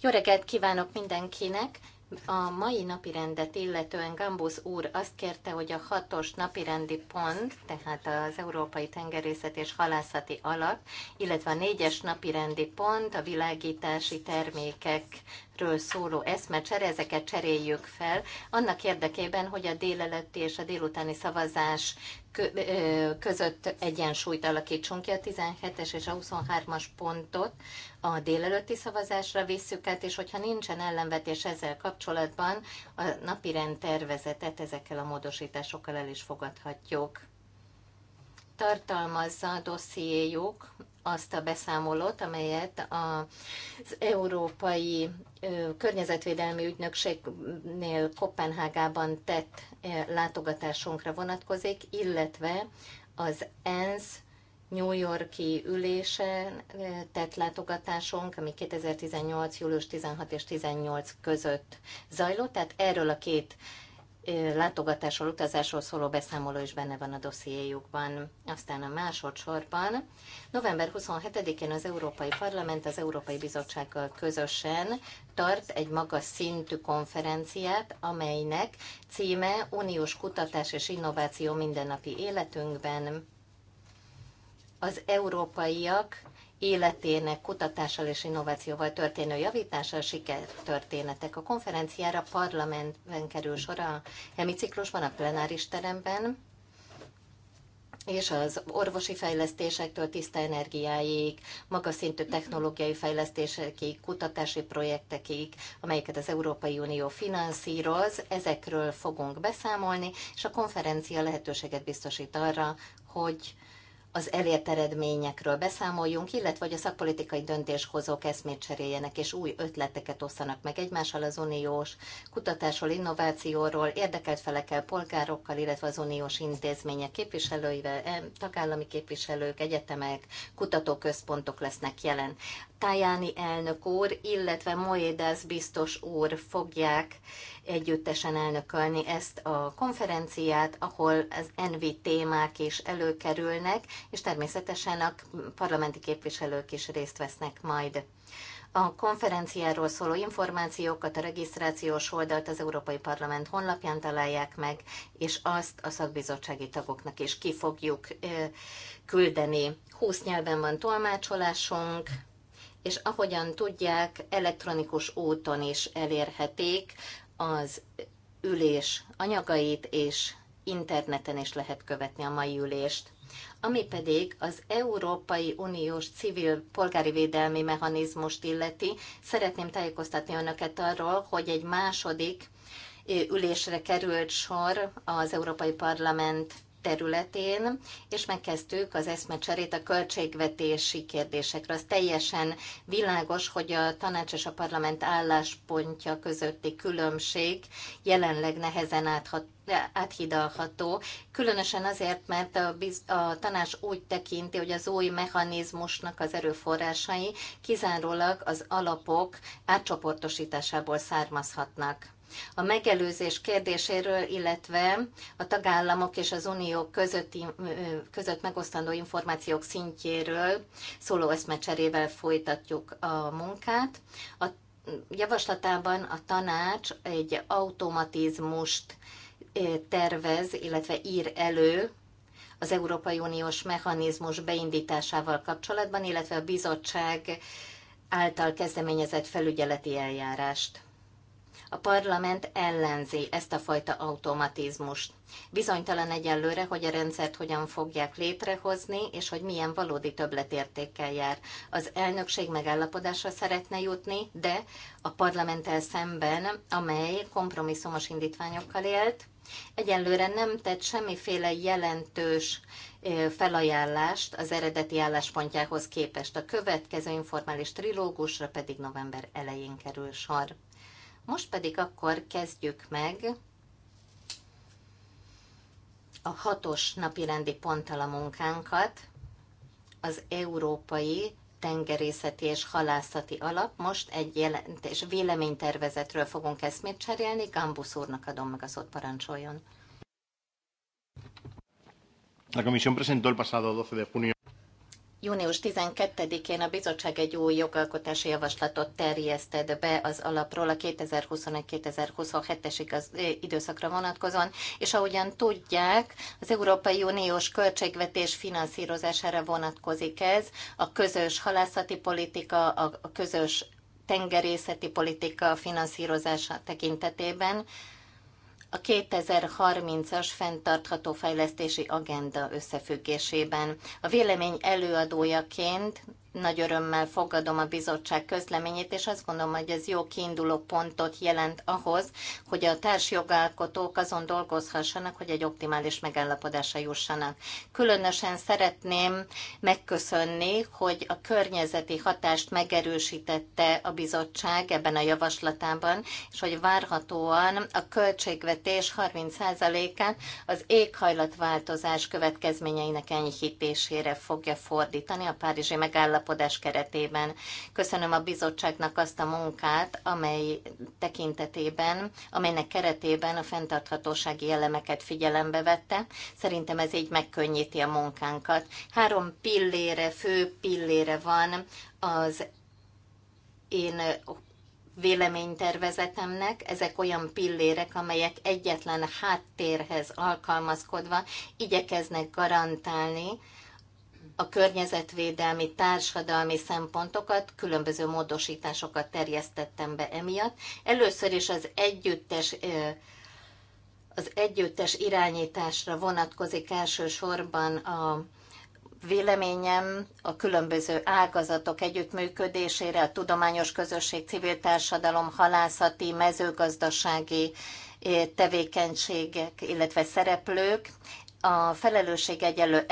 Jó reggelt kívánok mindenkinek! A mai napi rendet illetően Gambus úr azt kérte, hogy a hatos napi rendi pont, tehát az Európai Tengerészet és Halászati Alap, illetve a négyes napi rendi pont a világítási termékek ről szóló eszmecsere, ezeket cseréljük fel, annak érdekében, hogy a délelőtti és a délutáni szavazás között egyensúlyt alakítsunk ki. A 17-es és a 23-as pontot a délelőtti szavazásra visszük át, és hogyha nincsen ellenvetés ezzel kapcsolatban, a napirend tervezetet ezekkel a módosításokkal el is fogadhatjuk. Tartalmazza a dossziéjuk azt a beszámolót, amelyet az Európai Környezetvédelmi Ügynökségnél Kopenhágában tett látogatásunkra vonatkozik, illetve az ENSZ New Yorki ülésen tett látogatásunk, ami 2018. július 16 és 18 között zajlott, tehát erről a két látogatásról, utazásról szóló beszámoló is benne van a dossziéjukban. Aztán a másodszorban november 27-én az Európai Parlament az Európai Bizottsággal közösen tart egy magas szintű konferenciát, amelynek címe Uniós kutatás és innováció mindennapi életünkben. Az európaiak életének kutatással és innovációval történő javítással sikertörténetek. A konferenciára parlamentben kerül sor a hemiciklusban, a plenáris teremben, és az orvosi fejlesztésektől tiszta energiáig, magas szintű technológiai fejlesztésekig, kutatási projektekig, amelyeket az Európai Unió finanszíroz, ezekről fogunk beszámolni, és a konferencia lehetőséget biztosít arra, hogy az elért eredményekről beszámoljunk, illetve hogy a szakpolitikai döntéshozók eszmét cseréljenek és új ötleteket osszanak meg egymással az uniós kutatásról, innovációról, érdekelt felekkel, polgárokkal, illetve az uniós intézmények képviselőivel, tagállami képviselők, egyetemek, kutatóközpontok lesznek jelen. Tajani elnök úr, illetve Moedas biztos úr fogják együttesen elnökölni ezt a konferenciát, ahol az envi témák is előkerülnek, és természetesen a parlamenti képviselők is részt vesznek majd. A konferenciáról szóló információkat a regisztrációs oldalt az Európai Parlament honlapján találják meg, és azt a szakbizottsági tagoknak is ki fogjuk küldeni. 20 nyelven van tolmácsolásunk, és ahogyan tudják, elektronikus úton is elérhetik az ülés anyagait, és interneten is lehet követni a mai ülést ami pedig az Európai Uniós civil polgári védelmi mechanizmust illeti. Szeretném tájékoztatni önöket arról, hogy egy második ülésre került sor az Európai Parlament területén, és megkezdtük az eszmecserét a költségvetési kérdésekre. Az teljesen világos, hogy a tanács és a parlament álláspontja közötti különbség jelenleg nehezen áthat, áthidalható, különösen azért, mert a, biz, a tanács úgy tekinti, hogy az új mechanizmusnak az erőforrásai kizárólag az alapok átcsoportosításából származhatnak. A megelőzés kérdéséről, illetve a tagállamok és az unió közötti, között megosztandó információk szintjéről szóló eszmecserével folytatjuk a munkát. A javaslatában a tanács egy automatizmust tervez, illetve ír elő az Európai Uniós mechanizmus beindításával kapcsolatban, illetve a bizottság által kezdeményezett felügyeleti eljárást. A parlament ellenzi ezt a fajta automatizmust. Bizonytalan egyelőre, hogy a rendszert hogyan fogják létrehozni, és hogy milyen valódi többletértékkel jár. Az elnökség megállapodásra szeretne jutni, de a parlamenttel szemben, amely kompromisszumos indítványokkal élt, Egyelőre nem tett semmiféle jelentős felajánlást az eredeti álláspontjához képest. A következő informális trilógusra pedig november elején kerül sor. Most pedig akkor kezdjük meg a hatos napi rendi ponttal a munkánkat, az Európai Tengerészeti és Halászati Alap. Most egy jelentés véleménytervezetről fogunk eszmét cserélni. Gambusz úrnak adom meg a szót, parancsoljon. La Comisión presentó el pasado 12 de junio Június 12-én a bizottság egy új jogalkotási javaslatot terjesztett be az alapról a 2021-2027-es eh, időszakra vonatkozóan, és ahogyan tudják, az Európai Uniós költségvetés finanszírozására vonatkozik ez, a közös halászati politika, a közös tengerészeti politika finanszírozása tekintetében, a 2030-as fenntartható fejlesztési agenda összefüggésében. A vélemény előadójaként nagy örömmel fogadom a bizottság közleményét, és azt gondolom, hogy ez jó kiinduló pontot jelent ahhoz, hogy a társjogalkotók azon dolgozhassanak, hogy egy optimális megállapodásra jussanak. Különösen szeretném megköszönni, hogy a környezeti hatást megerősítette a bizottság ebben a javaslatában, és hogy várhatóan a költségvetés 30%-át az éghajlatváltozás következményeinek enyhítésére fogja fordítani a Párizsi megállapodás megállapodás keretében. Köszönöm a bizottságnak azt a munkát, amely tekintetében, amelynek keretében a fenntarthatósági elemeket figyelembe vette. Szerintem ez így megkönnyíti a munkánkat. Három pillére, fő pillére van az én véleménytervezetemnek, ezek olyan pillérek, amelyek egyetlen háttérhez alkalmazkodva igyekeznek garantálni a környezetvédelmi, társadalmi szempontokat, különböző módosításokat terjesztettem be emiatt. Először is az együttes az együttes irányításra vonatkozik elsősorban a véleményem a különböző ágazatok együttműködésére, a tudományos közösség, civil társadalom, halászati, mezőgazdasági tevékenységek, illetve szereplők a felelősség egyenlő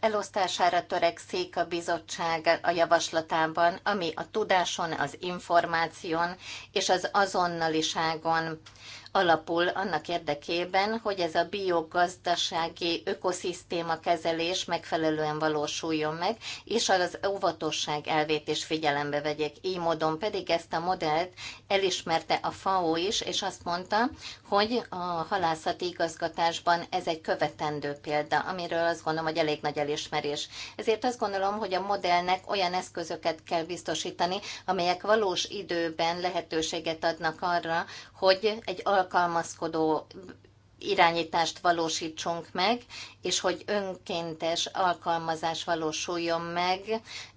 elosztására törekszik a bizottság a javaslatában, ami a tudáson, az információn és az azonnaliságon alapul annak érdekében, hogy ez a biogazdasági ökoszisztéma kezelés megfelelően valósuljon meg, és az óvatosság elvét is figyelembe vegyék. Így módon pedig ezt a modellt elismerte a FAO is, és azt mondta, hogy a halászati igazgatásban ez egy követendő példa, amiről azt gondolom, hogy elég nagy elismerés. Ezért azt gondolom, hogy a modellnek olyan eszközöket kell biztosítani, amelyek valós időben lehetőséget adnak arra, hogy egy alkalmazkodó irányítást valósítsunk meg, és hogy önkéntes alkalmazás valósuljon meg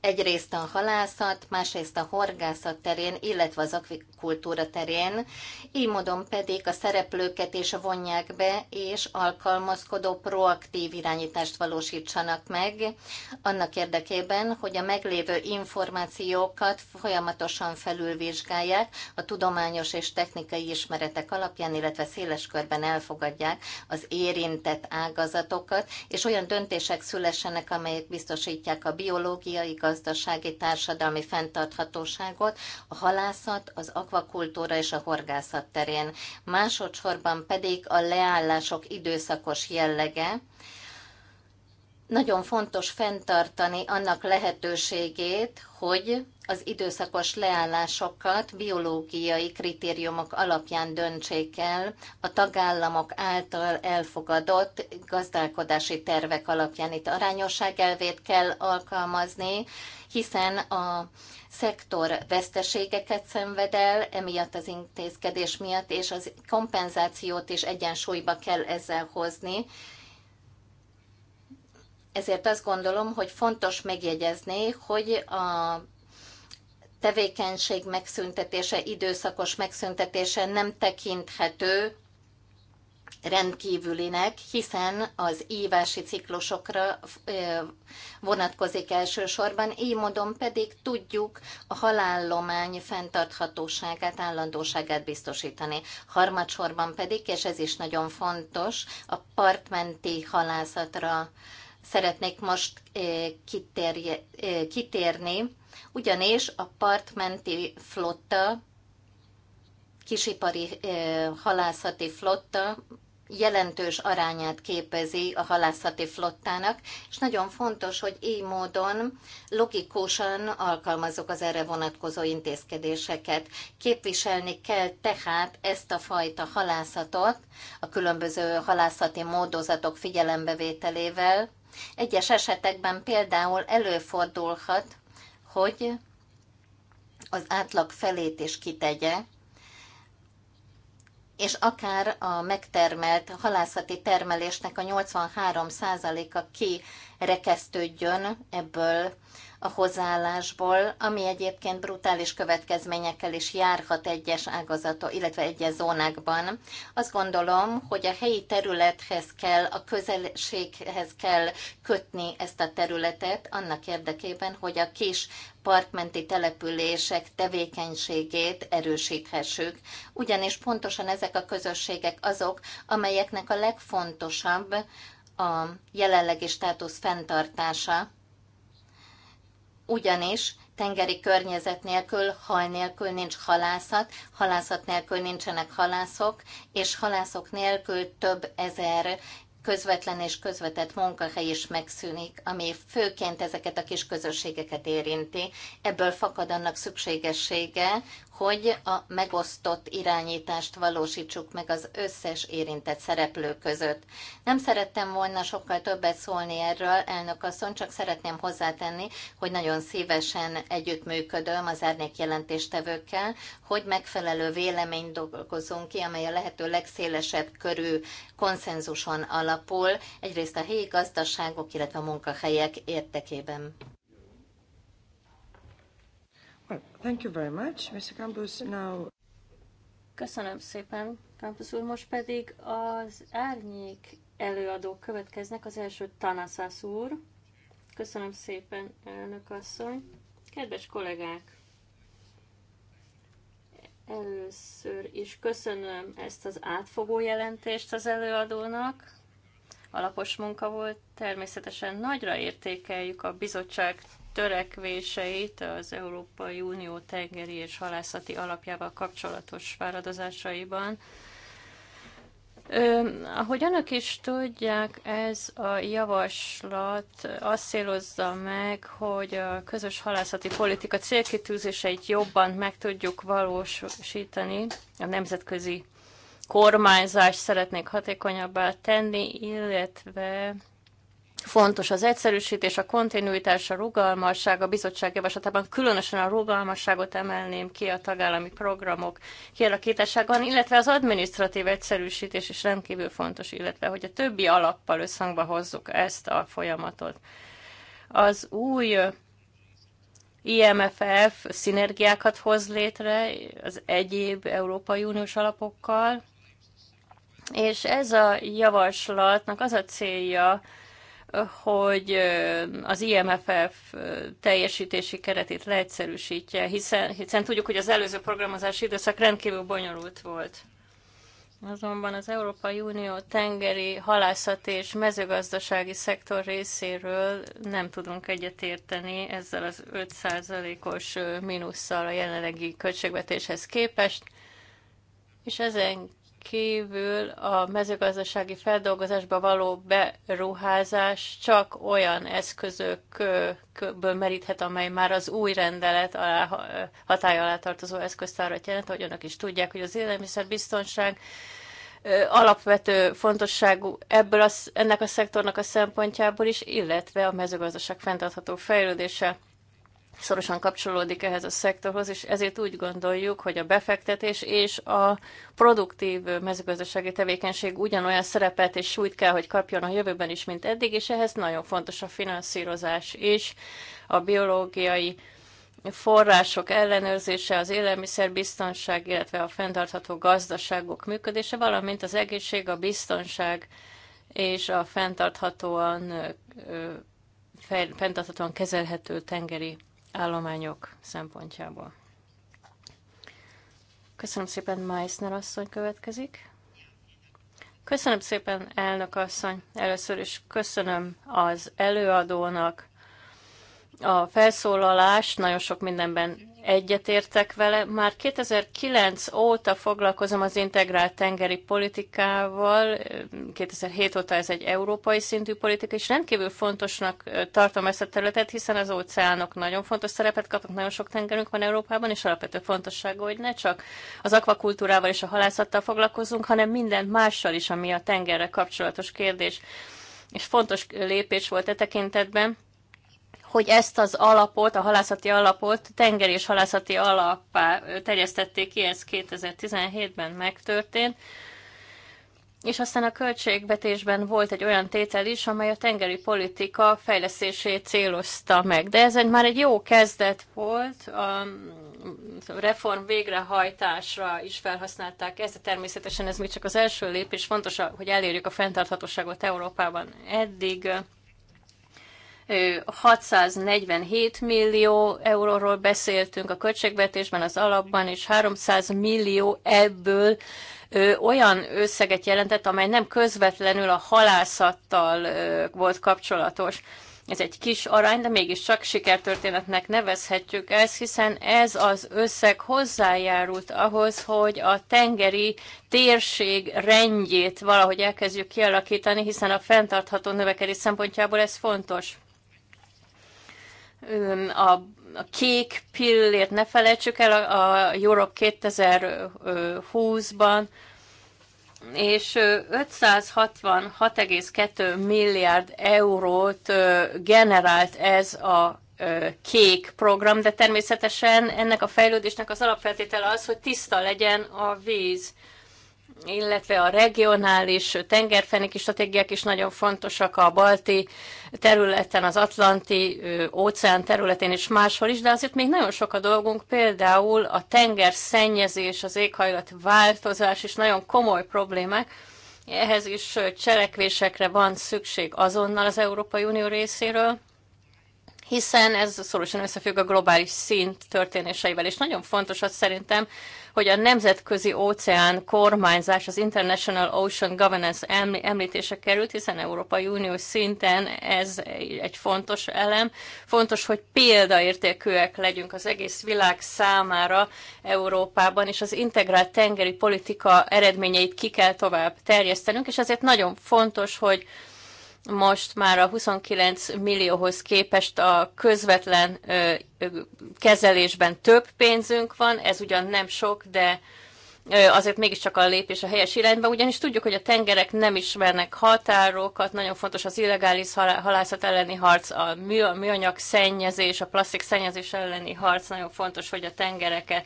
egyrészt a halászat, másrészt a horgászat terén, illetve az akvikultúra terén, így módon pedig a szereplőket is vonják be, és alkalmazkodó proaktív irányítást valósítsanak meg, annak érdekében, hogy a meglévő információkat folyamatosan felülvizsgálják a tudományos és technikai ismeretek alapján, illetve széles körben elfogadják elfogadják az érintett ágazatokat, és olyan döntések szülessenek, amelyek biztosítják a biológiai, gazdasági, társadalmi fenntarthatóságot, a halászat, az akvakultúra és a horgászat terén. Másodszorban pedig a leállások időszakos jellege, nagyon fontos fenntartani annak lehetőségét, hogy az időszakos leállásokat biológiai kritériumok alapján döntsék el a tagállamok által elfogadott gazdálkodási tervek alapján. Itt arányosság elvét kell alkalmazni, hiszen a szektor veszteségeket szenved el, emiatt az intézkedés miatt, és az kompenzációt is egyensúlyba kell ezzel hozni. Ezért azt gondolom, hogy fontos megjegyezni, hogy a tevékenység megszüntetése, időszakos megszüntetése nem tekinthető rendkívülinek, hiszen az ívási ciklusokra vonatkozik elsősorban, így módon pedig tudjuk a halállomány fenntarthatóságát, állandóságát biztosítani. Harmadsorban pedig, és ez is nagyon fontos, a partmenti halászatra szeretnék most kitérni, ugyanis a partmenti flotta, kisipari halászati flotta jelentős arányát képezi a halászati flottának, és nagyon fontos, hogy így módon logikusan alkalmazok az erre vonatkozó intézkedéseket. Képviselni kell tehát ezt a fajta halászatot a különböző halászati módozatok figyelembevételével. Egyes esetekben például előfordulhat, hogy az átlag felét is kitegye, és akár a megtermelt halászati termelésnek a 83%-a kirekesztődjön ebből a hozzáállásból, ami egyébként brutális következményekkel is járhat egyes ágazatok, illetve egyes zónákban. Azt gondolom, hogy a helyi területhez kell, a közelséghez kell kötni ezt a területet, annak érdekében, hogy a kis parkmenti települések tevékenységét erősíthessük, ugyanis pontosan ezek a közösségek azok, amelyeknek a legfontosabb a jelenlegi státusz fenntartása, ugyanis tengeri környezet nélkül, hal nélkül nincs halászat, halászat nélkül nincsenek halászok, és halászok nélkül több ezer közvetlen és közvetett munkahely is megszűnik, ami főként ezeket a kis közösségeket érinti. Ebből fakad annak szükségessége, hogy a megosztott irányítást valósítsuk meg az összes érintett szereplő között. Nem szerettem volna sokkal többet szólni erről, elnök asszony, csak szeretném hozzátenni, hogy nagyon szívesen együttműködöm az árnyék jelentéstevőkkel, hogy megfelelő véleményt dolgozunk ki, amely a lehető legszélesebb körű konszenzuson alapul, egyrészt a helyi gazdaságok, illetve a munkahelyek értekében. Thank you very much, Mr. Campos. Now... Köszönöm szépen, Campos úr. Most pedig az árnyék előadók következnek. Az első Tanaszász úr. Köszönöm szépen, elnök asszony. Kedves kollégák! Először is köszönöm ezt az átfogó jelentést az előadónak. Alapos munka volt, természetesen nagyra értékeljük a bizottság törekvéseit az Európai Unió tengeri és halászati alapjával kapcsolatos fáradozásaiban. Ö, ahogy önök is tudják, ez a javaslat azt célozza meg, hogy a közös halászati politika célkitűzéseit jobban meg tudjuk valósítani. A nemzetközi kormányzást szeretnék hatékonyabbá tenni, illetve Fontos az egyszerűsítés, a kontinuitás, a rugalmasság a bizottság javaslatában, különösen a rugalmasságot emelném ki a tagállami programok kialakításában, illetve az adminisztratív egyszerűsítés is rendkívül fontos, illetve hogy a többi alappal összhangba hozzuk ezt a folyamatot. Az új IMFF szinergiákat hoz létre az egyéb Európai Uniós alapokkal, és ez a javaslatnak az a célja, hogy az IMFF teljesítési keretét leegyszerűsítje, hiszen, hiszen tudjuk, hogy az előző programozási időszak rendkívül bonyolult volt. Azonban az Európai Unió tengeri halászat és mezőgazdasági szektor részéről nem tudunk egyetérteni ezzel az 5%-os mínusszal a jelenlegi költségvetéshez képest, és ezen kívül a mezőgazdasági feldolgozásba való beruházás csak olyan eszközökből meríthet, amely már az új rendelet alá, hatály alá tartozó eszköztárat jelent, hogy önök is tudják, hogy az élelmiszerbiztonság alapvető fontosságú ebből az, ennek a szektornak a szempontjából is, illetve a mezőgazdaság fenntartható fejlődése szorosan kapcsolódik ehhez a szektorhoz, és ezért úgy gondoljuk, hogy a befektetés és a produktív mezőgazdasági tevékenység ugyanolyan szerepet és súlyt kell, hogy kapjon a jövőben is, mint eddig, és ehhez nagyon fontos a finanszírozás is, a biológiai források ellenőrzése, az élelmiszerbiztonság, illetve a fenntartható gazdaságok működése, valamint az egészség, a biztonság és a fenntarthatóan, fenntarthatóan kezelhető tengeri állományok szempontjából. Köszönöm szépen, Meissner asszony következik. Köszönöm szépen, elnök asszony. Először is köszönöm az előadónak a felszólalást. Nagyon sok mindenben egyetértek vele. Már 2009 óta foglalkozom az integrált tengeri politikával, 2007 óta ez egy európai szintű politika, és rendkívül fontosnak tartom ezt a területet, hiszen az óceánok nagyon fontos szerepet kapnak, nagyon sok tengerünk van Európában, és alapvető fontosságú, hogy ne csak az akvakultúrával és a halászattal foglalkozunk, hanem minden mással is, ami a tengerre kapcsolatos kérdés. És fontos lépés volt e tekintetben hogy ezt az alapot, a halászati alapot tenger és halászati alappá terjesztették ki, ez 2017-ben megtörtént, és aztán a költségvetésben volt egy olyan tétel is, amely a tengeri politika fejlesztését célozta meg. De ez egy, már egy jó kezdet volt, a reform végrehajtásra is felhasználták ezt, de természetesen ez még csak az első lépés, fontos, hogy elérjük a fenntarthatóságot Európában. Eddig 647 millió euróról beszéltünk a költségvetésben, az alapban, és 300 millió ebből olyan összeget jelentett, amely nem közvetlenül a halászattal volt kapcsolatos. Ez egy kis arány, de mégiscsak sikertörténetnek nevezhetjük ezt, hiszen ez az összeg hozzájárult ahhoz, hogy a tengeri térség rendjét valahogy elkezdjük kialakítani, hiszen a fenntartható növekedés szempontjából ez fontos a, a kék pillért ne felejtsük el a, a Europe 2020-ban, és 566,2 milliárd eurót generált ez a kék program, de természetesen ennek a fejlődésnek az alapfeltétele az, hogy tiszta legyen a víz illetve a regionális tengerfeneki stratégiák is nagyon fontosak a balti területen, az atlanti óceán területén és máshol is, de azért még nagyon sok a dolgunk, például a tenger szennyezés, az éghajlat változás is nagyon komoly problémák, ehhez is cselekvésekre van szükség azonnal az Európai Unió részéről, hiszen ez szorosan összefügg a globális szint történéseivel, és nagyon fontos az szerintem, hogy a nemzetközi óceán kormányzás, az International Ocean Governance említése került, hiszen Európai Unió szinten ez egy fontos elem. Fontos, hogy példaértékűek legyünk az egész világ számára Európában, és az integrált tengeri politika eredményeit ki kell tovább terjesztenünk, és ezért nagyon fontos, hogy most már a 29 millióhoz képest a közvetlen ö, ö, kezelésben több pénzünk van, ez ugyan nem sok, de ö, azért mégiscsak a lépés a helyes irányba, ugyanis tudjuk, hogy a tengerek nem ismernek határokat, nagyon fontos az illegális halászat elleni harc, a műanyag szennyezés, a plastik szennyezés elleni harc, nagyon fontos, hogy a tengereket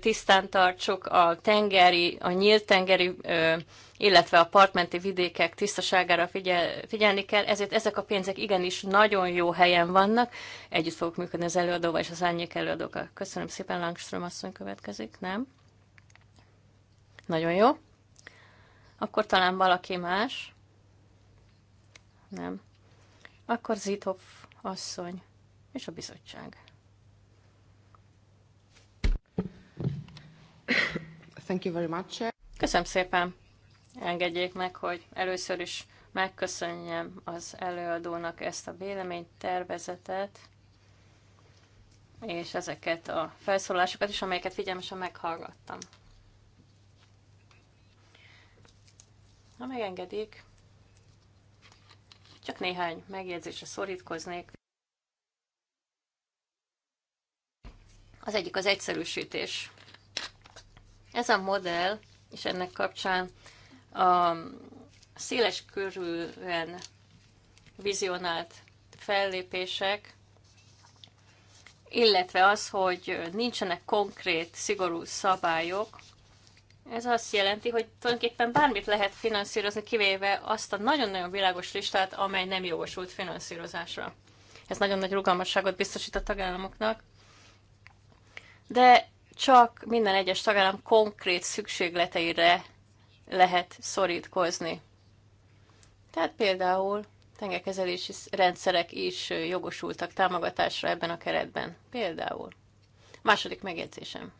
tisztán tartsuk, a tengeri, a nyílt tengeri illetve a partmenti vidékek tisztaságára figyel, figyelni kell, ezért ezek a pénzek igenis nagyon jó helyen vannak. Együtt fogok működni az előadóval és az ányék előadókkal. Köszönöm szépen, Langström asszony következik, nem? Nagyon jó. Akkor talán valaki más? Nem. Akkor Zitov asszony és a bizottság. Thank you very much. Köszönöm szépen. Engedjék meg, hogy először is megköszönjem az előadónak ezt a véleménytervezetet, és ezeket a felszólásokat is, amelyeket figyelmesen meghallgattam. Ha megengedik, csak néhány megjegyzésre szorítkoznék. Az egyik az egyszerűsítés. Ez a modell, és ennek kapcsán a széles körülön vizionált fellépések, illetve az, hogy nincsenek konkrét, szigorú szabályok, ez azt jelenti, hogy tulajdonképpen bármit lehet finanszírozni, kivéve azt a nagyon-nagyon világos listát, amely nem jogosult finanszírozásra. Ez nagyon nagy rugalmasságot biztosít a tagállamoknak. De csak minden egyes tagállam konkrét szükségleteire lehet szorítkozni. Tehát például tengerkezelési rendszerek is jogosultak támogatásra ebben a keretben. Például. Második megjegyzésem.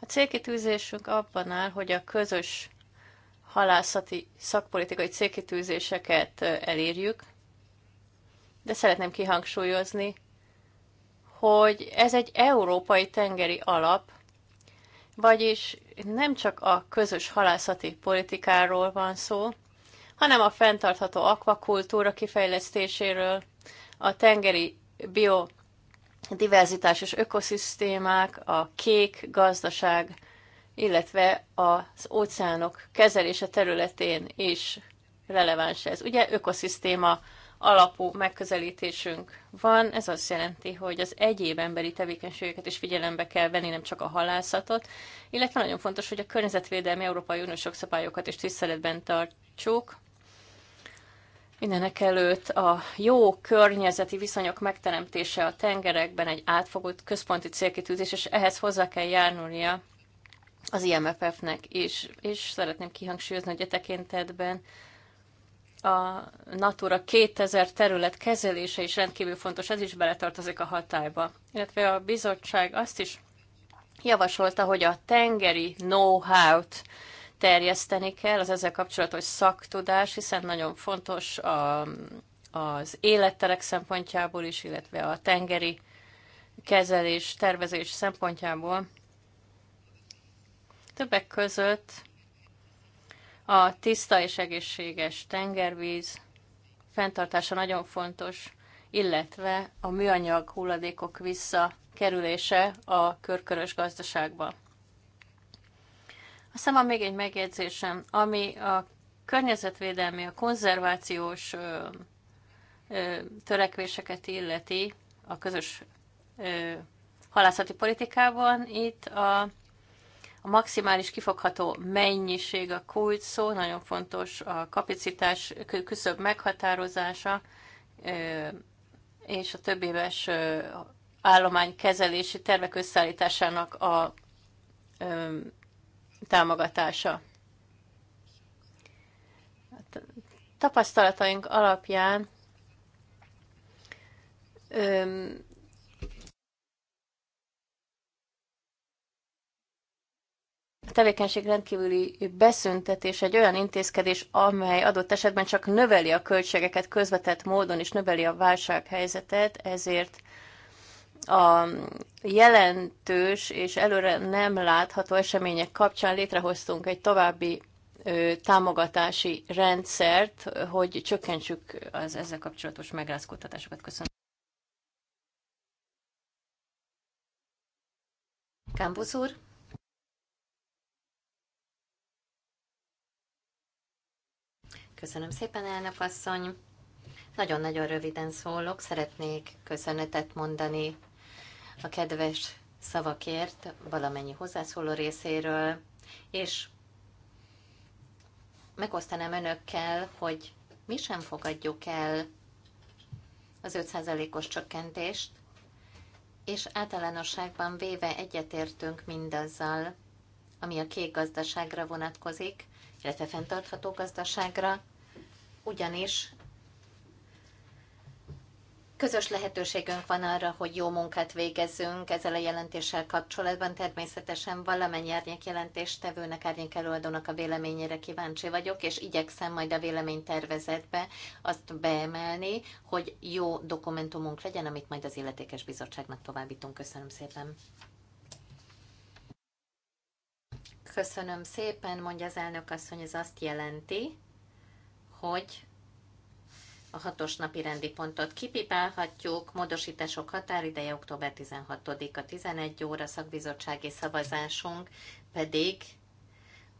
A célkitűzésünk abban áll, hogy a közös halászati szakpolitikai célkitűzéseket elérjük, de szeretném kihangsúlyozni, hogy ez egy európai tengeri alap, vagyis nem csak a közös halászati politikáról van szó, hanem a fenntartható akvakultúra kifejlesztéséről, a tengeri és ökoszisztémák, a kék gazdaság, illetve az óceánok kezelése területén is releváns ez. Ugye ökoszisztéma alapú megközelítésünk van. Ez azt jelenti, hogy az egyéb emberi tevékenységeket is figyelembe kell venni, nem csak a halászatot, illetve nagyon fontos, hogy a környezetvédelmi Európai Uniós jogszabályokat is tiszteletben tartsuk. Mindenek előtt a jó környezeti viszonyok megteremtése a tengerekben egy átfogott központi célkitűzés, és ehhez hozzá kell járnulnia az IMFF-nek is, és szeretném kihangsúlyozni, hogy a e tekintetben a Natura 2000 terület kezelése is rendkívül fontos, ez is beletartozik a hatályba. Illetve a bizottság azt is javasolta, hogy a tengeri know-how-t terjeszteni kell, az ezzel kapcsolatos szaktudás, hiszen nagyon fontos a, az életterek szempontjából is, illetve a tengeri kezelés, tervezés szempontjából. Többek között a tiszta és egészséges tengervíz fenntartása nagyon fontos, illetve a műanyag hulladékok visszakerülése a körkörös gazdaságba. Aztán van még egy megjegyzésem, ami a környezetvédelmi, a konzervációs ö, ö, törekvéseket illeti a közös ö, halászati politikában. Itt a a maximális kifogható mennyiség a kult szó, nagyon fontos a kapacitás küszöbb meghatározása, és a több éves állomány kezelési tervek összeállításának a támogatása. A tapasztalataink alapján tevékenység rendkívüli beszüntetés egy olyan intézkedés, amely adott esetben csak növeli a költségeket közvetett módon, és növeli a válsághelyzetet, ezért a jelentős és előre nem látható események kapcsán létrehoztunk egy további támogatási rendszert, hogy csökkentsük az ezzel kapcsolatos megrázkódtatásokat. Köszönöm. Kámbusz úr? Köszönöm szépen, elnök asszony. Nagyon-nagyon röviden szólok. Szeretnék köszönetet mondani a kedves szavakért valamennyi hozzászóló részéről, és megosztanám önökkel, hogy mi sem fogadjuk el az 5%-os csökkentést, és általánosságban véve egyetértünk mindazzal, ami a kék gazdaságra vonatkozik, illetve fenntartható gazdaságra, ugyanis közös lehetőségünk van arra, hogy jó munkát végezzünk ezzel a jelentéssel kapcsolatban. Természetesen valamennyi árnyék jelentéstevőnek, árnyék előadónak a véleményére kíváncsi vagyok, és igyekszem majd a véleménytervezetbe azt beemelni, hogy jó dokumentumunk legyen, amit majd az illetékes bizottságnak továbbítunk. Köszönöm szépen. Köszönöm szépen, mondja az elnök asszony, ez azt jelenti, hogy a hatos napi rendi pontot kipipálhatjuk, módosítások határideje október 16-a 11 óra, szakbizottsági szavazásunk pedig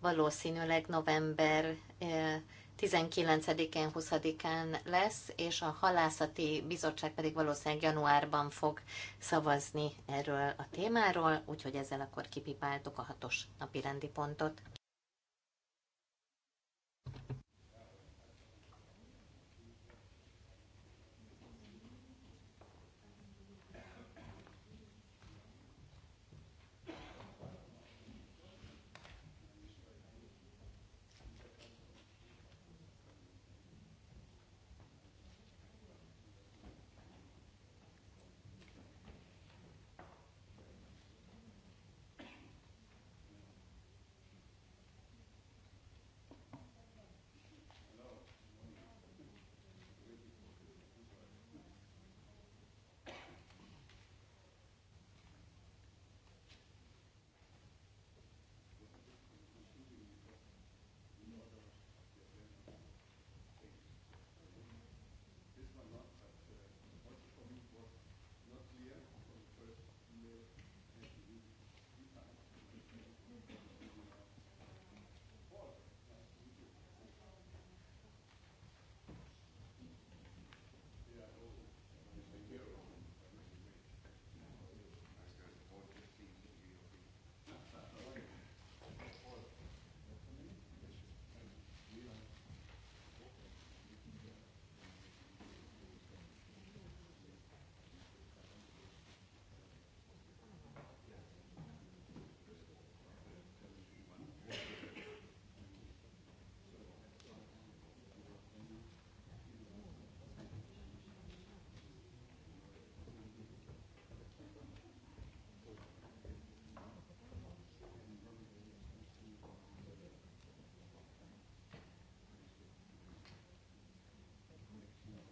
valószínűleg november eh, 19-én, 20-án lesz, és a halászati bizottság pedig valószínűleg januárban fog szavazni erről a témáról, úgyhogy ezzel akkor kipipáltuk a hatos napi rendi pontot.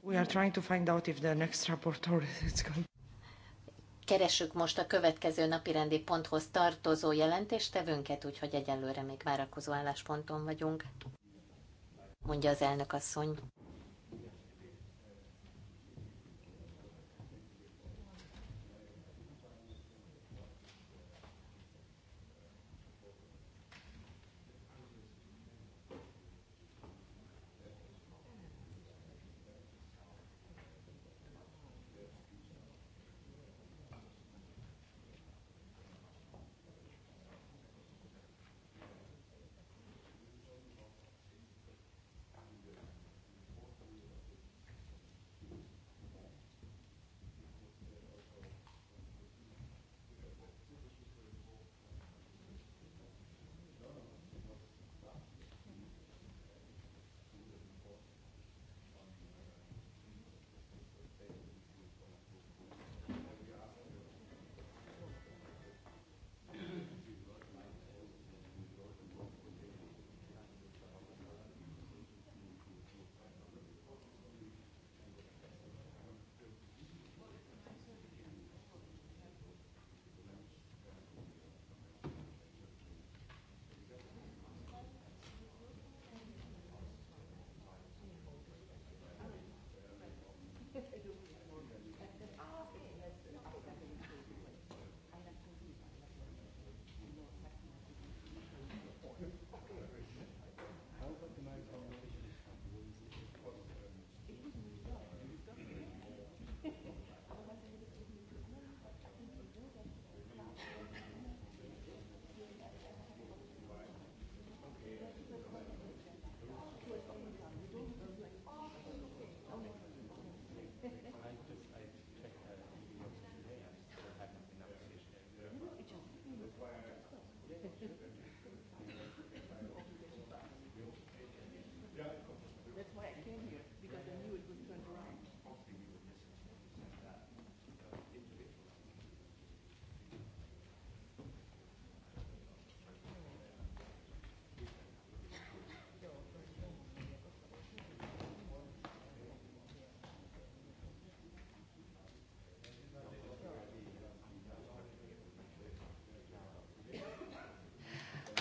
We are trying to find out if the next rapporteur is going. Keresünk most a következő napirendi ponthoz tartozó jelentéstevőnket, úgyhogy egyelőre még várakozó állásponton vagyunk, mondja az elnök asszony.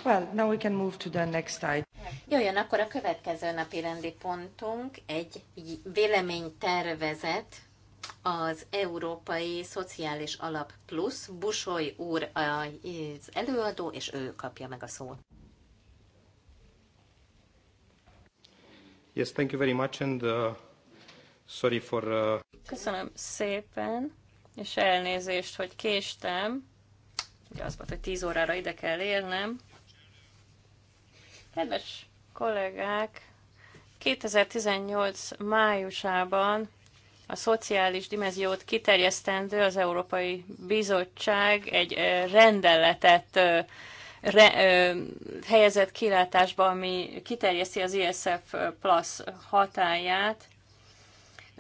Well, now we can move to the next Jöjjön akkor a következő napi rendi pontunk, egy véleménytervezet az Európai Szociális Alap Plusz. Busoly úr az előadó, és ő kapja meg a szót. Yes, thank you very much, and uh, sorry for... Uh... Köszönöm szépen, és elnézést, hogy késtem. Ugye az volt, hogy 10 órára ide kell érnem. Kedves kollégák, 2018 májusában a szociális dimenziót kiterjesztendő az Európai Bizottság egy rendeletet re, helyezett kilátásba, ami kiterjeszti az ISF Plus hatáját.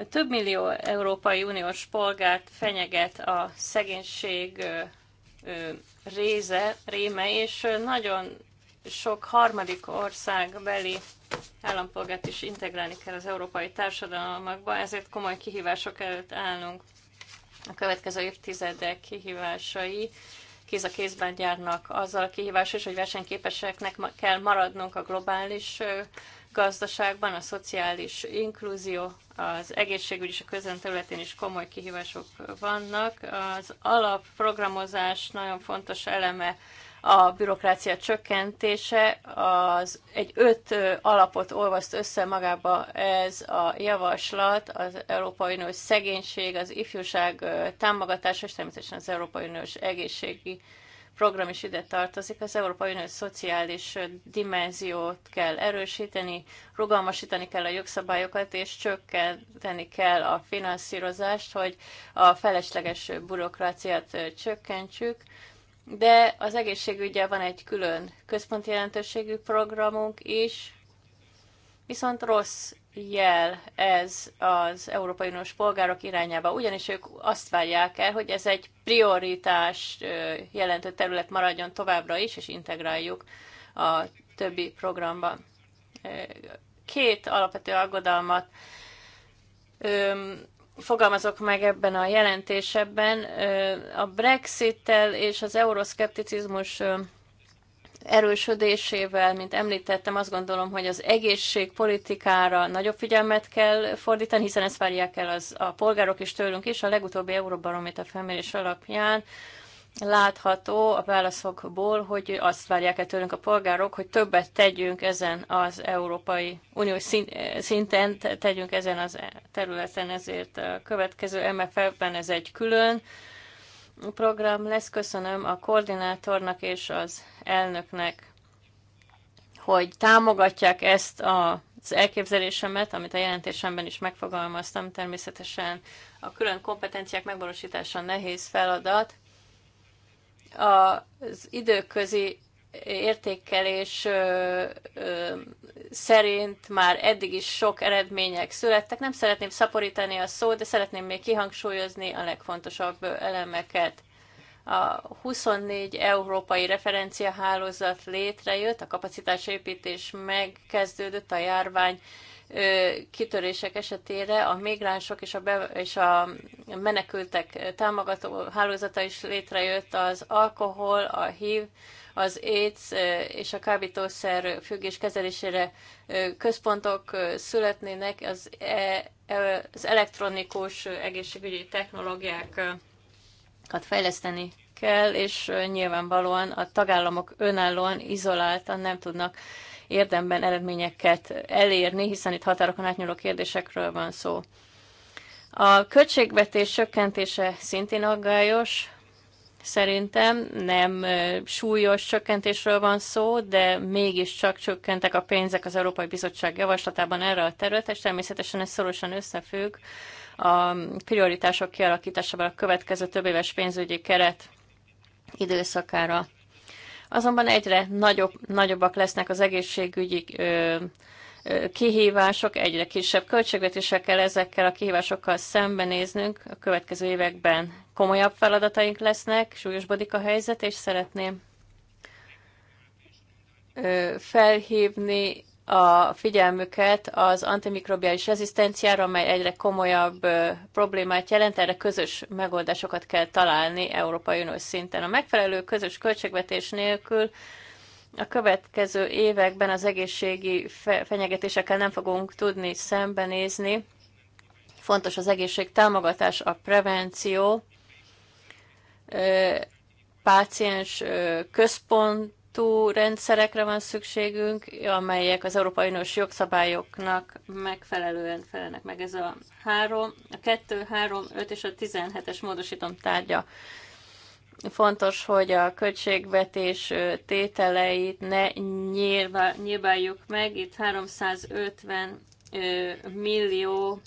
Több millió Európai Uniós polgárt fenyeget a szegénység réze, réme, és nagyon sok harmadik országbeli állampolgárt is integrálni kell az európai társadalmakba, ezért komoly kihívások előtt állunk. A következő évtizedek kihívásai kéz a kézben járnak azzal a kihívás is, hogy versenyképeseknek kell maradnunk a globális gazdaságban, a szociális inkluzió, az egészségügy és a közön területén is komoly kihívások vannak. Az alapprogramozás nagyon fontos eleme a bürokrácia csökkentése, az egy öt alapot olvaszt össze magába ez a javaslat, az Európai Uniós szegénység, az ifjúság támogatása, és természetesen az Európai Uniós egészségi program is ide tartozik. Az Európai Unió szociális dimenziót kell erősíteni, rugalmasítani kell a jogszabályokat, és csökkenteni kell a finanszírozást, hogy a felesleges bürokráciát csökkentsük de az egészségügyel van egy külön központi jelentőségű programunk is, viszont rossz jel ez az Európai Uniós polgárok irányába, ugyanis ők azt várják el, hogy ez egy prioritás jelentő terület maradjon továbbra is, és integráljuk a többi programba. Két alapvető aggodalmat fogalmazok meg ebben a jelentésebben. A Brexittel és az euroszkepticizmus erősödésével, mint említettem, azt gondolom, hogy az egészségpolitikára nagyobb figyelmet kell fordítani, hiszen ezt várják el az, a polgárok is tőlünk is. A legutóbbi Euróbarométer felmérés alapján látható a válaszokból, hogy azt várják el tőlünk a polgárok, hogy többet tegyünk ezen az Európai Unió szinten, tegyünk ezen az területen, ezért a következő MFF-ben ez egy külön program lesz. Köszönöm a koordinátornak és az elnöknek, hogy támogatják ezt a az elképzelésemet, amit a jelentésemben is megfogalmaztam, természetesen a külön kompetenciák megvalósítása nehéz feladat, az időközi értékelés ö, ö, szerint már eddig is sok eredmények születtek. Nem szeretném szaporítani a szót, de szeretném még kihangsúlyozni a legfontosabb elemeket. A 24 európai referenciahálózat létrejött, a kapacitásépítés megkezdődött, a járvány kitörések esetére a migránsok és a, be, és a menekültek támogató hálózata is létrejött az alkohol, a HIV, az AIDS és a kábítószer függés kezelésére központok születnének, az, e, e, az elektronikus egészségügyi technológiákat fejleszteni kell, és nyilvánvalóan a tagállamok önállóan, izoláltan nem tudnak érdemben eredményeket elérni, hiszen itt határokon átnyúló kérdésekről van szó. A költségvetés csökkentése szintén aggályos, szerintem nem súlyos csökkentésről van szó, de mégiscsak csökkentek a pénzek az Európai Bizottság javaslatában erre a területre, és természetesen ez szorosan összefügg a prioritások kialakításával a következő több éves pénzügyi keret időszakára Azonban egyre nagyobb, nagyobbak lesznek az egészségügyi ö, kihívások, egyre kisebb költségvetésekkel kell ezekkel a kihívásokkal szembenéznünk. A következő években komolyabb feladataink lesznek, súlyosbodik a helyzet, és szeretném felhívni a figyelmüket az antimikrobiális rezisztenciára, amely egyre komolyabb problémát jelent, erre közös megoldásokat kell találni Európai Uniós szinten. A megfelelő közös költségvetés nélkül a következő években az egészségi fenyegetésekkel nem fogunk tudni szembenézni. Fontos az egészség támogatás, a prevenció, páciens központ, rendszerekre van szükségünk, amelyek az Európai Uniós jogszabályoknak megfelelően felelnek meg. Ez a 3, a 2, 3, 5 és a 17-es módosítom tárgya. Fontos, hogy a költségvetés tételeit ne nyilvá, nyilváljuk meg. Itt 350 millió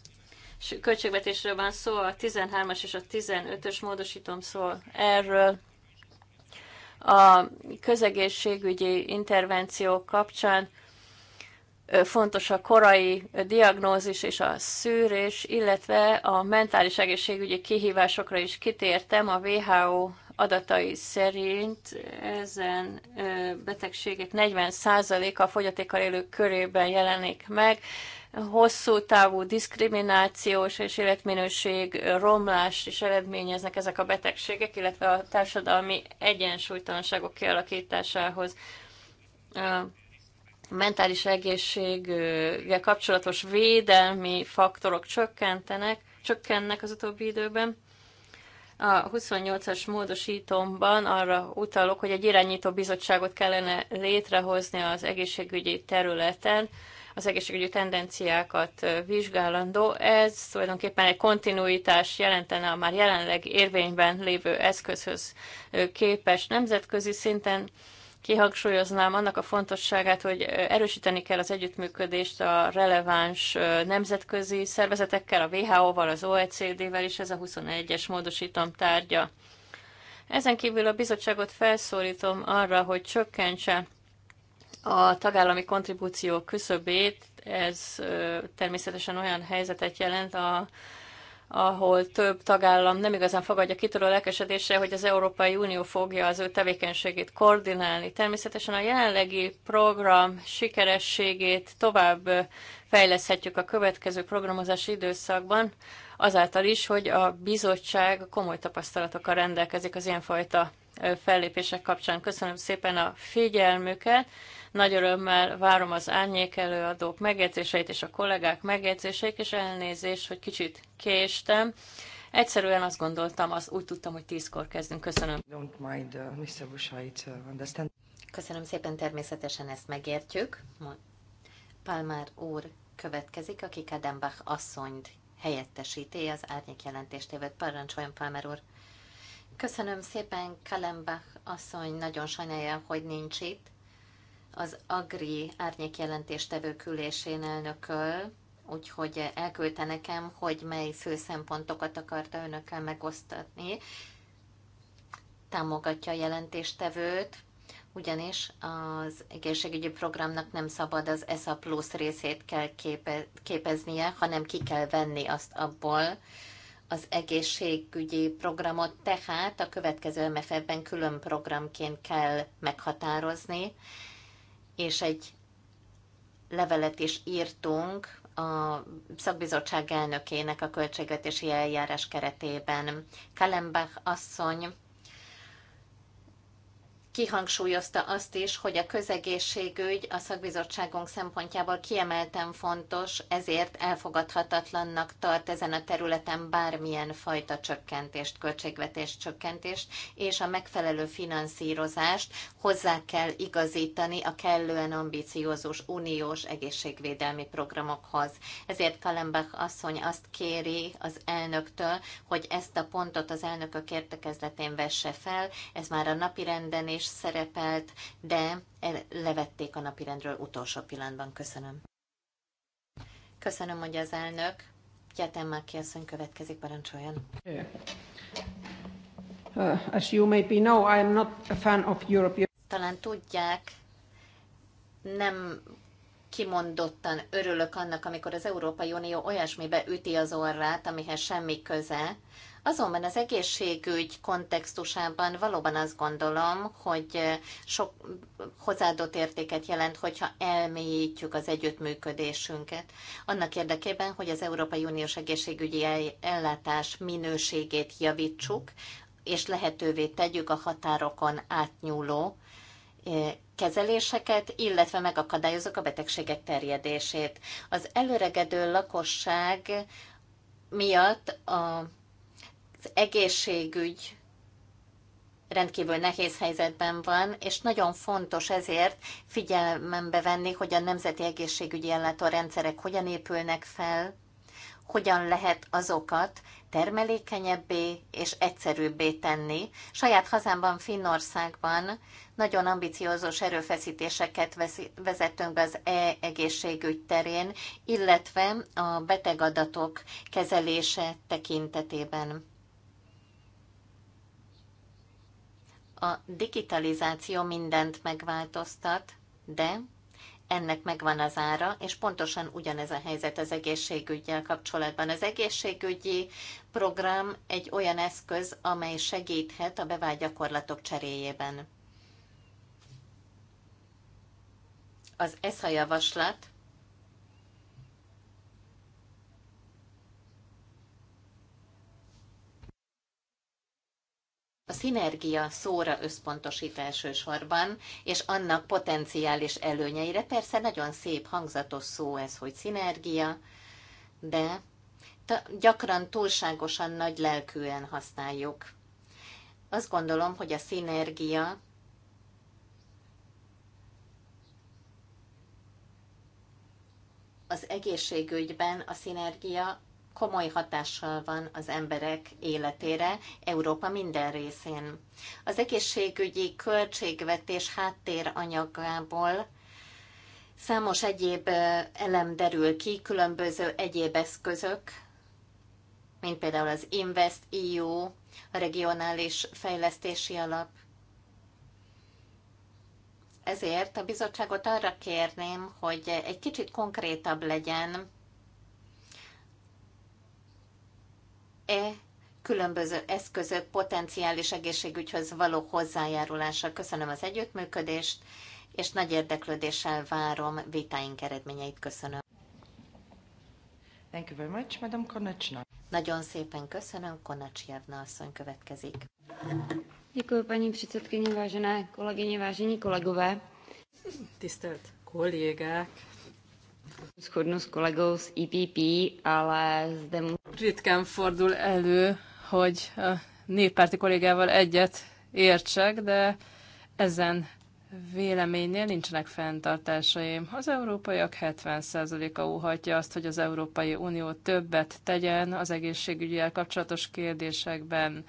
költségvetésről van szó, a 13-as és a 15-ös módosítom szól erről a közegészségügyi intervenciók kapcsán fontos a korai diagnózis és a szűrés, illetve a mentális egészségügyi kihívásokra is kitértem. A WHO adatai szerint ezen betegségek 40%-a fogyatékkal élők körében jelenik meg. Hosszú távú diszkriminációs és életminőség romlás is eredményeznek ezek a betegségek, illetve a társadalmi egyensúlytalanságok kialakításához mentális egészséggel kapcsolatos védelmi faktorok csökkentenek, csökkennek az utóbbi időben, a 28-as módosítomban arra utalok, hogy egy irányító bizottságot kellene létrehozni az egészségügyi területen, az egészségügyi tendenciákat vizsgálandó. Ez tulajdonképpen egy kontinuitás jelentene a már jelenleg érvényben lévő eszközhöz képes nemzetközi szinten kihangsúlyoznám annak a fontosságát, hogy erősíteni kell az együttműködést a releváns nemzetközi szervezetekkel, a WHO-val, az OECD-vel is, ez a 21-es módosítom tárgya. Ezen kívül a bizottságot felszólítom arra, hogy csökkentse a tagállami kontribúció küszöbét, ez természetesen olyan helyzetet jelent, a ahol több tagállam nem igazán fogadja kitörő lelkesedésre, hogy az Európai Unió fogja az ő tevékenységét koordinálni. Természetesen a jelenlegi program sikerességét tovább fejleszthetjük a következő programozási időszakban, azáltal is, hogy a bizottság komoly tapasztalatokkal rendelkezik az ilyenfajta fellépések kapcsán. Köszönöm szépen a figyelmüket. Nagy örömmel várom az árnyék előadók megjegyzéseit és a kollégák megjegyzéseit, és elnézést, hogy kicsit késtem. Egyszerűen azt gondoltam, az úgy tudtam, hogy tízkor kezdünk. Köszönöm. Don't mind, uh, Mr. Bushait, uh, understand. Köszönöm szépen, természetesen ezt megértjük. Palmár úr következik, aki Kadenbach asszonyt helyettesíti az árnyék évet. Parancsoljon, Palmer úr! Köszönöm szépen, Kalembach asszony, nagyon sajnálja, hogy nincs itt. Az Agri árnyék jelentéstevő külésén elnököl, úgyhogy elküldte nekem, hogy mely fő szempontokat akarta önökkel megosztatni. Támogatja a jelentéstevőt, ugyanis az egészségügyi programnak nem szabad az ESA plusz részét kell képeznie, hanem ki kell venni azt abból, az egészségügyi programot, tehát a következő MFF-ben külön programként kell meghatározni, és egy levelet is írtunk a szakbizottság elnökének a költségvetési eljárás keretében. Kalembach asszony kihangsúlyozta azt is, hogy a közegészségügy a szakbizottságunk szempontjából kiemelten fontos, ezért elfogadhatatlannak tart ezen a területen bármilyen fajta csökkentést, költségvetés csökkentést, és a megfelelő finanszírozást hozzá kell igazítani a kellően ambiciózus uniós egészségvédelmi programokhoz. Ezért Kalembach asszony azt kéri az elnöktől, hogy ezt a pontot az elnökök értekezletén vesse fel, ez már a napirenden is szerepelt, de levették a napirendről utolsó pillanatban. Köszönöm. Köszönöm, hogy az elnök. Gyertem már ki, asszony következik, parancsoljon. Uh, as you be know, I am not a fan of Europe. Talán tudják, nem kimondottan örülök annak, amikor az Európai Unió olyasmibe üti az orrát, amihez semmi köze, Azonban az egészségügy kontextusában valóban azt gondolom, hogy eh, sok hozzáadott értéket jelent, hogyha elmélyítjük az együttműködésünket. Annak érdekében, hogy az Európai Uniós egészségügyi ellátás minőségét javítsuk, és lehetővé tegyük a határokon átnyúló eh, kezeléseket, illetve megakadályozok a betegségek terjedését. Az előregedő lakosság miatt a egészségügy rendkívül nehéz helyzetben van, és nagyon fontos ezért figyelmembe venni, hogy a nemzeti egészségügyi ellátórendszerek hogyan épülnek fel, hogyan lehet azokat termelékenyebbé és egyszerűbbé tenni. Saját hazámban, Finnországban nagyon ambiciózus erőfeszítéseket vezettünk be az e-egészségügy terén, illetve a betegadatok kezelése tekintetében. A digitalizáció mindent megváltoztat, de ennek megvan az ára, és pontosan ugyanez a helyzet az egészségügyel kapcsolatban. Az egészségügyi program egy olyan eszköz, amely segíthet a bevált gyakorlatok cseréjében. Az ESZA javaslat a szinergia szóra összpontosít elsősorban, és annak potenciális előnyeire. Persze nagyon szép hangzatos szó ez, hogy szinergia, de gyakran túlságosan nagy lelkűen használjuk. Azt gondolom, hogy a szinergia az egészségügyben a szinergia komoly hatással van az emberek életére Európa minden részén. Az egészségügyi költségvetés háttéranyagából számos egyéb elem derül ki, különböző egyéb eszközök, mint például az Invest EU, a regionális fejlesztési alap. Ezért a bizottságot arra kérném, hogy egy kicsit konkrétabb legyen e különböző eszközök potenciális egészségügyhöz való hozzájárulása. Köszönöm az együttműködést, és nagy érdeklődéssel várom vitáink eredményeit. Köszönöm. Thank you very much, Madam Konacsna. Nagyon szépen köszönöm, Konacsjevna asszony következik. Děkuji, paní předsedkyně, vážené kolegyně, vážení kolegové. Tisztelt kollégák, Shodnu s kolegou z EPP, ale zde... Ritkán fordul elő, hogy a néppárti kollégával egyet értsek, de ezen véleménynél nincsenek fenntartásaim. Az európaiak 70%-a óhatja azt, hogy az Európai Unió többet tegyen az egészségügyel kapcsolatos kérdésekben.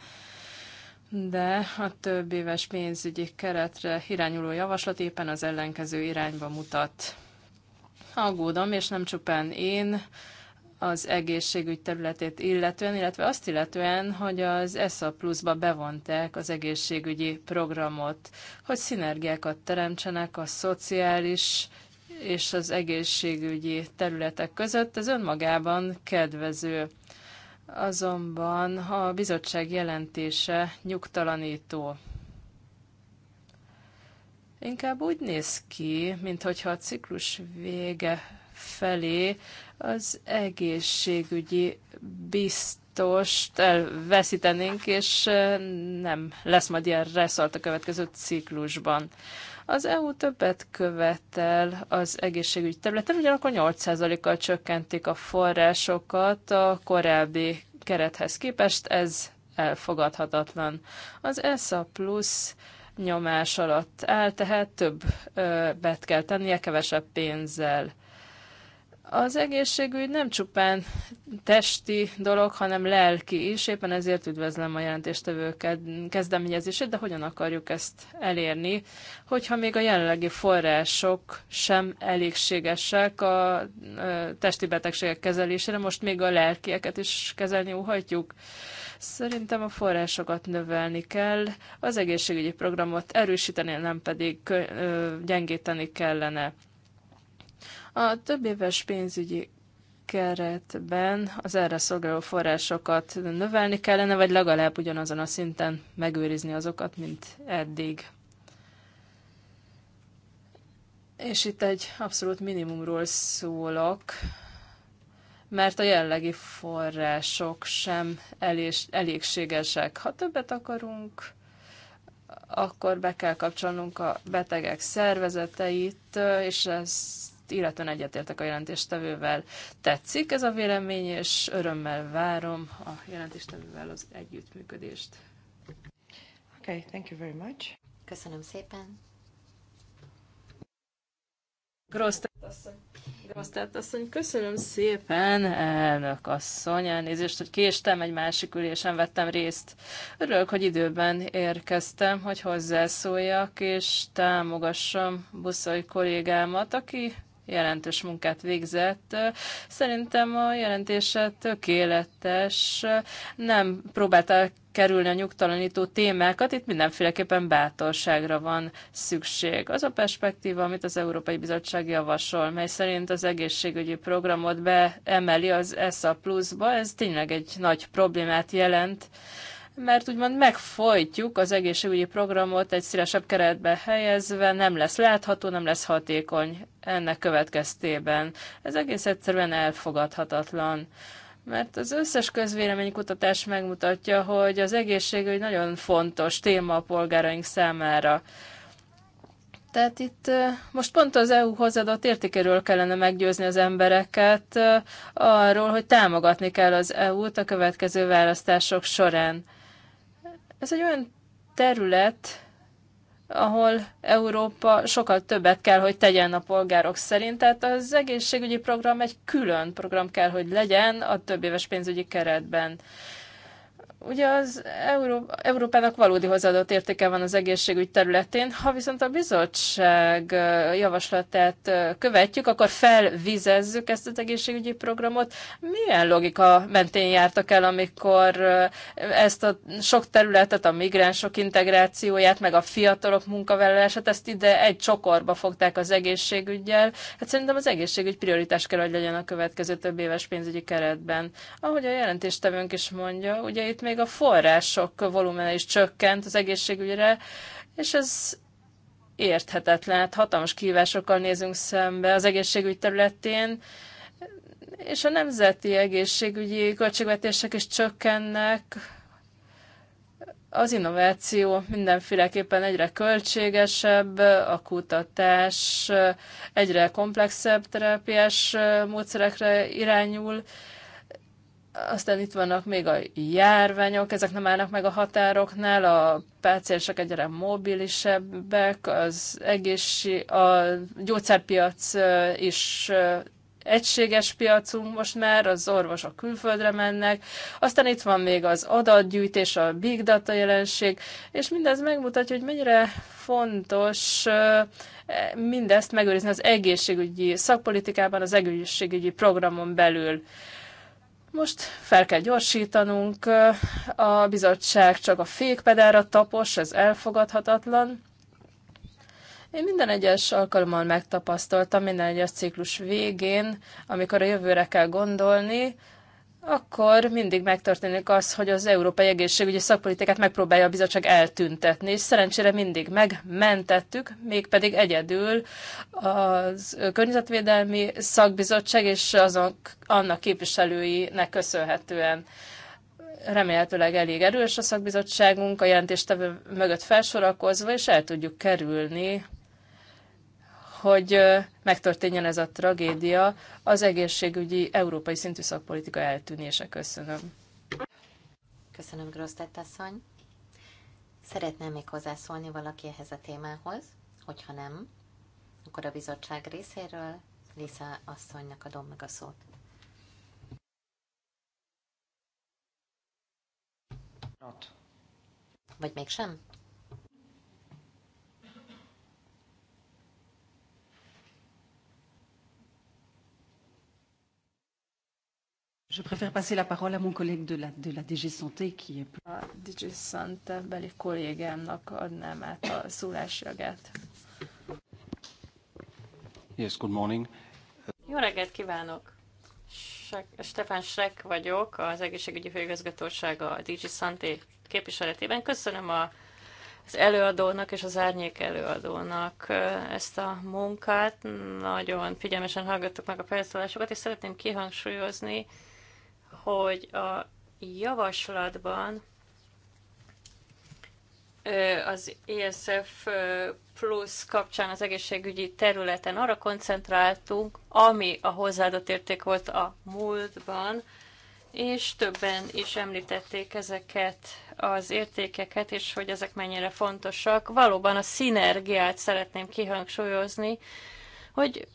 De a több éves pénzügyi keretre irányuló javaslat éppen az ellenkező irányba mutat aggódom, és nem csupán én, az egészségügy területét illetően, illetve azt illetően, hogy az ESA pluszba bevonták az egészségügyi programot, hogy szinergiákat teremtsenek a szociális és az egészségügyi területek között, ez önmagában kedvező. Azonban a bizottság jelentése nyugtalanító. Inkább úgy néz ki, mintha a ciklus vége felé az egészségügyi biztost elveszítenénk, és nem lesz majd ilyen reszalt a következő ciklusban. Az EU többet követel az egészségügy területen, ugyanakkor 8%-kal csökkentik a forrásokat a korábbi kerethez képest, ez elfogadhatatlan. Az ESA plusz nyomás alatt áll, tehát több bet kell tennie kevesebb pénzzel. Az egészségügy nem csupán testi dolog, hanem lelki is, éppen ezért üdvözlöm a jelentéstevőket kezdeményezését, de hogyan akarjuk ezt elérni, hogyha még a jelenlegi források sem elégségesek a testi betegségek kezelésére, most még a lelkieket is kezelni uhatjuk. Uh, Szerintem a forrásokat növelni kell, az egészségügyi programot erősíteni, nem pedig gyengíteni kellene. A több éves pénzügyi keretben az erre szolgáló forrásokat növelni kellene, vagy legalább ugyanazon a szinten megőrizni azokat, mint eddig. És itt egy abszolút minimumról szólok, mert a jellegi források sem elés, elégségesek. Ha többet akarunk, akkor be kell kapcsolnunk a betegek szervezeteit, és ezt illetően egyetértek a jelentéstevővel. Tetszik ez a vélemény, és örömmel várom a jelentéstevővel az együttműködést. Okay, thank you very much. Köszönöm szépen. Grosz, asszony. asszony, köszönöm szépen, elnök asszony, elnézést, hogy késtem, egy másik ülésen vettem részt. Örülök, hogy időben érkeztem, hogy hozzászóljak, és támogassam Buszai kollégámat, aki jelentős munkát végzett. Szerintem a jelentése tökéletes, nem próbálta kerülni a nyugtalanító témákat, itt mindenféleképpen bátorságra van szükség. Az a perspektíva, amit az Európai Bizottság javasol, mely szerint az egészségügyi programot beemeli az ESA pluszba, ez tényleg egy nagy problémát jelent, mert úgymond megfojtjuk az egészségügyi programot egy szélesebb keretbe helyezve, nem lesz látható, nem lesz hatékony ennek következtében. Ez egész egyszerűen elfogadhatatlan. Mert az összes közvéleménykutatás megmutatja, hogy az egészségügy nagyon fontos téma a polgáraink számára. Tehát itt most pont az EU hozadott értékéről kellene meggyőzni az embereket arról, hogy támogatni kell az EU-t a következő választások során. Ez egy olyan terület, ahol Európa sokkal többet kell, hogy tegyen a polgárok szerint. Tehát az egészségügyi program egy külön program kell, hogy legyen a több éves pénzügyi keretben. Ugye az Euró- Európának valódi hozzáadott értéke van az egészségügy területén, ha viszont a bizottság javaslatát követjük, akkor felvizezzük ezt az egészségügyi programot. Milyen logika mentén jártak el, amikor ezt a sok területet, a migránsok integrációját, meg a fiatalok munkavállalását, ezt ide egy csokorba fogták az egészségügyel? Hát szerintem az egészségügy prioritás kell, hogy legyen a következő több éves pénzügyi keretben. Ahogy a jelentéstevőnk is mondja, ugye itt még még a források volumen is csökkent az egészségügyre, és ez érthetetlen. Hát hatalmas kihívásokkal nézünk szembe az egészségügy területén, és a nemzeti egészségügyi költségvetések is csökkennek, az innováció mindenféleképpen egyre költségesebb, a kutatás egyre komplexebb terápiás módszerekre irányul, aztán itt vannak még a járványok, ezek nem állnak meg a határoknál, a páciensek egyre mobilisebbek, az egészség, a gyógyszerpiac is egységes piacunk most már, az orvosok külföldre mennek, aztán itt van még az adatgyűjtés, a big data jelenség, és mindez megmutatja, hogy mennyire fontos e, mindezt megőrizni az egészségügyi szakpolitikában, az egészségügyi programon belül. Most fel kell gyorsítanunk, a bizottság csak a fékpedára tapos, ez elfogadhatatlan. Én minden egyes alkalommal megtapasztaltam, minden egyes ciklus végén, amikor a jövőre kell gondolni, akkor mindig megtörténik az, hogy az európai egészségügyi szakpolitikát megpróbálja a bizottság eltüntetni, és szerencsére mindig megmentettük, mégpedig egyedül az környezetvédelmi szakbizottság és azon, annak képviselőinek köszönhetően. Remélhetőleg elég erős a szakbizottságunk, a jelentéstevő mögött felsorakozva, és el tudjuk kerülni hogy megtörténjen ez a tragédia az egészségügyi európai szintű szakpolitika eltűnése. Köszönöm. Köszönöm, Grosztett asszony. Szeretném még hozzászólni valaki ehhez a témához, hogyha nem, akkor a bizottság részéről Lisa asszonynak adom meg a szót. Not. Vagy mégsem? Je préfère passer la parole à mon collègue de la, de la DG Santé, qui est... plus... A DG Santé beli kollégámnak adnám át a szólásjogát. Yes, good morning. Jó reggelt kívánok! Stefan Schreck vagyok, az egészségügyi főigazgatósága a DG Santé képviseletében. Köszönöm a, az előadónak és az árnyék előadónak ezt a munkát. Nagyon figyelmesen hallgattuk meg a felszólásokat, és szeretném kihangsúlyozni, hogy a javaslatban az ESF plusz kapcsán az egészségügyi területen arra koncentráltunk, ami a hozzáadott érték volt a múltban, és többen is említették ezeket az értékeket, és hogy ezek mennyire fontosak. Valóban a szinergiát szeretném kihangsúlyozni, hogy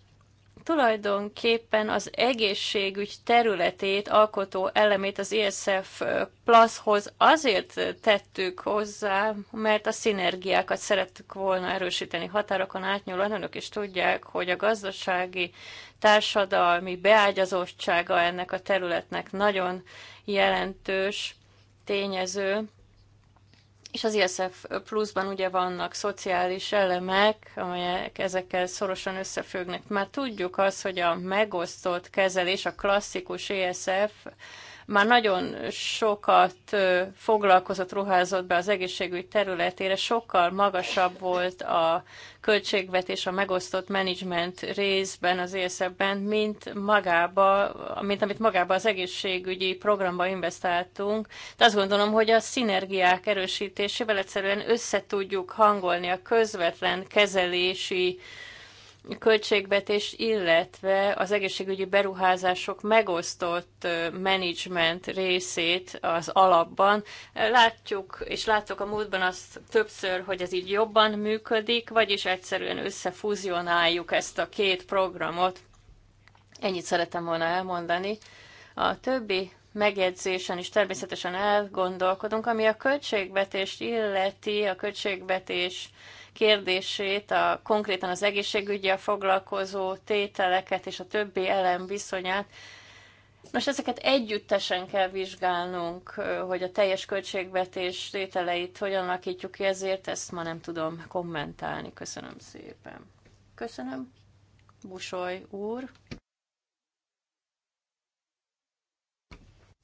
tulajdonképpen az egészségügy területét alkotó elemét az ESF Plushoz azért tettük hozzá, mert a szinergiákat szerettük volna erősíteni határokon átnyúlóan. Önök is tudják, hogy a gazdasági, társadalmi beágyazottsága ennek a területnek nagyon jelentős tényező, és az ISF pluszban ugye vannak szociális elemek, amelyek ezekkel szorosan összefüggnek. Már tudjuk azt, hogy a megosztott kezelés, a klasszikus ESF már nagyon sokat foglalkozott, ruházott be az egészségügy területére, sokkal magasabb volt a költségvetés a megosztott menedzsment részben az ESZ-ben, mint magába, mint amit magába az egészségügyi programba investáltunk. De azt gondolom, hogy a szinergiák erősítésével egyszerűen összetudjuk hangolni a közvetlen kezelési költségvetés, illetve az egészségügyi beruházások megosztott menedzsment részét az alapban. Látjuk, és láttuk a múltban azt többször, hogy ez így jobban működik, vagyis egyszerűen összefúzionáljuk ezt a két programot. Ennyit szeretem volna elmondani. A többi megjegyzésen is természetesen elgondolkodunk, ami a költségvetést illeti, a költségvetés kérdését, a, konkrétan az egészségügyi foglalkozó tételeket és a többi elem viszonyát. Most ezeket együttesen kell vizsgálnunk, hogy a teljes költségvetés tételeit hogyan alakítjuk ki, ezért ezt ma nem tudom kommentálni. Köszönöm szépen. Köszönöm. Busoly úr.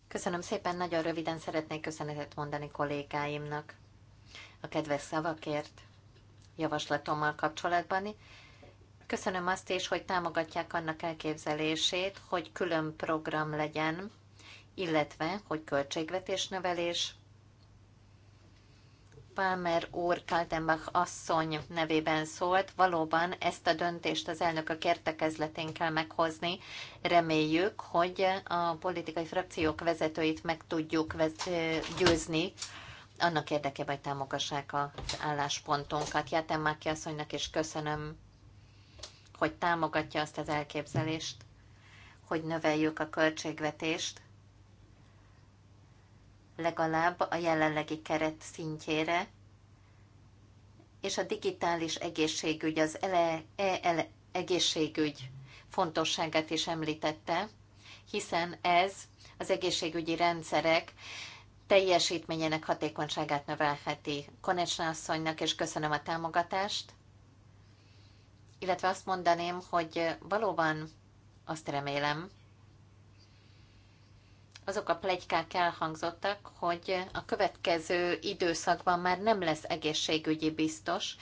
Köszönöm szépen, nagyon röviden szeretnék köszönetet mondani kollégáimnak a kedves szavakért javaslatommal kapcsolatban. Köszönöm azt is, hogy támogatják annak elképzelését, hogy külön program legyen, illetve, hogy költségvetés növelés. Palmer úr Kaltenbach asszony nevében szólt. Valóban ezt a döntést az a kertekezletén kell meghozni. Reméljük, hogy a politikai frakciók vezetőit meg tudjuk győzni annak érdekében, hogy támogassák az álláspontunkat. Játem Máki asszonynak is köszönöm, hogy támogatja azt az elképzelést, hogy növeljük a költségvetést legalább a jelenlegi keret szintjére, és a digitális egészségügy, az ele, e, ele, egészségügy fontosságát is említette, hiszen ez az egészségügyi rendszerek teljesítményének hatékonyságát növelheti. Konecsna asszonynak, és köszönöm a támogatást. Illetve azt mondaném, hogy valóban azt remélem, azok a plegykák elhangzottak, hogy a következő időszakban már nem lesz egészségügyi biztos.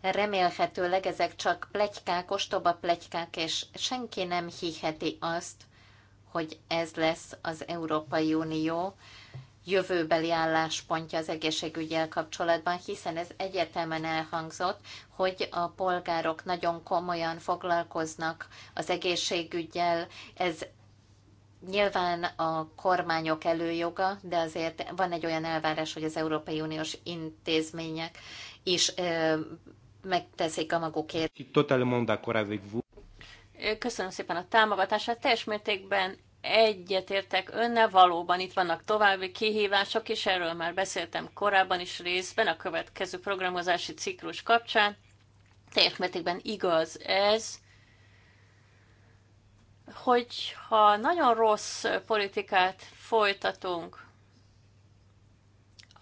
Remélhetőleg ezek csak plegykák, ostoba plegykák, és senki nem hiheti azt, hogy ez lesz az Európai Unió jövőbeli álláspontja az egészségügyel kapcsolatban, hiszen ez egyetemen elhangzott, hogy a polgárok nagyon komolyan foglalkoznak az egészségügyel, ez Nyilván a kormányok előjoga, de azért van egy olyan elvárás, hogy az Európai Uniós intézmények is megteszik a magukért. Totalement d'accord avec vous. Köszönöm szépen a támogatását. Teljes mértékben egyetértek önne, valóban itt vannak további kihívások, és erről már beszéltem korábban is részben a következő programozási ciklus kapcsán. Teljes mértékben igaz ez, hogyha nagyon rossz politikát folytatunk,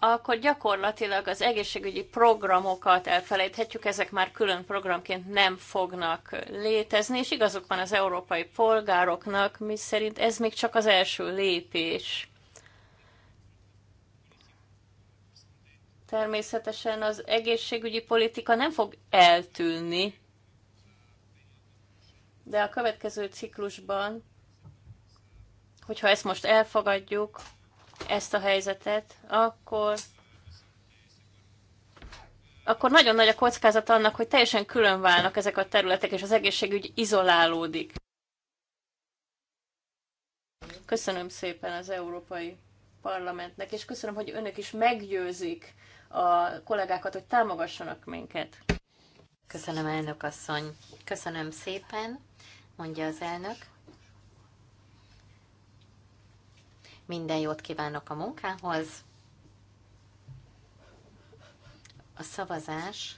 akkor gyakorlatilag az egészségügyi programokat elfelejthetjük, ezek már külön programként nem fognak létezni, és igazuk van az európai polgároknak, mi szerint ez még csak az első lépés. Természetesen az egészségügyi politika nem fog eltűnni, de a következő ciklusban, hogyha ezt most elfogadjuk, ezt a helyzetet, akkor akkor nagyon nagy a kockázat annak, hogy teljesen külön válnak ezek a területek, és az egészségügy izolálódik. Köszönöm szépen az Európai Parlamentnek, és köszönöm, hogy önök is meggyőzik a kollégákat, hogy támogassanak minket. Köszönöm, elnök asszony. Köszönöm szépen, mondja az elnök. Minden jót kívánok a munkához. A szavazás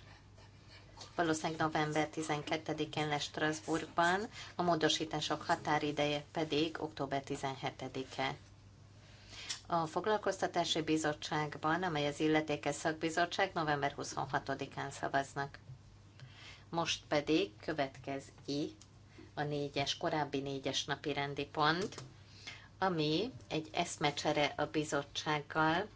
valószínűleg november 12-én lesz Strasbourgban, a módosítások határideje pedig október 17-e. A Foglalkoztatási Bizottságban, amely az Illetékes Szakbizottság november 26-án szavaznak. Most pedig következik a négyes, korábbi négyes napi rendi pont, ami egy eszmecsere a bizottsággal.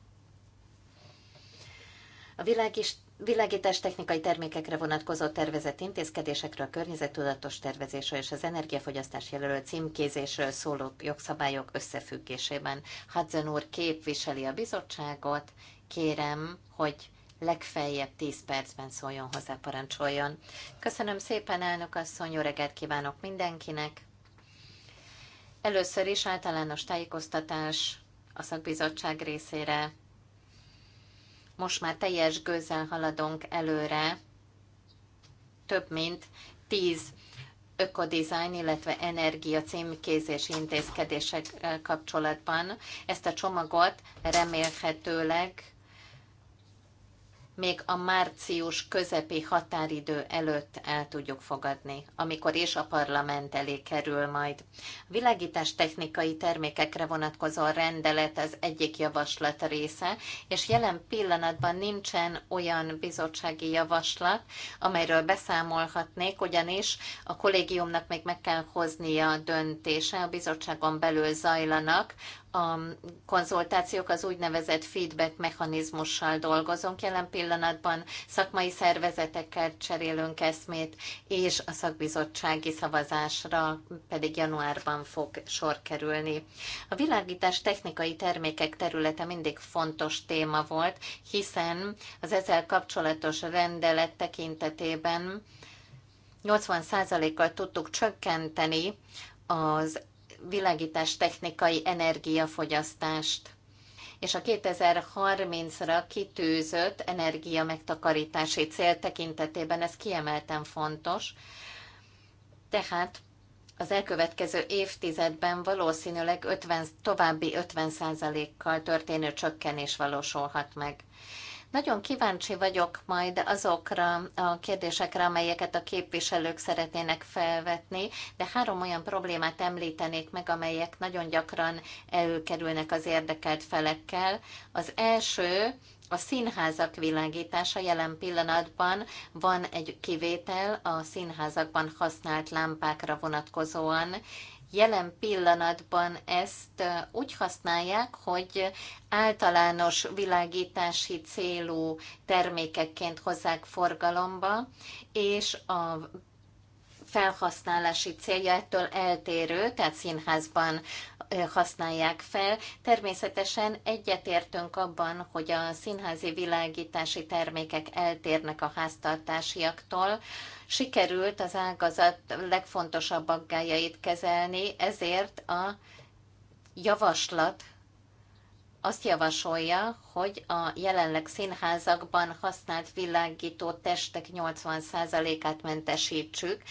A világis Világítás technikai termékekre vonatkozó tervezett intézkedésekről, a környezettudatos tervezésről és az energiafogyasztás jelölő címkézésről szóló jogszabályok összefüggésében. Hudson úr képviseli a bizottságot, kérem, hogy legfeljebb 10 percben szóljon hozzá, parancsoljon. Köszönöm szépen, elnök asszony, jó reggelt kívánok mindenkinek! Először is általános tájékoztatás a szakbizottság részére. Most már teljes gőzzel haladunk előre, több mint tíz ökodizájn, illetve energia címkézési intézkedések kapcsolatban. Ezt a csomagot remélhetőleg még a március közepi határidő előtt el tudjuk fogadni, amikor is a parlament elé kerül majd. A világítás technikai termékekre vonatkozó rendelet az egyik javaslat része, és jelen pillanatban nincsen olyan bizottsági javaslat, amelyről beszámolhatnék, ugyanis a kollégiumnak még meg kell hoznia a döntése, a bizottságon belül zajlanak a konzultációk az úgynevezett feedback mechanizmussal dolgozunk. Jelen pillanatban szakmai szervezetekkel cserélünk eszmét, és a szakbizottsági szavazásra pedig januárban fog sor kerülni. A világítás technikai termékek területe mindig fontos téma volt, hiszen az ezzel kapcsolatos rendelet tekintetében 80%-kal tudtuk csökkenteni az világítás technikai energiafogyasztást és a 2030-ra kitűzött energia megtakarítási cél tekintetében ez kiemelten fontos. Tehát az elkövetkező évtizedben valószínűleg 50, további 50%-kal történő csökkenés valósulhat meg. Nagyon kíváncsi vagyok majd azokra a kérdésekre, amelyeket a képviselők szeretnének felvetni, de három olyan problémát említenék meg, amelyek nagyon gyakran előkerülnek az érdekelt felekkel. Az első, a színházak világítása jelen pillanatban van egy kivétel a színházakban használt lámpákra vonatkozóan, jelen pillanatban ezt úgy használják, hogy általános világítási célú termékekként hozzák forgalomba, és a felhasználási célja ettől eltérő, tehát színházban használják fel. Természetesen egyetértünk abban, hogy a színházi világítási termékek eltérnek a háztartásiaktól, sikerült az ágazat legfontosabb aggájait kezelni, ezért a javaslat azt javasolja, hogy a jelenleg színházakban használt világító testek 80%-át mentesítsük,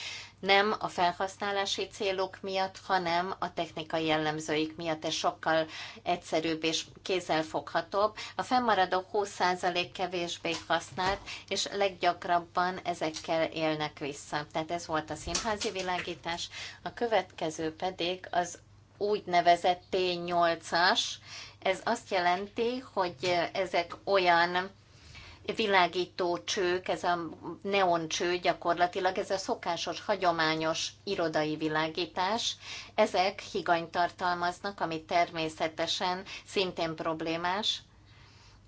nem a felhasználási célok miatt, hanem a technikai jellemzőik miatt. Ez sokkal egyszerűbb és kézzelfoghatóbb. A fennmaradó 20% kevésbé használt, és leggyakrabban ezekkel élnek vissza. Tehát ez volt a színházi világítás. A következő pedig az úgynevezett T8-as. Ez azt jelenti, hogy ezek olyan világító csők, ez a neon cső gyakorlatilag, ez a szokásos, hagyományos irodai világítás, ezek higany tartalmaznak, ami természetesen szintén problémás,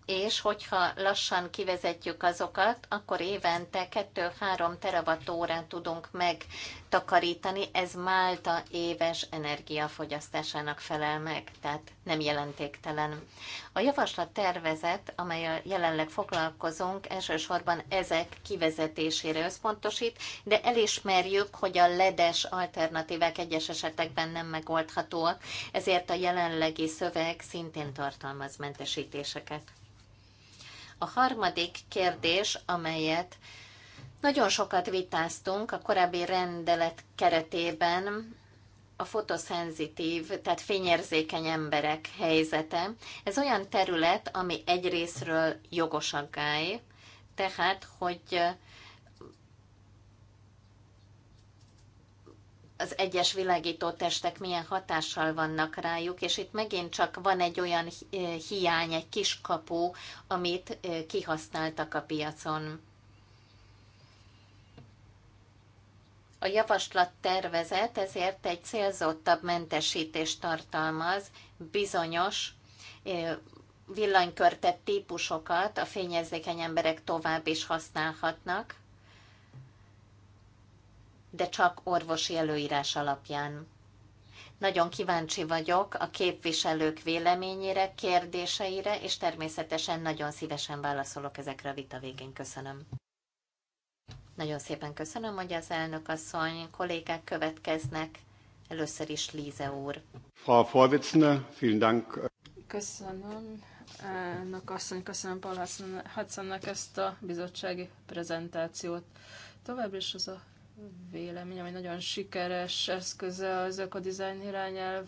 és hogyha lassan kivezetjük azokat, akkor évente 2-3 terawattórát tudunk megtakarítani, ez Málta éves energiafogyasztásának felel meg, tehát nem jelentéktelen. A javaslat tervezet, a jelenleg foglalkozunk, elsősorban ezek kivezetésére összpontosít, de elismerjük, hogy a ledes alternatívák egyes esetekben nem megoldhatóak, ezért a jelenlegi szöveg szintén tartalmaz mentesítéseket. A harmadik kérdés, amelyet nagyon sokat vitáztunk a korábbi rendelet keretében, a fotoszenzitív, tehát fényérzékeny emberek helyzete. Ez olyan terület, ami egyrésztről jogos aggály, tehát, hogy az egyes világító testek milyen hatással vannak rájuk, és itt megint csak van egy olyan eh, hiány, egy kapu, amit eh, kihasználtak a piacon. A javaslat tervezet ezért egy célzottabb mentesítést tartalmaz bizonyos eh, villanykörtett típusokat a fényezékeny emberek tovább is használhatnak, de csak orvosi előírás alapján. Nagyon kíváncsi vagyok a képviselők véleményére, kérdéseire, és természetesen nagyon szívesen válaszolok ezekre a vita végén. Köszönöm. Nagyon szépen köszönöm, hogy az elnök asszony, kollégák következnek. Először is Líze úr. Frau Vorsitzende, vielen Dank. Köszönöm, elnök asszony, köszönöm Paul Hudsonnak ezt a bizottsági prezentációt. Továbbra is az a véleményem, hogy nagyon sikeres eszköze az ökodizájn irányelv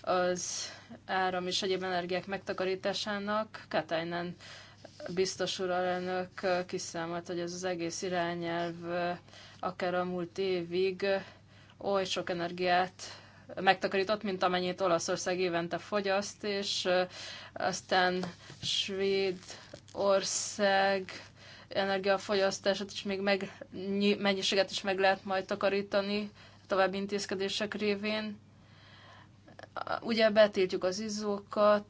az áram és egyéb energiák megtakarításának. Katainen biztos uralelnök kiszámolt, hogy ez az egész irányelv akár a múlt évig oly sok energiát megtakarított, mint amennyit Olaszország évente fogyaszt, és aztán Svédország energiafogyasztását is még meg, mennyiséget is meg lehet majd takarítani további intézkedések révén. Ugye betiltjuk az izzókat,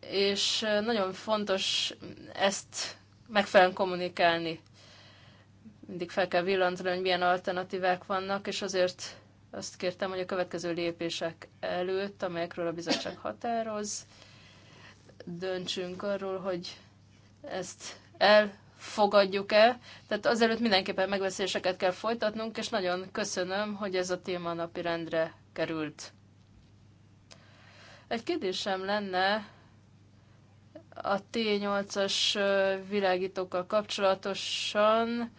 és nagyon fontos ezt megfelelően kommunikálni. Mindig fel kell villantani, hogy milyen alternatívák vannak, és azért azt kértem, hogy a következő lépések előtt, amelyekről a bizottság határoz, döntsünk arról, hogy ezt elfogadjuk-e. Tehát azelőtt mindenképpen megbeszéléseket kell folytatnunk, és nagyon köszönöm, hogy ez a téma rendre került. Egy kérdésem lenne a T8-as világítókkal kapcsolatosan.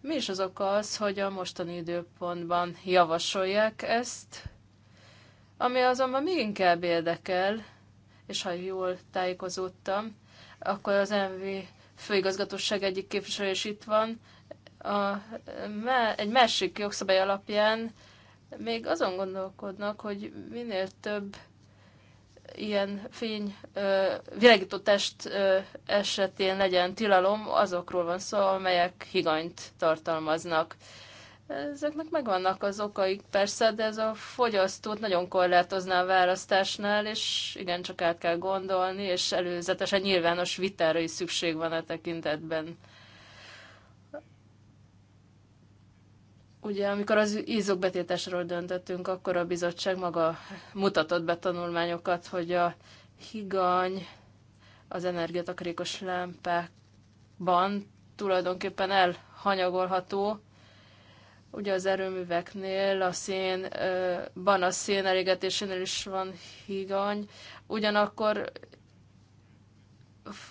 Mi is az oka az, hogy a mostani időpontban javasolják ezt? Ami azonban még inkább érdekel, és ha jól tájékozódtam, akkor az MV főigazgatóság egyik képviselő is itt van. A, egy másik jogszabály alapján még azon gondolkodnak, hogy minél több ilyen fény világító test esetén legyen tilalom, azokról van szó, amelyek higanyt tartalmaznak. Ezeknek megvannak az okaik persze, de ez a fogyasztót nagyon korlátozná a választásnál, és igencsak át kell gondolni, és előzetesen nyilvános vitára is szükség van a e tekintetben. Ugye, amikor az ízok betétesről döntöttünk, akkor a bizottság maga mutatott be tanulmányokat, hogy a higany az energiatakarékos lámpákban tulajdonképpen elhanyagolható, Ugye az erőműveknél a van a szén elégetésénél is van higany, ugyanakkor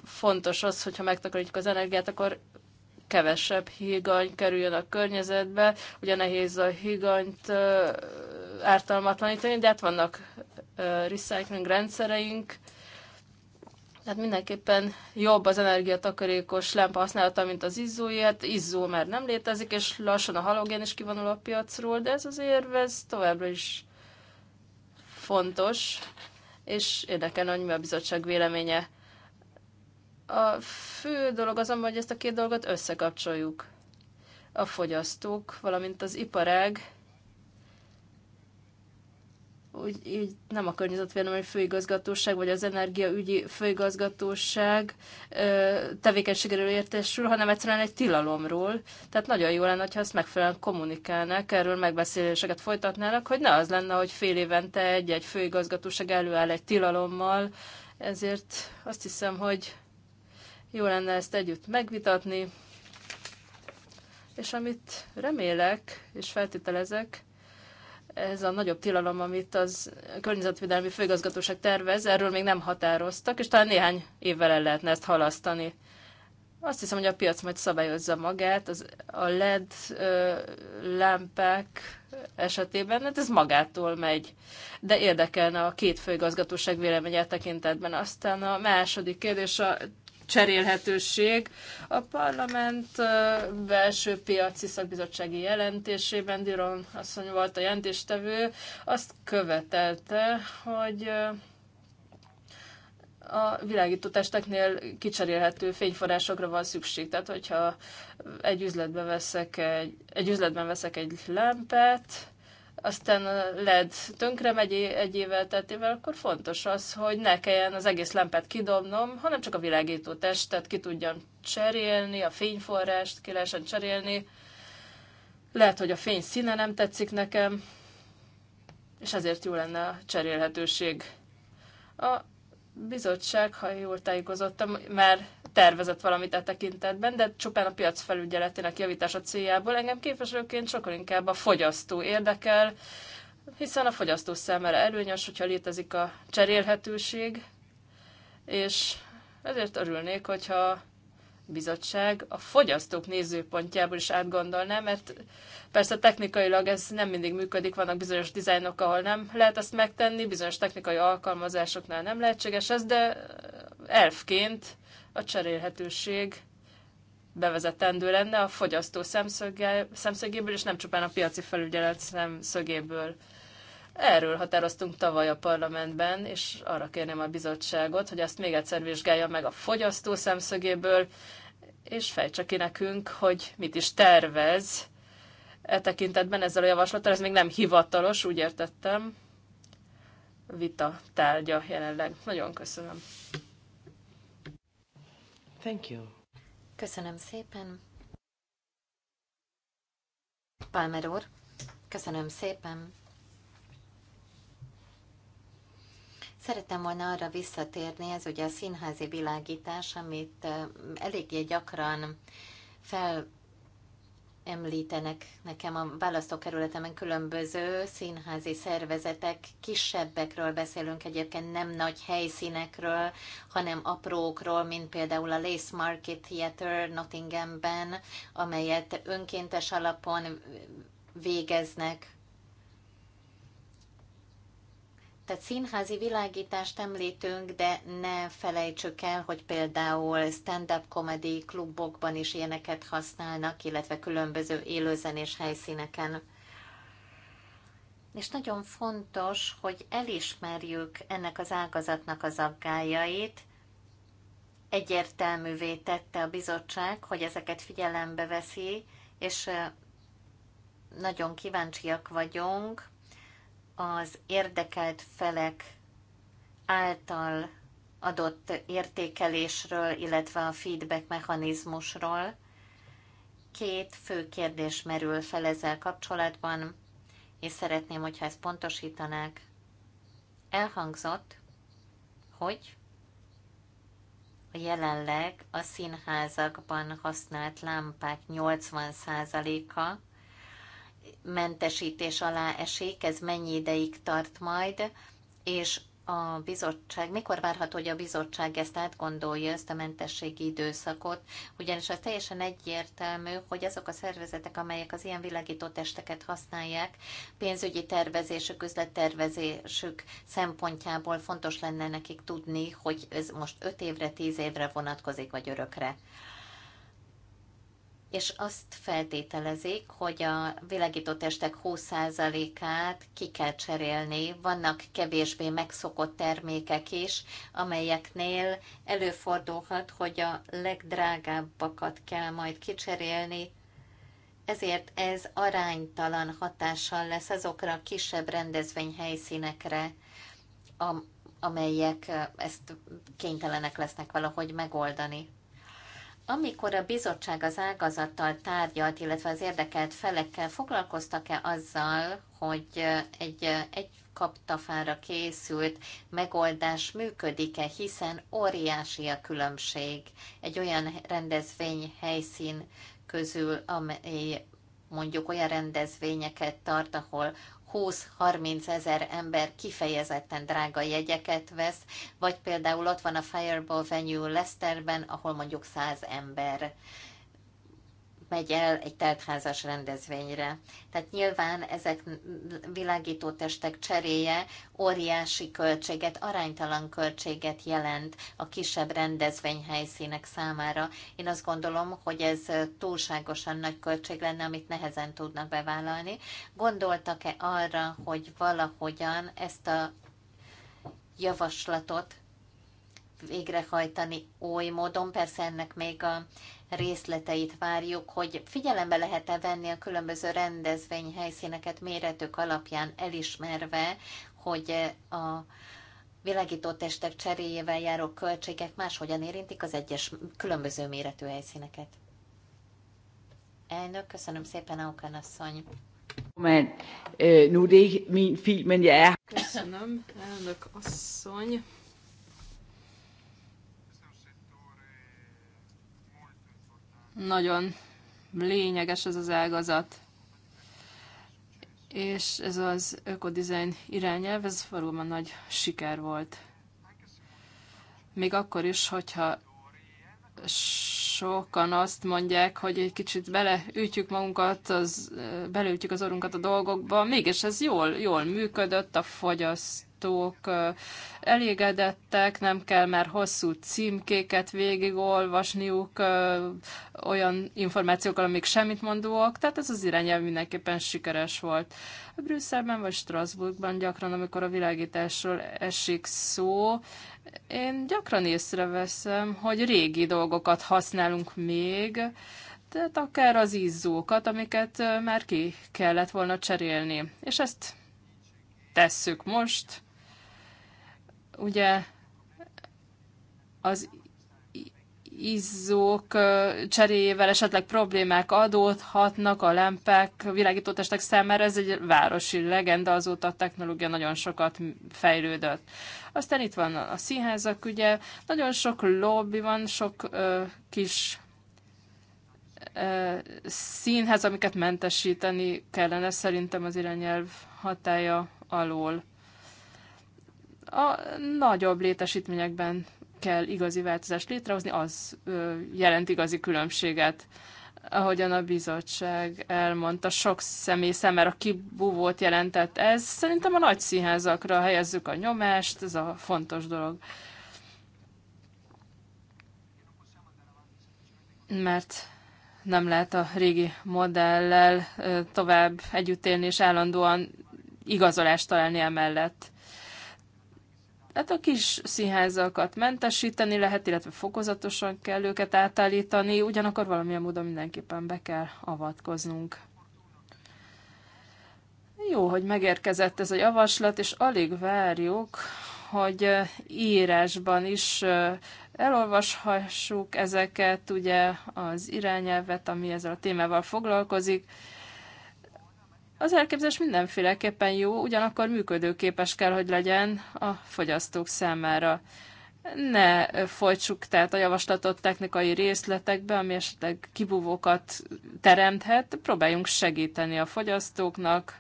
fontos az, hogyha megtakarítjuk az energiát, akkor kevesebb higany kerüljön a környezetbe. Ugye nehéz a higanyt ártalmatlanítani, de hát vannak recycling rendszereink, tehát mindenképpen jobb az energiatakarékos lámpa használata, mint az izzói. Hát izzó már nem létezik, és lassan a halogén is kivonul a piacról, de ez az érv, ez továbbra is fontos, és érdekel, hogy mi a bizottság véleménye. A fő dolog az, hogy ezt a két dolgot összekapcsoljuk. A fogyasztók, valamint az iparág úgy, így nem a környezetvédelmi főigazgatóság, vagy az energiaügyi főigazgatóság tevékenységéről értesül, hanem egyszerűen egy tilalomról. Tehát nagyon jó lenne, ha ezt megfelelően kommunikálnak, erről megbeszéléseket folytatnának, hogy ne az lenne, hogy fél évente egy-egy főigazgatóság előáll egy tilalommal, ezért azt hiszem, hogy jó lenne ezt együtt megvitatni, és amit remélek és feltételezek, ez a nagyobb tilalom, amit az környezetvédelmi főigazgatóság tervez, erről még nem határoztak, és talán néhány évvel el lehetne ezt halasztani. Azt hiszem, hogy a piac majd szabályozza magát, az, a LED ö, lámpák esetében, hát ez magától megy. De érdekelne a két főigazgatóság véleménye tekintetben. Aztán a második kérdés a cserélhetőség. A parlament belső piaci szakbizottsági jelentésében Diron asszony volt a jelentéstevő, azt követelte, hogy a világító testeknél kicserélhető fényforrásokra van szükség. Tehát, hogyha egy üzletben veszek egy, egy üzletben veszek egy lámpát, aztán a LED tönkre megy egy évvel, tehát akkor fontos az, hogy ne kelljen az egész lámpát kidobnom, hanem csak a világító testet ki tudjam cserélni, a fényforrást ki lehessen cserélni. Lehet, hogy a fény színe nem tetszik nekem, és ezért jó lenne a cserélhetőség. A bizottság, ha jól tájékozottam, már tervezett valamit a e tekintetben, de csupán a piac felügyeletének javítása céljából engem képviselőként sokkal inkább a fogyasztó érdekel, hiszen a fogyasztó számára előnyös, hogyha létezik a cserélhetőség, és ezért örülnék, hogyha bizottság a fogyasztók nézőpontjából is átgondolná, mert persze technikailag ez nem mindig működik, vannak bizonyos dizájnok, ahol nem lehet ezt megtenni, bizonyos technikai alkalmazásoknál nem lehetséges ez, de elfként a cserélhetőség bevezetendő lenne a fogyasztó szemszögéből, és nem csupán a piaci felügyelet szemszögéből. Erről határoztunk tavaly a parlamentben, és arra kérném a bizottságot, hogy ezt még egyszer vizsgálja meg a fogyasztó szemszögéből, és fejtse ki nekünk, hogy mit is tervez e tekintetben ezzel a javaslattal. Ez még nem hivatalos, úgy értettem, vita tárgya jelenleg. Nagyon köszönöm. Thank you. Köszönöm szépen. Palmer úr, köszönöm szépen. Szerettem volna arra visszatérni, ez ugye a színházi világítás, amit eh, eléggé gyakran fel említenek nekem a választókerületemen különböző színházi szervezetek, kisebbekről beszélünk egyébként, nem nagy helyszínekről, hanem aprókról, mint például a Lace Market Theatre Nottinghamben, amelyet önkéntes alapon végeznek Tehát színházi világítást említünk, de ne felejtsük el, hogy például stand-up comedy klubokban is ilyeneket használnak, illetve különböző élőzenés helyszíneken. És nagyon fontos, hogy elismerjük ennek az ágazatnak az aggájait. Egyértelművé tette a bizottság, hogy ezeket figyelembe veszi, és nagyon kíváncsiak vagyunk, az érdekelt felek által adott értékelésről, illetve a feedback mechanizmusról. Két fő kérdés merül fel ezzel kapcsolatban, és szeretném, hogyha ezt pontosítanák. Elhangzott, hogy a jelenleg a színházakban használt lámpák 80%-a mentesítés alá esik, ez mennyi ideig tart majd, és a bizottság, mikor várható, hogy a bizottság ezt átgondolja, ezt a mentességi időszakot, ugyanis az teljesen egyértelmű, hogy azok a szervezetek, amelyek az ilyen világító testeket használják, pénzügyi tervezésük, üzlettervezésük szempontjából fontos lenne nekik tudni, hogy ez most 5 évre, 10 évre vonatkozik, vagy örökre és azt feltételezik, hogy a világító testek 20%-át ki kell cserélni. Vannak kevésbé megszokott termékek is, amelyeknél előfordulhat, hogy a legdrágábbakat kell majd kicserélni, ezért ez aránytalan hatással lesz azokra a kisebb rendezvényhelyszínekre, amelyek ezt kénytelenek lesznek valahogy megoldani amikor a bizottság az ágazattal tárgyalt, illetve az érdekelt felekkel foglalkoztak-e azzal, hogy egy, egy kaptafára készült megoldás működik-e, hiszen óriási a különbség egy olyan rendezvény helyszín közül, amely mondjuk olyan rendezvényeket tart, ahol 20-30 ezer ember kifejezetten drága jegyeket vesz, vagy például ott van a Fireball Venue Leicesterben, ahol mondjuk 100 ember megy el egy teltházas rendezvényre. Tehát nyilván ezek világító testek cseréje óriási költséget, aránytalan költséget jelent a kisebb helyszínek számára. Én azt gondolom, hogy ez túlságosan nagy költség lenne, amit nehezen tudnak bevállalni. Gondoltak-e arra, hogy valahogyan ezt a javaslatot végrehajtani oly módon, persze ennek még a részleteit várjuk, hogy figyelembe lehet-e venni a különböző rendezvény helyszíneket méretük alapján elismerve, hogy a testek cseréjével járó költségek máshogyan érintik az egyes különböző méretű helyszíneket. Elnök, köszönöm szépen, Aukán asszony. Köszönöm, elnök asszony. Nagyon lényeges ez az ágazat. És ez az ökodizájn irányelv, ez valóban nagy siker volt. Még akkor is, hogyha sokan azt mondják, hogy egy kicsit beleütjük magunkat, az, beleütjük az orunkat a dolgokba, mégis ez jól, jól működött, a fogyaszt fogyasztók elégedettek, nem kell már hosszú címkéket végigolvasniuk olyan információkkal, amik semmit mondóak, tehát ez az irányelv mindenképpen sikeres volt. A Brüsszelben vagy Strasbourgban gyakran, amikor a világításról esik szó, én gyakran észreveszem, hogy régi dolgokat használunk még, tehát akár az izzókat, amiket már ki kellett volna cserélni. És ezt tesszük most. Ugye az izzók cseréjével esetleg problémák adódhatnak, a lámpák világítótestek számára, ez egy városi legenda, azóta a technológia nagyon sokat fejlődött. Aztán itt van a színházak, ugye nagyon sok lobby van, sok ö, kis ö, színház, amiket mentesíteni kellene szerintem az irányelv hatája alól a nagyobb létesítményekben kell igazi változást létrehozni, az jelent igazi különbséget. Ahogyan a bizottság elmondta, sok személy szemére a kibúvót jelentett ez. Szerintem a nagy színházakra helyezzük a nyomást, ez a fontos dolog. Mert nem lehet a régi modellel tovább együtt élni, és állandóan igazolást találni emellett Hát a kis színházakat mentesíteni lehet, illetve fokozatosan kell őket átállítani, ugyanakkor valamilyen módon mindenképpen be kell avatkoznunk. Jó, hogy megérkezett ez a javaslat, és alig várjuk, hogy írásban is elolvashassuk ezeket, ugye az irányelvet, ami ezzel a témával foglalkozik, az elképzelés mindenféleképpen jó, ugyanakkor működőképes kell, hogy legyen a fogyasztók számára. Ne folytsuk tehát a javaslatot technikai részletekbe, ami esetleg kibúvókat teremthet. Próbáljunk segíteni a fogyasztóknak,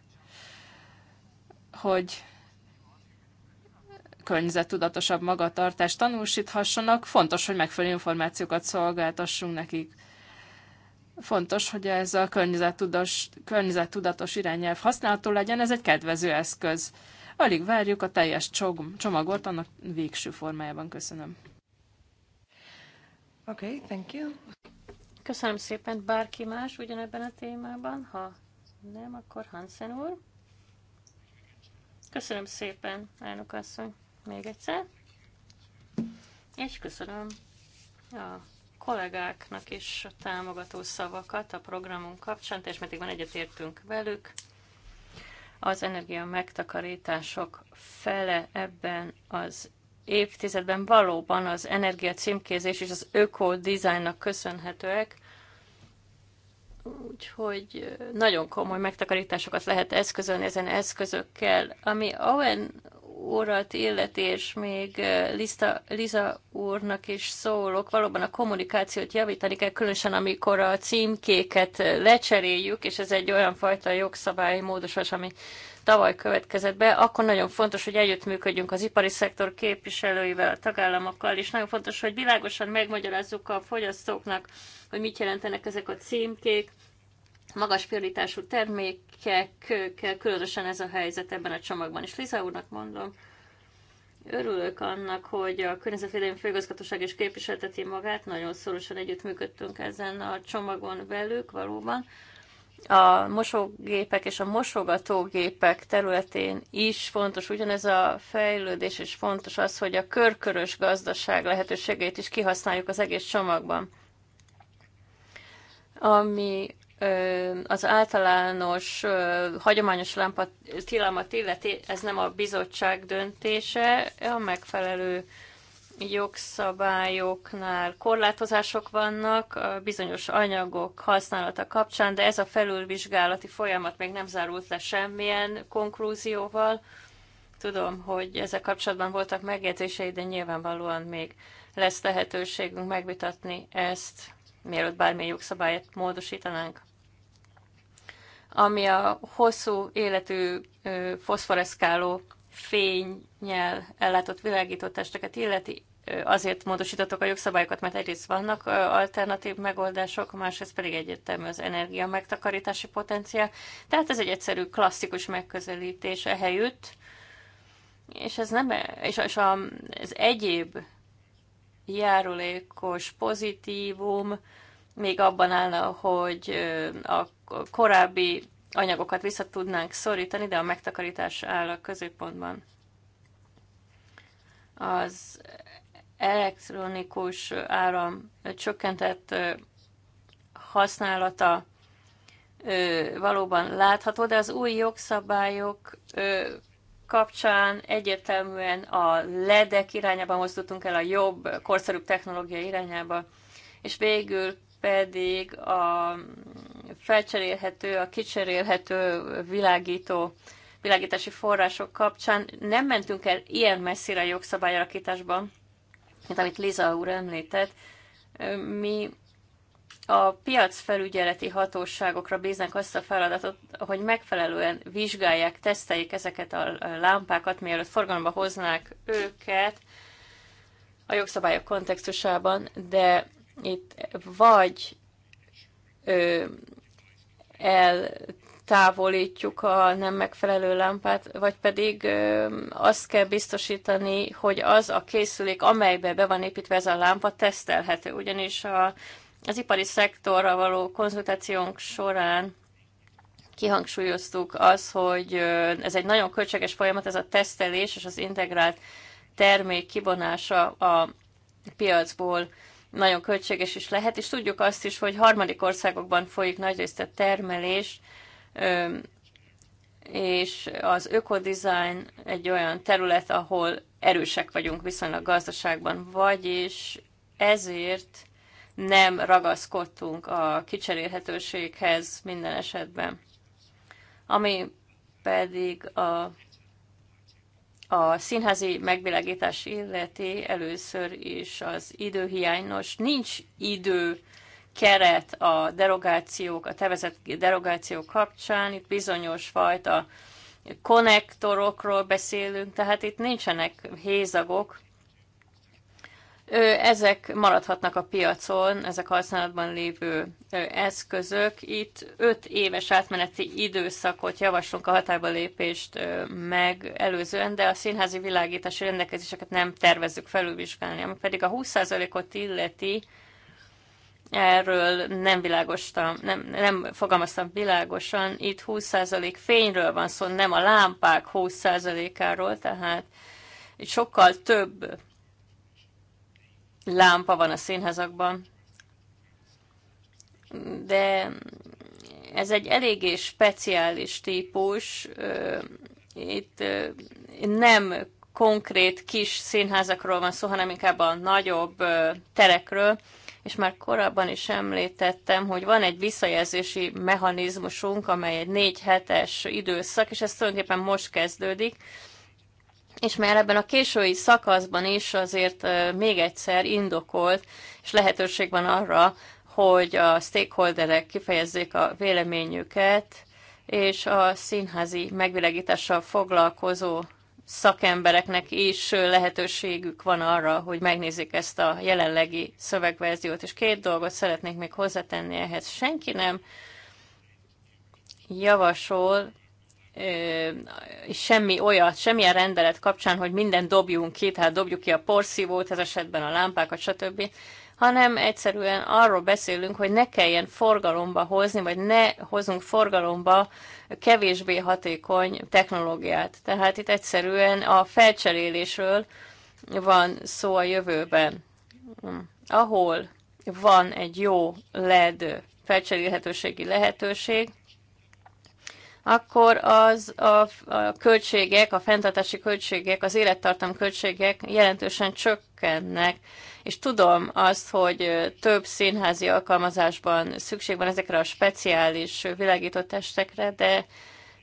hogy környezettudatosabb magatartást tanúsíthassanak. Fontos, hogy megfelelő információkat szolgáltassunk nekik. Fontos, hogy ez a környezettudatos, környezettudatos irányelv használható legyen, ez egy kedvező eszköz. Alig várjuk a teljes csomagot annak végső formájában. Köszönöm. Okay, thank you. Köszönöm szépen. Bárki más ugyanebben a témában? Ha nem, akkor Hansen úr. Köszönöm szépen, elnök asszony, még egyszer. És köszönöm a kollégáknak is támogató szavakat a programunk kapcsán, és van egyetértünk velük. Az energia megtakarítások fele ebben az évtizedben valóban az energia címkézés és az öko-dizájnnak köszönhetőek, úgyhogy nagyon komoly megtakarításokat lehet eszközölni ezen eszközökkel. Ami Owen urat illeti, és még Lista, Liza úrnak is szólok, valóban a kommunikációt javítani kell, különösen amikor a címkéket lecseréljük, és ez egy olyan fajta jogszabályi módosás, ami tavaly következett be, akkor nagyon fontos, hogy együttműködjünk az ipari szektor képviselőivel, a tagállamokkal, és nagyon fontos, hogy világosan megmagyarázzuk a fogyasztóknak, hogy mit jelentenek ezek a címkék, magas prioritású termékekkel különösen ez a helyzet ebben a csomagban. is. Liza úrnak mondom, örülök annak, hogy a Környezetvédelmi Főigazgatóság is képviselteti magát, nagyon szorosan együttműködtünk ezen a csomagon velük valóban. A mosógépek és a mosogatógépek területén is fontos ugyanez a fejlődés, és fontos az, hogy a körkörös gazdaság lehetőségét is kihasználjuk az egész csomagban ami az általános hagyományos lámpa tilalmat illeti, ez nem a bizottság döntése, a megfelelő jogszabályoknál korlátozások vannak a bizonyos anyagok használata kapcsán, de ez a felülvizsgálati folyamat még nem zárult le semmilyen konklúzióval. Tudom, hogy ezzel kapcsolatban voltak megjegyzései, de nyilvánvalóan még lesz lehetőségünk megvitatni ezt mielőtt bármilyen jogszabályt módosítanánk. Ami a hosszú életű foszforeszkáló fényjel ellátott világító testeket illeti, azért módosítottak a jogszabályokat, mert egyrészt vannak alternatív megoldások, másrészt pedig egyértelmű az energia megtakarítási potenciál. Tehát ez egy egyszerű, klasszikus megközelítés ehelyütt, és ez nem, és, és a, az egyéb járulékos pozitívum még abban állna, hogy a korábbi anyagokat vissza tudnánk szorítani, de a megtakarítás áll a középpontban. Az elektronikus áram csökkentett használata valóban látható, de az új jogszabályok kapcsán egyértelműen a ledek irányába mozdultunk el, a jobb, korszerűbb technológia irányába, és végül pedig a felcserélhető, a kicserélhető világító világítási források kapcsán nem mentünk el ilyen messzire a jogszabályalakításban, mint amit Liza úr említett. Mi a piacfelügyeleti hatóságokra bíznak azt a feladatot, hogy megfelelően vizsgálják, teszteljék ezeket a lámpákat, mielőtt forgalomba hoznák őket a jogszabályok kontextusában, de itt vagy ö, eltávolítjuk a nem megfelelő lámpát, vagy pedig ö, azt kell biztosítani, hogy az a készülék, amelybe be van építve ez a lámpa, tesztelhető, ugyanis a az ipari szektorra való konzultációnk során kihangsúlyoztuk az, hogy ez egy nagyon költséges folyamat, ez a tesztelés és az integrált termék kibonása a piacból nagyon költséges is lehet, és tudjuk azt is, hogy harmadik országokban folyik nagyrészt a termelés, és az ökodizájn egy olyan terület, ahol erősek vagyunk viszonylag gazdaságban, vagyis ezért nem ragaszkodtunk a kicserélhetőséghez minden esetben. Ami pedig a, a színházi megvilágítás illeti először is az időhiányos. Nincs idő keret a derogációk, a tevezett derogációk kapcsán, itt bizonyos fajta konnektorokról beszélünk, tehát itt nincsenek hézagok, ezek maradhatnak a piacon, ezek használatban lévő eszközök. Itt 5 éves átmeneti időszakot javaslunk a hatályba lépést meg előzően, de a színházi világítási rendelkezéseket nem tervezzük felülvizsgálni. Ami pedig a 20%-ot illeti, erről nem világostam, nem, nem fogalmaztam világosan. Itt 20% fényről van szó, nem a lámpák 20%-áról, tehát itt sokkal több lámpa van a színházakban, de ez egy eléggé speciális típus. Itt nem konkrét kis színházakról van szó, hanem inkább a nagyobb terekről, és már korábban is említettem, hogy van egy visszajelzési mechanizmusunk, amely egy négy hetes időszak, és ez tulajdonképpen most kezdődik, és már ebben a késői szakaszban is azért még egyszer indokolt, és lehetőség van arra, hogy a stakeholderek kifejezzék a véleményüket, és a színházi megvilágítással foglalkozó szakembereknek is lehetőségük van arra, hogy megnézzék ezt a jelenlegi szövegverziót. És két dolgot szeretnék még hozzátenni ehhez. Senki nem javasol semmi olyat, semmilyen rendelet kapcsán, hogy minden dobjunk ki, tehát dobjuk ki a porszívót, ez esetben a lámpákat, stb., hanem egyszerűen arról beszélünk, hogy ne kelljen forgalomba hozni, vagy ne hozunk forgalomba kevésbé hatékony technológiát. Tehát itt egyszerűen a felcserélésről van szó a jövőben. Ahol van egy jó LED felcserélhetőségi lehetőség, akkor az a, a költségek, a fenntartási költségek, az élettartam költségek jelentősen csökkennek, és tudom azt, hogy több színházi alkalmazásban szükség van ezekre a speciális világított testekre, de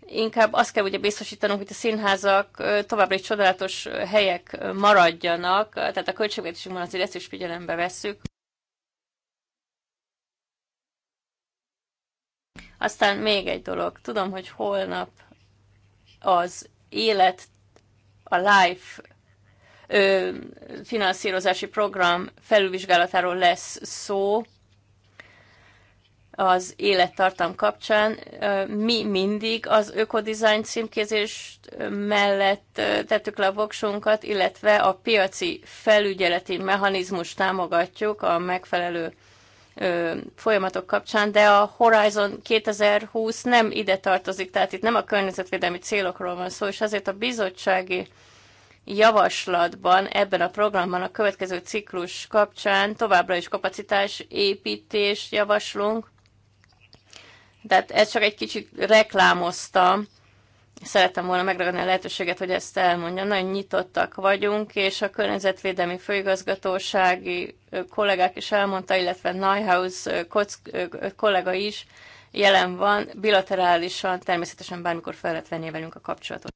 inkább azt kell ugye biztosítanunk, hogy a színházak továbbra is csodálatos helyek maradjanak, tehát a költségvetésünkben azért ezt is figyelembe vesszük. Aztán még egy dolog. Tudom, hogy holnap az élet, a life ö, finanszírozási program felülvizsgálatáról lesz szó az élettartam kapcsán. Mi mindig az ökodizájn címkézés mellett tettük le a voksunkat, illetve a piaci felügyeleti mechanizmus támogatjuk a megfelelő folyamatok kapcsán, de a Horizon 2020 nem ide tartozik, tehát itt nem a környezetvédelmi célokról van szó, és azért a bizottsági javaslatban ebben a programban a következő ciklus kapcsán továbbra is kapacitás építés javaslunk. Tehát ezt csak egy kicsit reklámoztam, szerettem volna megragadni a lehetőséget, hogy ezt elmondjam. Nagyon nyitottak vagyunk, és a Környezetvédelmi Főigazgatósági kollégák is elmondta, illetve Neuhaus kollega is jelen van, bilaterálisan, természetesen bármikor fel lehet venni velünk a kapcsolatot.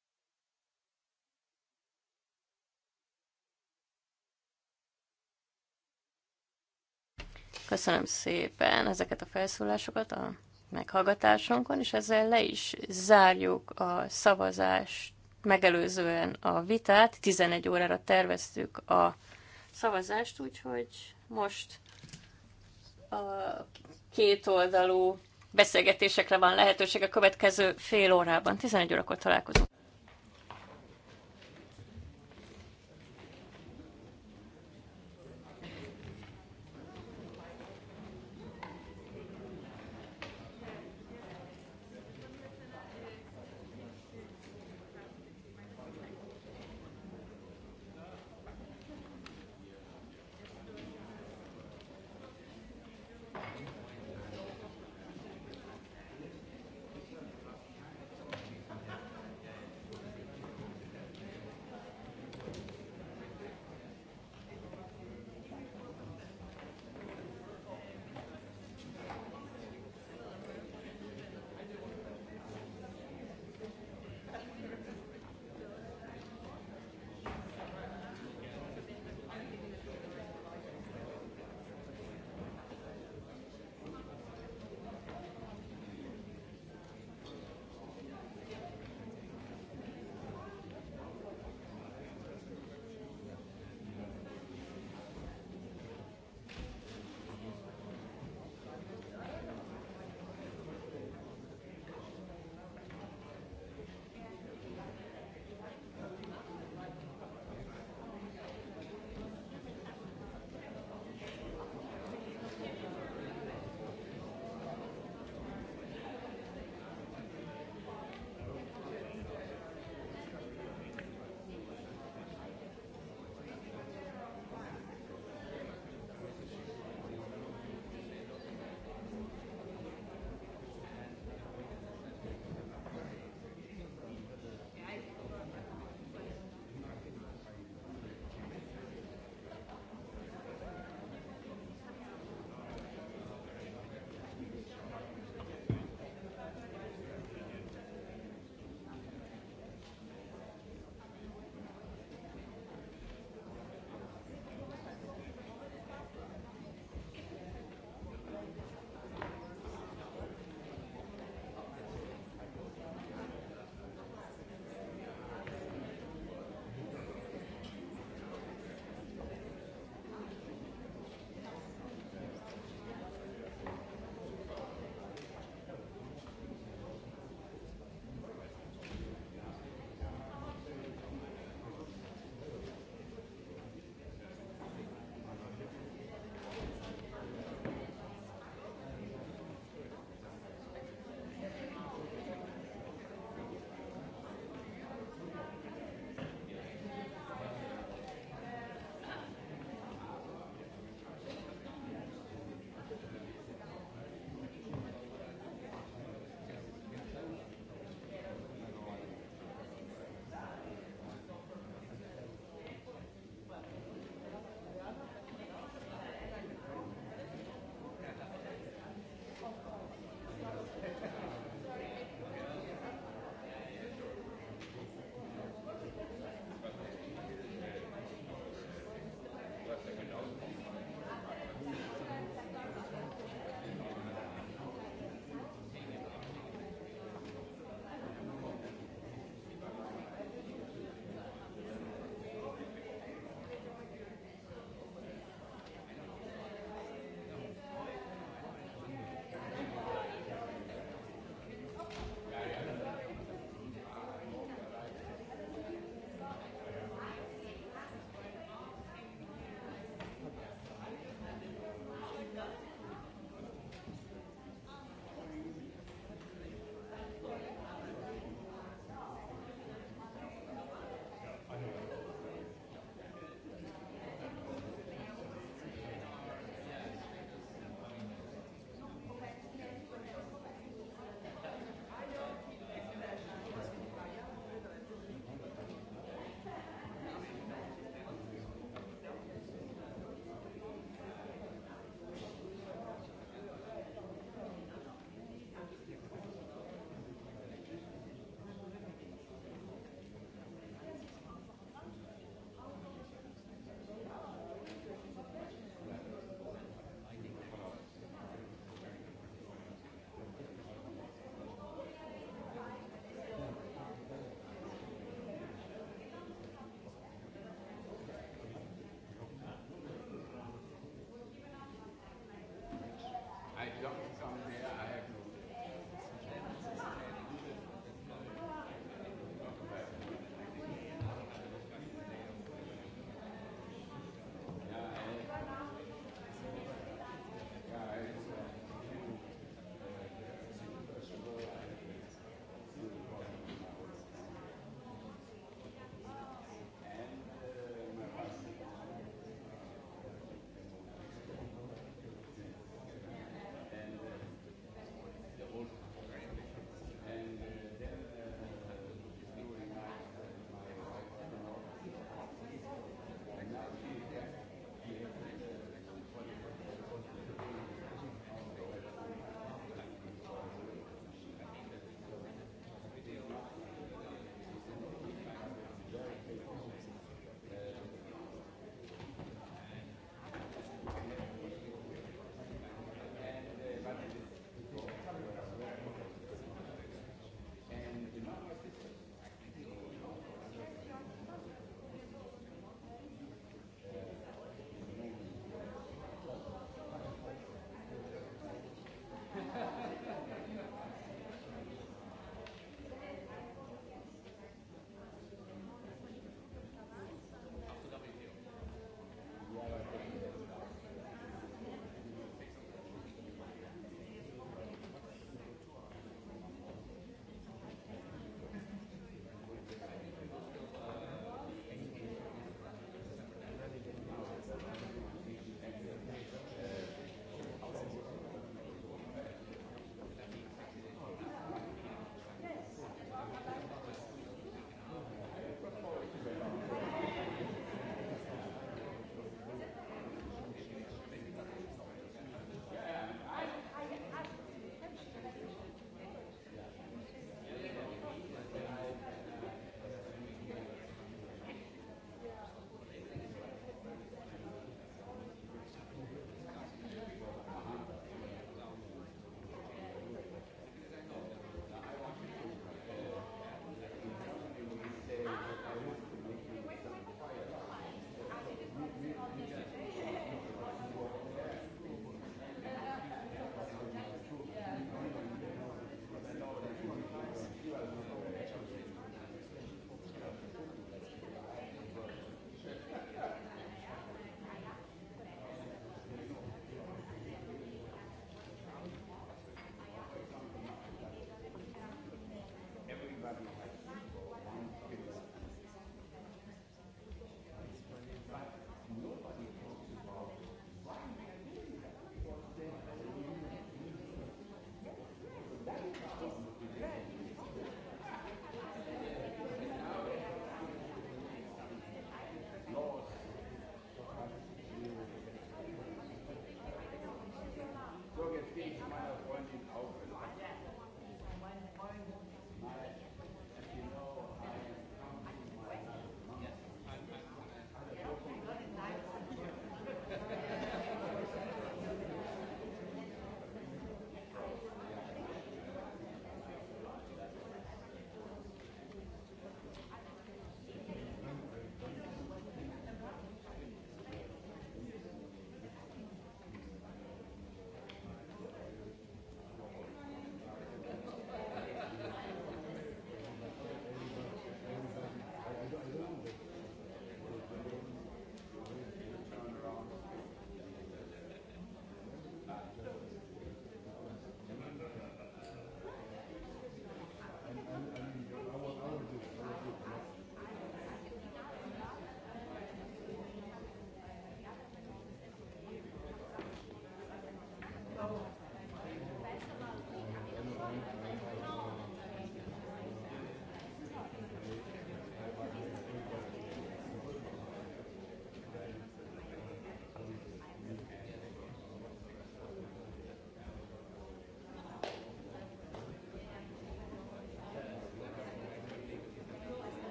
Köszönöm szépen ezeket a felszólásokat. A meghallgatásunkon, és ezzel le is zárjuk a szavazást megelőzően a vitát. 11 órára terveztük a szavazást, úgyhogy most a kétoldalú beszélgetésekre van lehetőség a következő fél órában. 11 órakor találkozunk.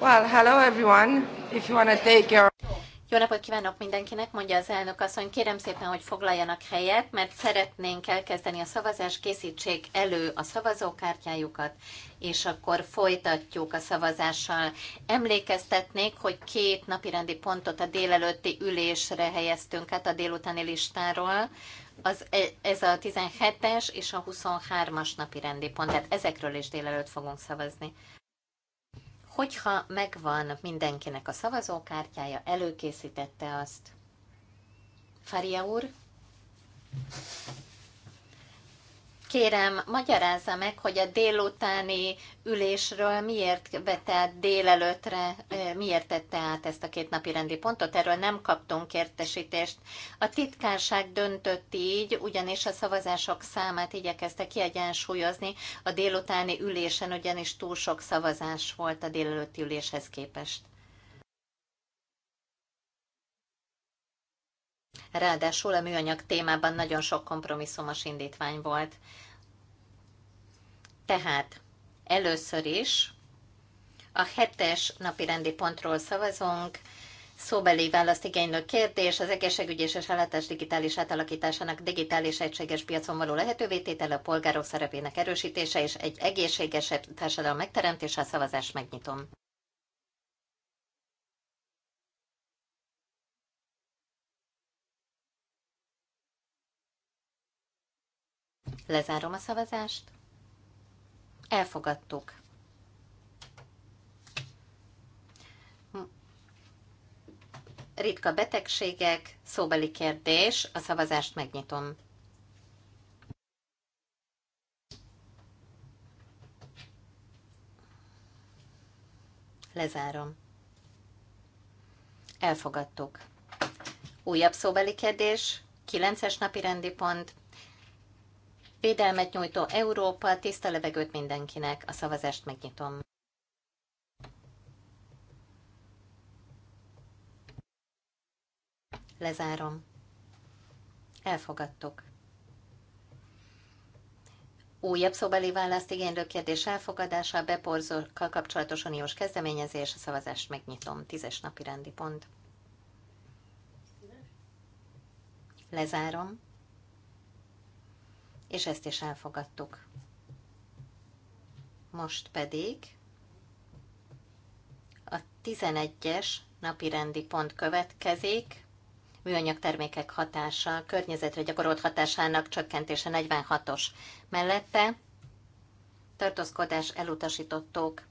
Well, hello everyone. If you want to take your... Jó napot kívánok mindenkinek, mondja az elnök asszony. Kérem szépen, hogy foglaljanak helyet, mert szeretnénk elkezdeni a szavazást, készítsék elő a szavazókártyájukat, és akkor folytatjuk a szavazással. Emlékeztetnék, hogy két napirendi pontot a délelőtti ülésre helyeztünk át a délutáni listáról. Az, e, ez a 17-es és a 23-as napirendi pont, tehát ezekről is délelőtt fogunk szavazni. Hogyha megvan mindenkinek a szavazókártyája, előkészítette azt. Faria úr? Kérem, magyarázza meg, hogy a délutáni ülésről miért vette délelőtre, miért tette át ezt a két napi rendi pontot, erről nem kaptunk értesítést. A titkárság döntött így, ugyanis a szavazások számát igyekezte kiegyensúlyozni, a délutáni ülésen ugyanis túl sok szavazás volt a délelőtti üléshez képest. Ráadásul a műanyag témában nagyon sok kompromisszumos indítvány volt. Tehát először is a hetes napi rendi pontról szavazunk, szóbeli választ igénylő kérdés, az egészségügyi és ellátás digitális átalakításának digitális egységes piacon való lehetővé tétele, a polgárok szerepének erősítése és egy egészségesebb társadalom megteremtése, a szavazást megnyitom. Lezárom a szavazást. Elfogadtuk. Ritka betegségek, szóbeli kérdés, a szavazást megnyitom. Lezárom. Elfogadtuk. Újabb szóbeli kérdés, 9-es napi rendi pont, védelmet nyújtó Európa, tiszta levegőt mindenkinek. A szavazást megnyitom. Lezárom. Elfogadtuk. Újabb szóbeli választ igénylő kérdés elfogadása, a beporzókkal kapcsolatos uniós kezdeményezés, a szavazást megnyitom. Tízes napi rendi pont. Lezárom és ezt is elfogadtuk. Most pedig a 11-es napirendi pont következik, műanyag termékek hatása, környezetre gyakorolt hatásának csökkentése 46-os mellette, tartózkodás elutasítottuk,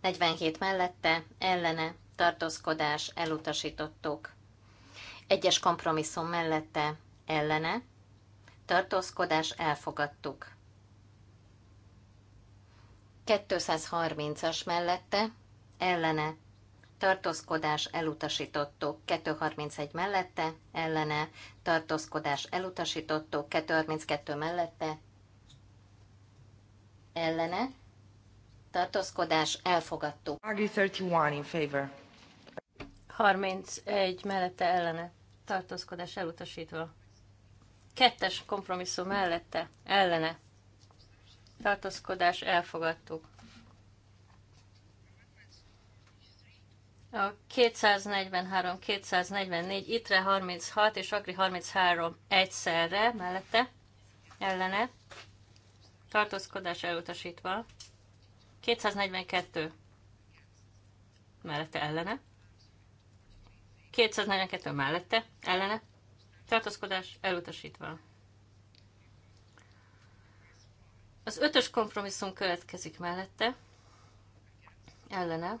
47 mellette, ellene, tartózkodás elutasítottuk, egyes kompromisszum mellette, ellene, tartózkodás elfogadtuk. 230-as mellette, ellene, tartózkodás elutasítottuk, 231 mellette, ellene, tartózkodás elutasítottuk, 232 mellette, ellene, tartózkodás elfogadtuk. 31 in favor. mellette ellene, tartózkodás elutasítva. Kettes kompromisszum mellette, ellene. Tartózkodás elfogadtuk. A 243, 244, ITRE 36 és AKRI 33 egyszerre mellette, ellene, tartózkodás elutasítva, 242 mellette, ellene, 242 mellette, ellene, tartózkodás elutasítva. Az ötös kompromisszum következik mellette, ellene,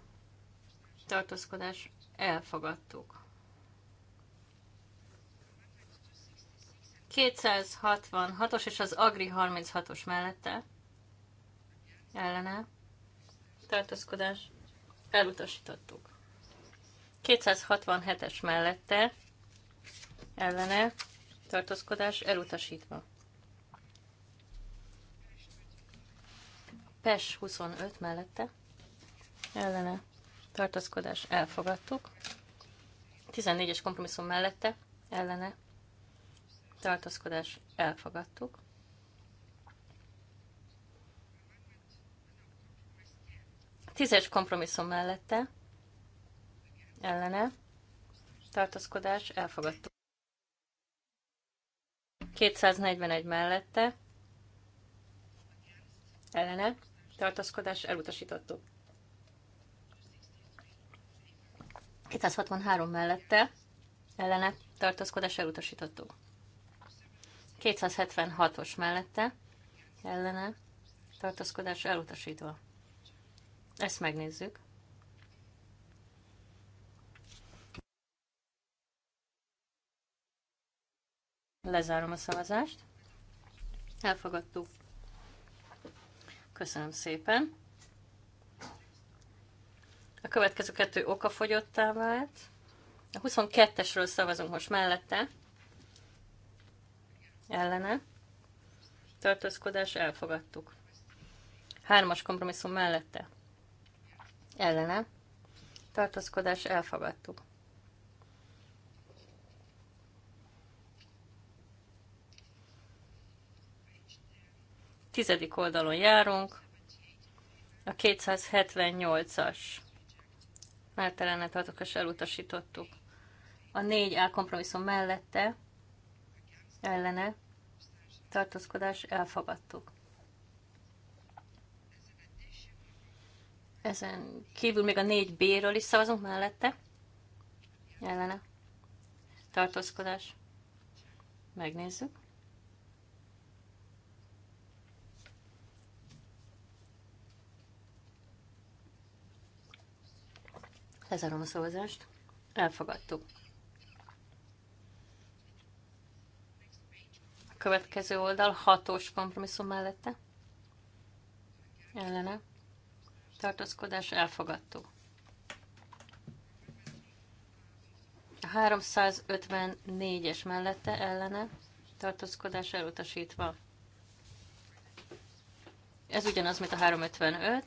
tartózkodás elfogadtuk. 266-os és az Agri 36-os mellette ellene tartózkodás elutasítottuk. 267-es mellette ellene tartózkodás elutasítva. PES 25 mellette ellene tartózkodás elfogadtuk. 14-es kompromisszum mellette ellene tartózkodás elfogadtuk. Tízes kompromisszum mellette ellene tartózkodás elfogadtuk. 241 mellette ellene tartaszkodás elutasítottuk. 263 mellette ellene tartaszkodás elutasítottuk. 276-os mellette ellene tartaszkodás elutasítva. Ezt megnézzük. Lezárom a szavazást. Elfogadtuk. Köszönöm szépen. A következő kettő fogyottá vált. A 22-esről szavazunk most mellette. Ellene. Tartózkodás elfogadtuk. Hármas kompromisszum mellette. Ellene. Tartózkodás elfogadtuk. tizedik oldalon járunk, a 278-as általánet azokas elutasítottuk. A 4A kompromisszum mellette, ellene, tartózkodás elfogadtuk. Ezen kívül még a 4B-ről is szavazunk mellette, ellene, tartózkodás. Megnézzük. Lezárom a szavazást. Elfogadtuk. A következő oldal hatós kompromisszum mellette. Ellene. Tartózkodás elfogadtuk. A 354-es mellette ellene tartózkodás elutasítva. Ez ugyanaz, mint a 355.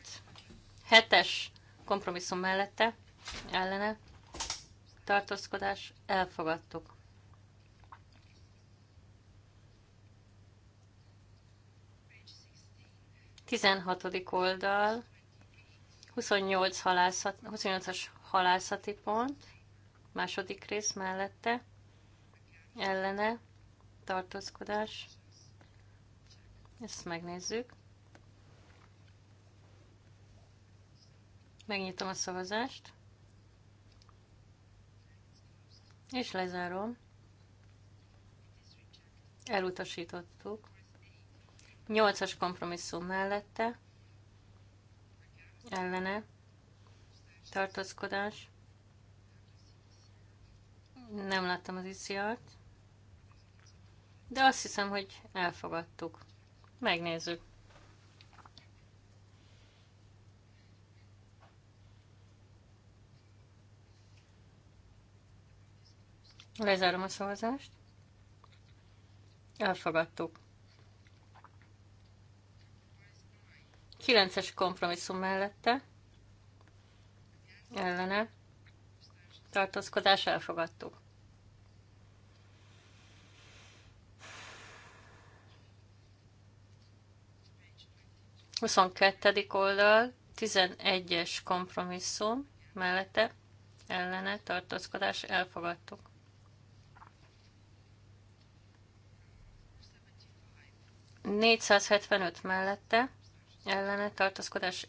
Hetes kompromisszum mellette ellene tartózkodás elfogadtuk. Tizenhatodik oldal, 28 halászat, 28-as halászati pont, második rész mellette, ellene, tartózkodás. Ezt megnézzük. Megnyitom a szavazást. És lezárom. Elutasítottuk. 8-as kompromisszum mellette. Ellene. Tartózkodás. Nem láttam az iciart. De azt hiszem, hogy elfogadtuk. Megnézzük. Lezárom a szavazást. Elfogadtuk. 9-es kompromisszum mellette. Ellene. Tartózkodás elfogadtuk. Huszonkettedik oldal, 11-es kompromisszum mellette ellene tartózkodás elfogadtuk. 475 mellette ellene tartózkodás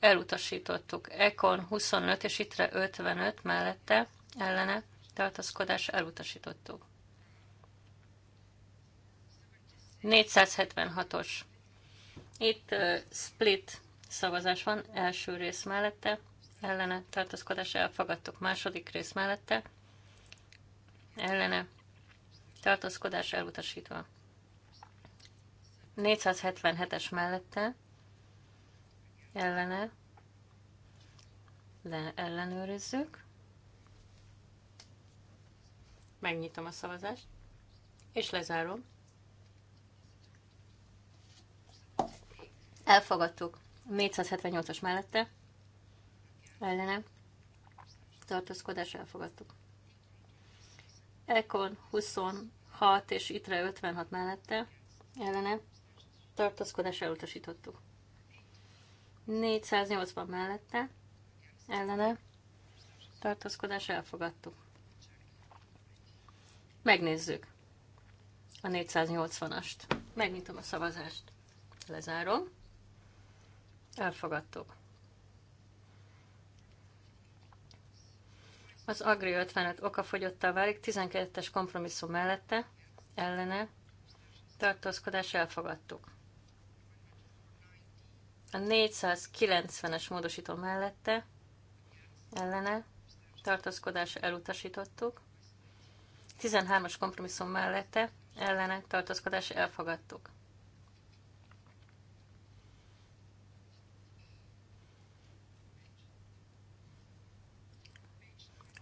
elutasítottuk. Ekon 25 és itre 55 mellette ellene tartózkodás elutasítottuk. 476-os. Itt uh, split szavazás van, első rész mellette, ellene tartózkodás elfogadtuk, második rész mellette, ellene tartózkodás elutasítva. 477-es mellette ellene le ellenőrizzük. Megnyitom a szavazást, és lezárom. Elfogadtuk. 478-as mellette ellene tartózkodás elfogadtuk. Ekon 26 és itre 56 mellette ellene tartózkodás elutasítottuk. 480 mellette, ellene, tartózkodás elfogadtuk. Megnézzük a 480-ast. Megnyitom a szavazást. Lezárom. Elfogadtuk. Az Agri 55 okafogyottá válik, 12-es kompromisszum mellette, ellene, tartózkodás elfogadtuk. A 490-es módosító mellette ellene tartózkodás elutasítottuk. 13-as kompromisszum mellette ellene tartózkodás elfogadtuk.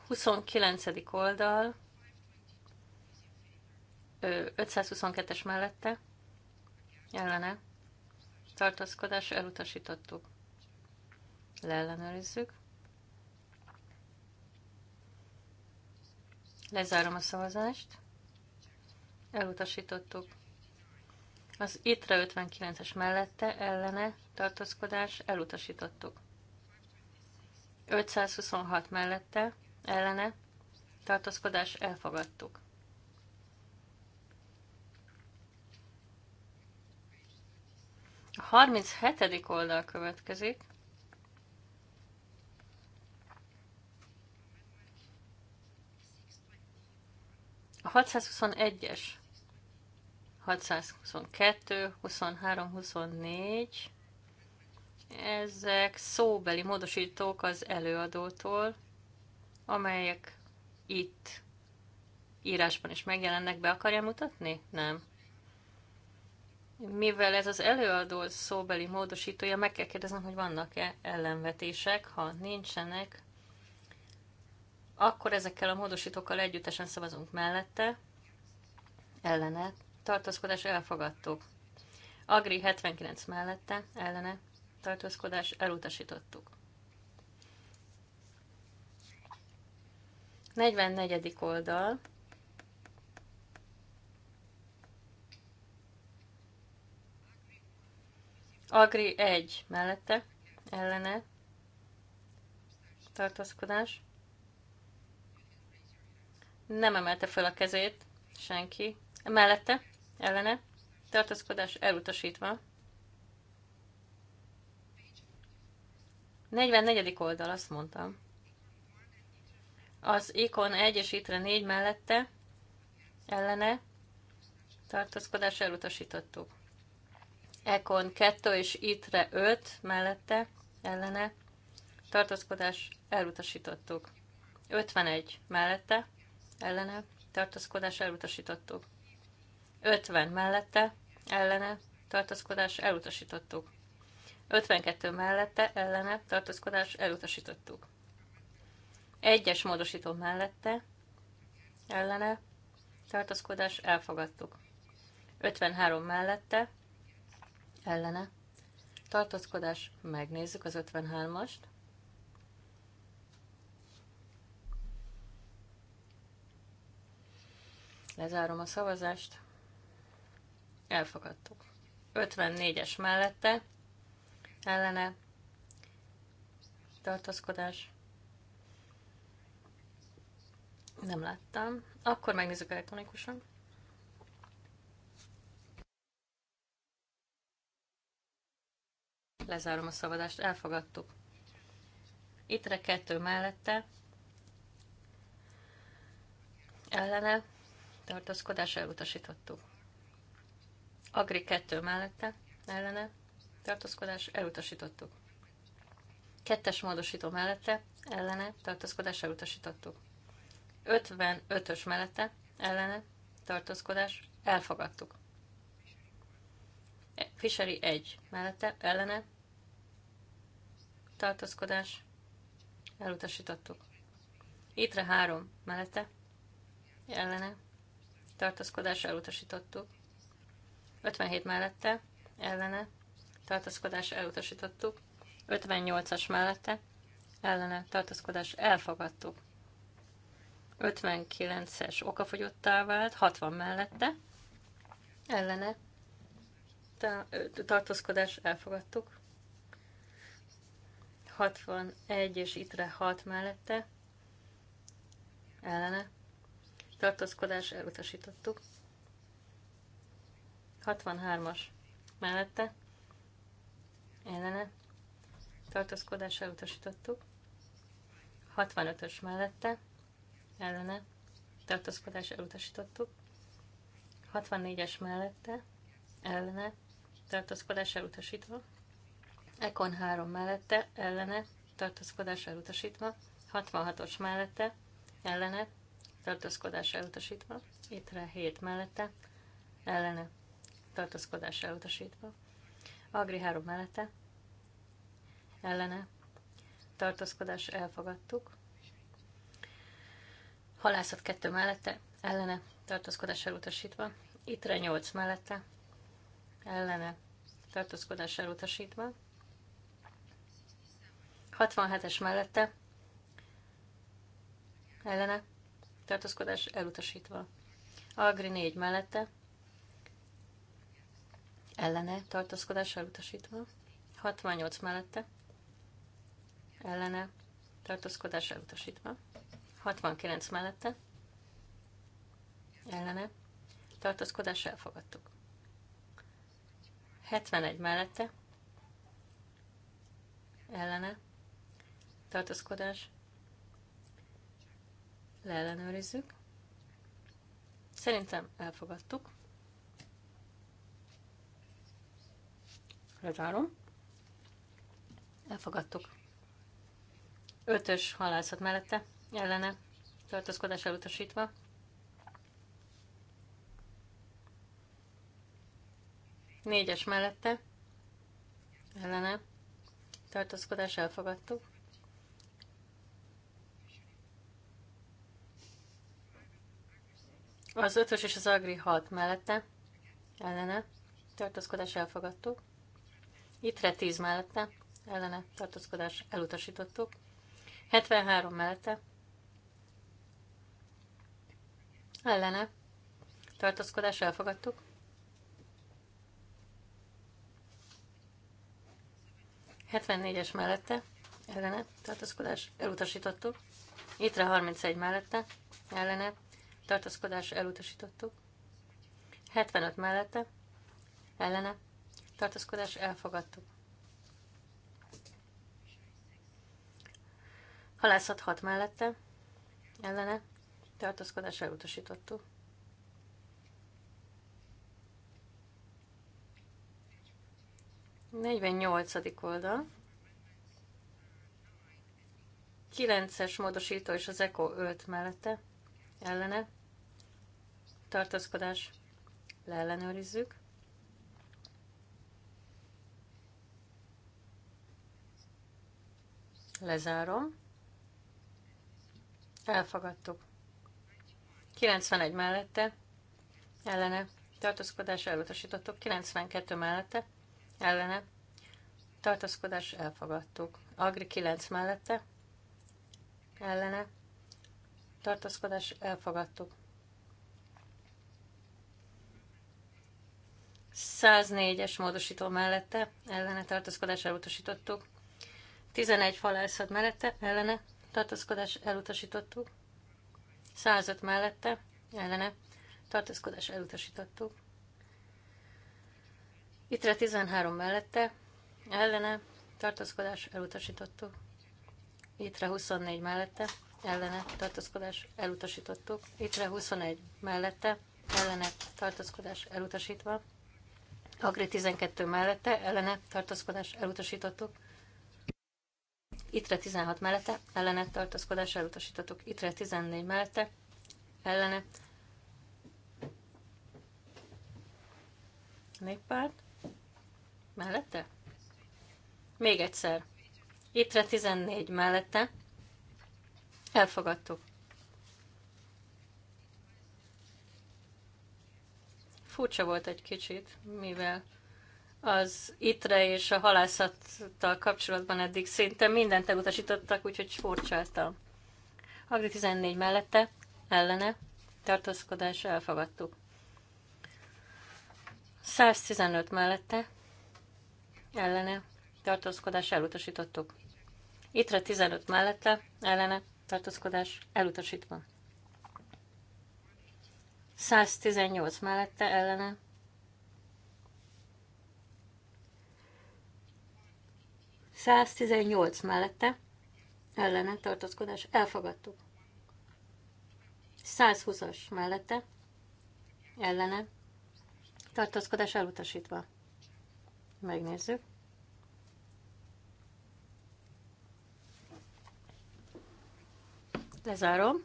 Huszonkilencedik oldal, 522-es mellette, ellene, tartózkodás elutasítottuk. Leellenőrizzük. Lezárom a szavazást. Elutasítottuk. Az ITRA 59-es mellette ellene tartózkodás elutasítottuk. 526 mellette ellene tartózkodás elfogadtuk. A 37. oldal következik. A 621-es, 622, 23, 24, ezek szóbeli módosítók az előadótól, amelyek itt írásban is megjelennek, be akarja mutatni? Nem. Mivel ez az előadó szóbeli módosítója, meg kell kérdeznem, hogy vannak-e ellenvetések. Ha nincsenek, akkor ezekkel a módosítókkal együttesen szavazunk mellette. Ellene. Tartózkodás elfogadtuk. Agri 79 mellette. Ellene. Tartózkodás elutasítottuk. 44. oldal. Agri 1 mellette, ellene, tartózkodás. Nem emelte fel a kezét senki. Mellette, ellene, tartózkodás elutasítva. 44. oldal, azt mondtam. Az ikon 1 és itre 4 mellette, ellene, tartózkodás elutasítottuk. Ekon 2 és Itre 5 mellette ellene tartózkodás elutasítottuk. 51 mellette ellene tartózkodás elutasítottuk. 50 mellette ellene tartózkodás elutasítottuk. 52 mellette ellene tartózkodás elutasítottuk. Egyes módosító mellette ellene tartózkodás elfogadtuk. 53 mellette ellene, tartózkodás, megnézzük az 53-ast. Lezárom a szavazást. Elfogadtuk. 54-es mellette, ellene, tartózkodás. Nem láttam. Akkor megnézzük elektronikusan. Lezárom a szavazást, elfogadtuk. Ittre kettő mellette. Ellene tartózkodás elutasítottuk. Agri kettő mellette, ellene, tartózkodás, elutasítottuk. Kettes módosító mellette, ellene, tartózkodás, elutasítottuk. 55-ös mellette, ellene, tartózkodás, elfogadtuk. Fisheri 1 mellette, ellene, tartózkodás, elutasítottuk. Étre három mellette, ellene, tartózkodás, elutasítottuk. 57 mellette, ellene, tartózkodás, elutasítottuk. 58-as mellette, ellene, tartózkodás, elfogadtuk. 59-es okafogyottá vált, 60 mellette, ellene, tartózkodás, elfogadtuk. 61 és itre 6 mellette ellene tartózkodás elutasítottuk. 63-as mellette ellene tartózkodás elutasítottuk. 65-ös mellette ellene tartózkodás elutasítottuk. 64-es mellette ellene tartózkodás elutasítva. Econ 3 mellette, ellene, tartózkodás elutasítva. 66-os mellette, ellene, tartózkodás elutasítva. Ittre 7 mellette, ellene, tartózkodás elutasítva. Agri 3 mellette, ellene, tartózkodás elfogadtuk. Halászat 2 mellette, ellene, tartózkodás elutasítva. Itre 8 mellette, ellene, tartózkodás elutasítva. 67-es mellette ellene tartózkodás elutasítva. Agri 4 mellette ellene tartózkodás elutasítva. 68 mellette ellene tartózkodás elutasítva. 69 mellette ellene tartózkodás elfogadtuk. 71 mellette ellene tartózkodás. Leellenőrizzük. Szerintem elfogadtuk. Lezárom. Elfogadtuk. Ötös halászat mellette, ellene, tartózkodás elutasítva. Négyes mellette, ellene, tartózkodás elfogadtuk. Az ötös és az agri 6 mellette, ellene, tartózkodás elfogadtuk. Itre 10 mellette, ellene, tartózkodás elutasítottuk. 73 mellette, ellene, tartózkodás elfogadtuk. 74-es mellette, ellene, tartózkodás elutasítottuk. Itre 31 mellette, ellene, tartózkodás elutasítottuk. 75 mellette, ellene, tartózkodás elfogadtuk. Halászat 6 mellette, ellene, tartózkodás elutasítottuk. Negyvennyolcadik oldal. Kilences módosító és az ECO 5 mellette ellene tartózkodás leellenőrizzük. Lezárom. Elfogadtuk. 91 mellette ellene tartózkodás elutasítottuk. 92 mellette ellene tartózkodás elfogadtuk. Agri 9 mellette ellene tartózkodás elfogadtuk. 104-es módosító mellette ellene tartózkodás elutasítottuk. 11 falászat mellette ellene tartózkodás elutasítottuk. 105 mellette ellene tartózkodás elutasítottuk. Ittre 13 mellette ellene tartózkodás elutasítottuk. Ittre 24 mellette ellene tartózkodás elutasítottuk. Itre 21 mellette ellene tartózkodás elutasítva. Agri 12 mellette ellene tartózkodás elutasítottuk. Itre 16 mellette ellene tartózkodás elutasítottuk. Itre 14 mellette ellene néppárt mellette? Még egyszer. ittre 14 mellette Elfogadtuk. Furcsa volt egy kicsit, mivel az itre és a halászattal kapcsolatban eddig szinte mindent elutasítottak, úgyhogy furcsáltam. Agri 14 mellette, ellene, tartózkodás elfogadtuk. 115 mellette, ellene, tartózkodás elutasítottuk. Itre 15 mellette, ellene, tartózkodás elutasítva. 118 mellette ellene. 118 mellette ellene tartózkodás elfogadtuk. 120-as mellette ellene tartózkodás elutasítva. Megnézzük. Lezárom.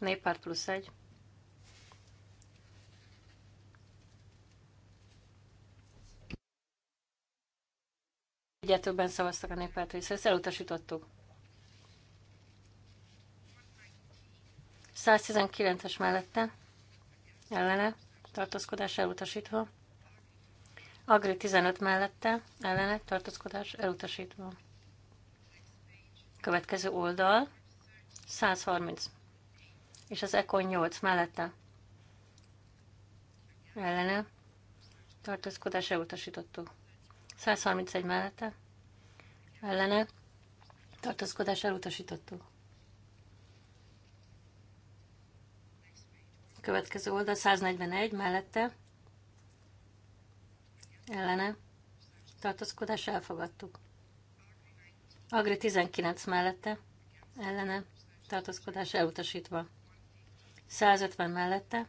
Néppárt plusz egy. Ugye többen szavaztak a néppárt részre, ezt elutasítottuk. 119-es mellette, ellene, tartózkodás elutasítva. Agri 15 mellette, ellene, tartózkodás elutasítva. Következő oldal, 130. És az Econ 8 mellette. Ellene. Tartózkodás elutasítottuk. 131 mellette. Ellene. Tartózkodás elutasítottuk. Következő oldal 141 mellette. Ellene. Tartózkodás elfogadtuk. Agri 19 mellette, ellene, tartózkodás elutasítva. 150 mellette,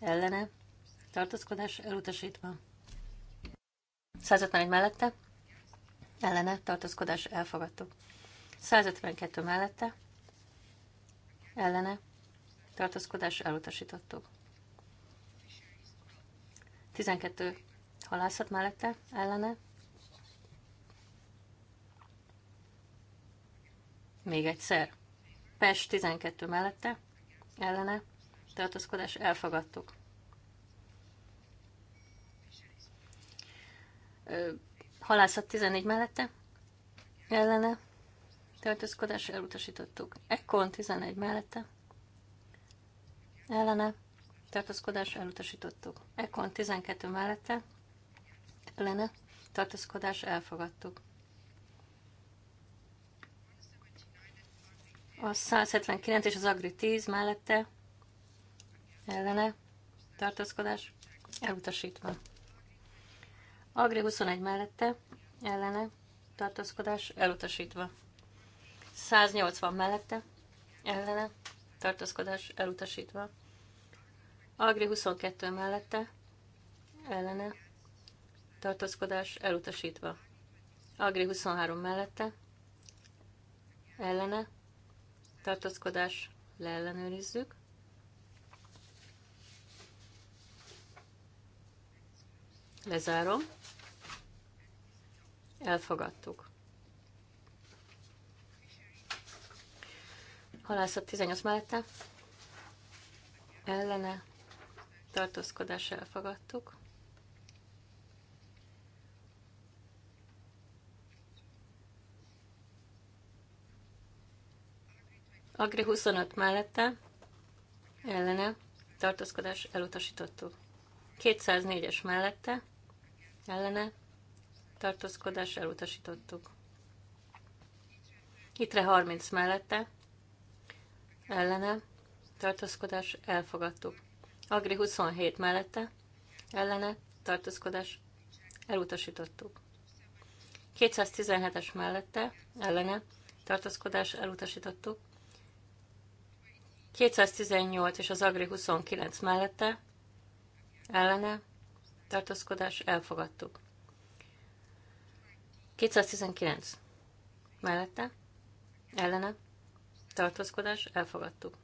ellene, tartózkodás elutasítva. 151 mellette, ellene, tartózkodás elfogadtuk. 152 mellette, ellene, tartózkodás elutasítottuk. 12 halászat mellette, ellene, Még egyszer. Pest 12 mellette, ellene, tartózkodás, elfogadtuk. Halászat 14 mellette, ellene, tartózkodás, elutasítottuk. Ekkon 11 mellette, ellene, tartózkodás, elutasítottuk. Ekkon 12 mellette, ellene, tartózkodás, elfogadtuk. A 179 és az Agri 10 mellette ellene tartózkodás elutasítva. Agri 21 mellette ellene tartózkodás elutasítva. 180 mellette ellene tartózkodás elutasítva. Agri 22 mellette ellene tartózkodás elutasítva. Agri 23 mellette ellene tartózkodás, leellenőrizzük. Lezárom. Elfogadtuk. Halászat 18 mellette. Ellene tartózkodás elfogadtuk. Agri 25 mellette ellene tartózkodás elutasítottuk. 204-es mellette ellene tartózkodás elutasítottuk. Itre 30 mellette ellene tartózkodás elfogadtuk. Agri 27 mellette ellene tartózkodás elutasítottuk. 217-es mellette ellene tartózkodás elutasítottuk. 218 és az Agri 29 mellette ellene tartózkodás elfogadtuk. 219 mellette ellene tartózkodás elfogadtuk.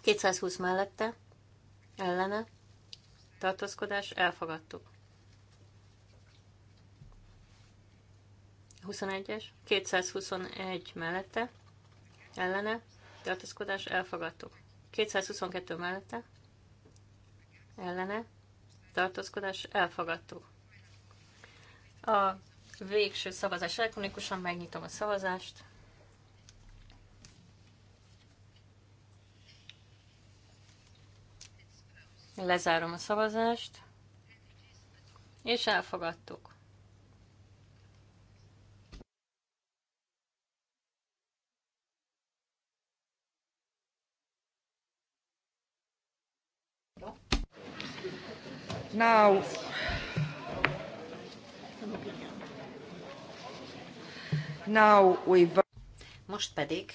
220 mellette ellene tartózkodás elfogadtuk. 21-es, 221 mellette ellene tartózkodás elfogadtuk. 222 mellette ellene tartózkodás elfogadtuk. A végső szavazás elektronikusan megnyitom a szavazást. Lezárom a szavazást, és elfogadtuk. Now, now we... Most pedig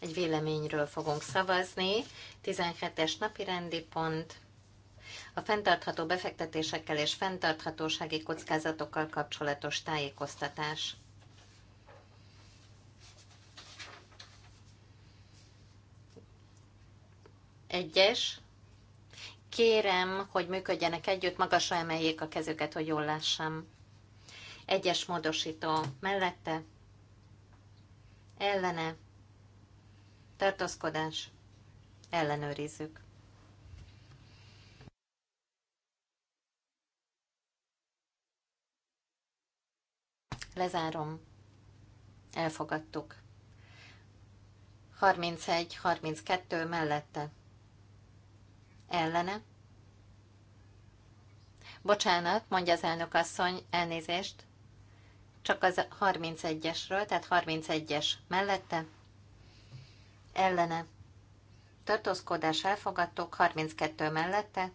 egy véleményről fogunk szavazni. 17-es napi rendi pont. A fenntartható befektetésekkel és fenntarthatósági kockázatokkal kapcsolatos tájékoztatás. Egyes, Kérem, hogy működjenek együtt, magasra emeljék a kezüket, hogy jól lássam. Egyes módosító mellette, ellene, tartózkodás, ellenőrizzük. Lezárom. Elfogadtuk. 31-32 mellette ellene. Bocsánat, mondja az elnök asszony, elnézést. Csak az 31-esről, tehát 31-es mellette, ellene. Tartózkodás elfogadtuk, 32 mellette,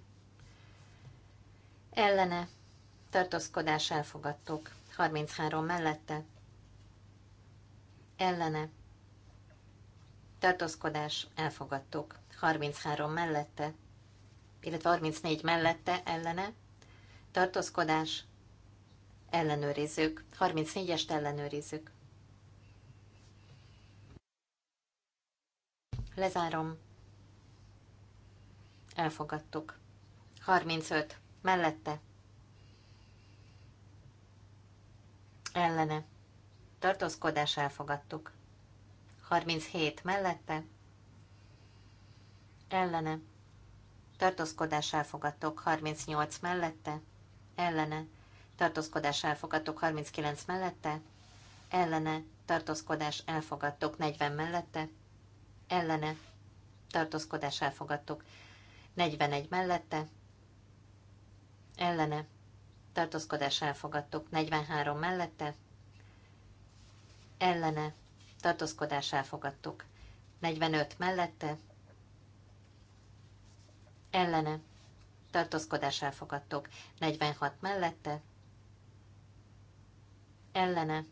ellene. Tartózkodás elfogadtuk, 33 mellette, ellene. Tartózkodás elfogadtuk, 33 mellette, illetve 34 mellette ellene, tartózkodás, ellenőrizzük, 34-est ellenőrizzük. Lezárom. Elfogadtuk. 35. Mellette. Ellene. Tartózkodás elfogadtuk. 37. Mellette. Ellene tartózkodás elfogadtok 38 mellette, ellene, tartózkodás elfogadtok 39 mellette, ellene, tartózkodás elfogadtok 40 mellette, ellene, tartózkodás elfogadtok 41 mellette, ellene, tartózkodás elfogadtok 43 mellette, ellene, tartózkodás elfogadtok 45 mellette, ellene, tartózkodás elfogadtok, 46 mellette, ellene,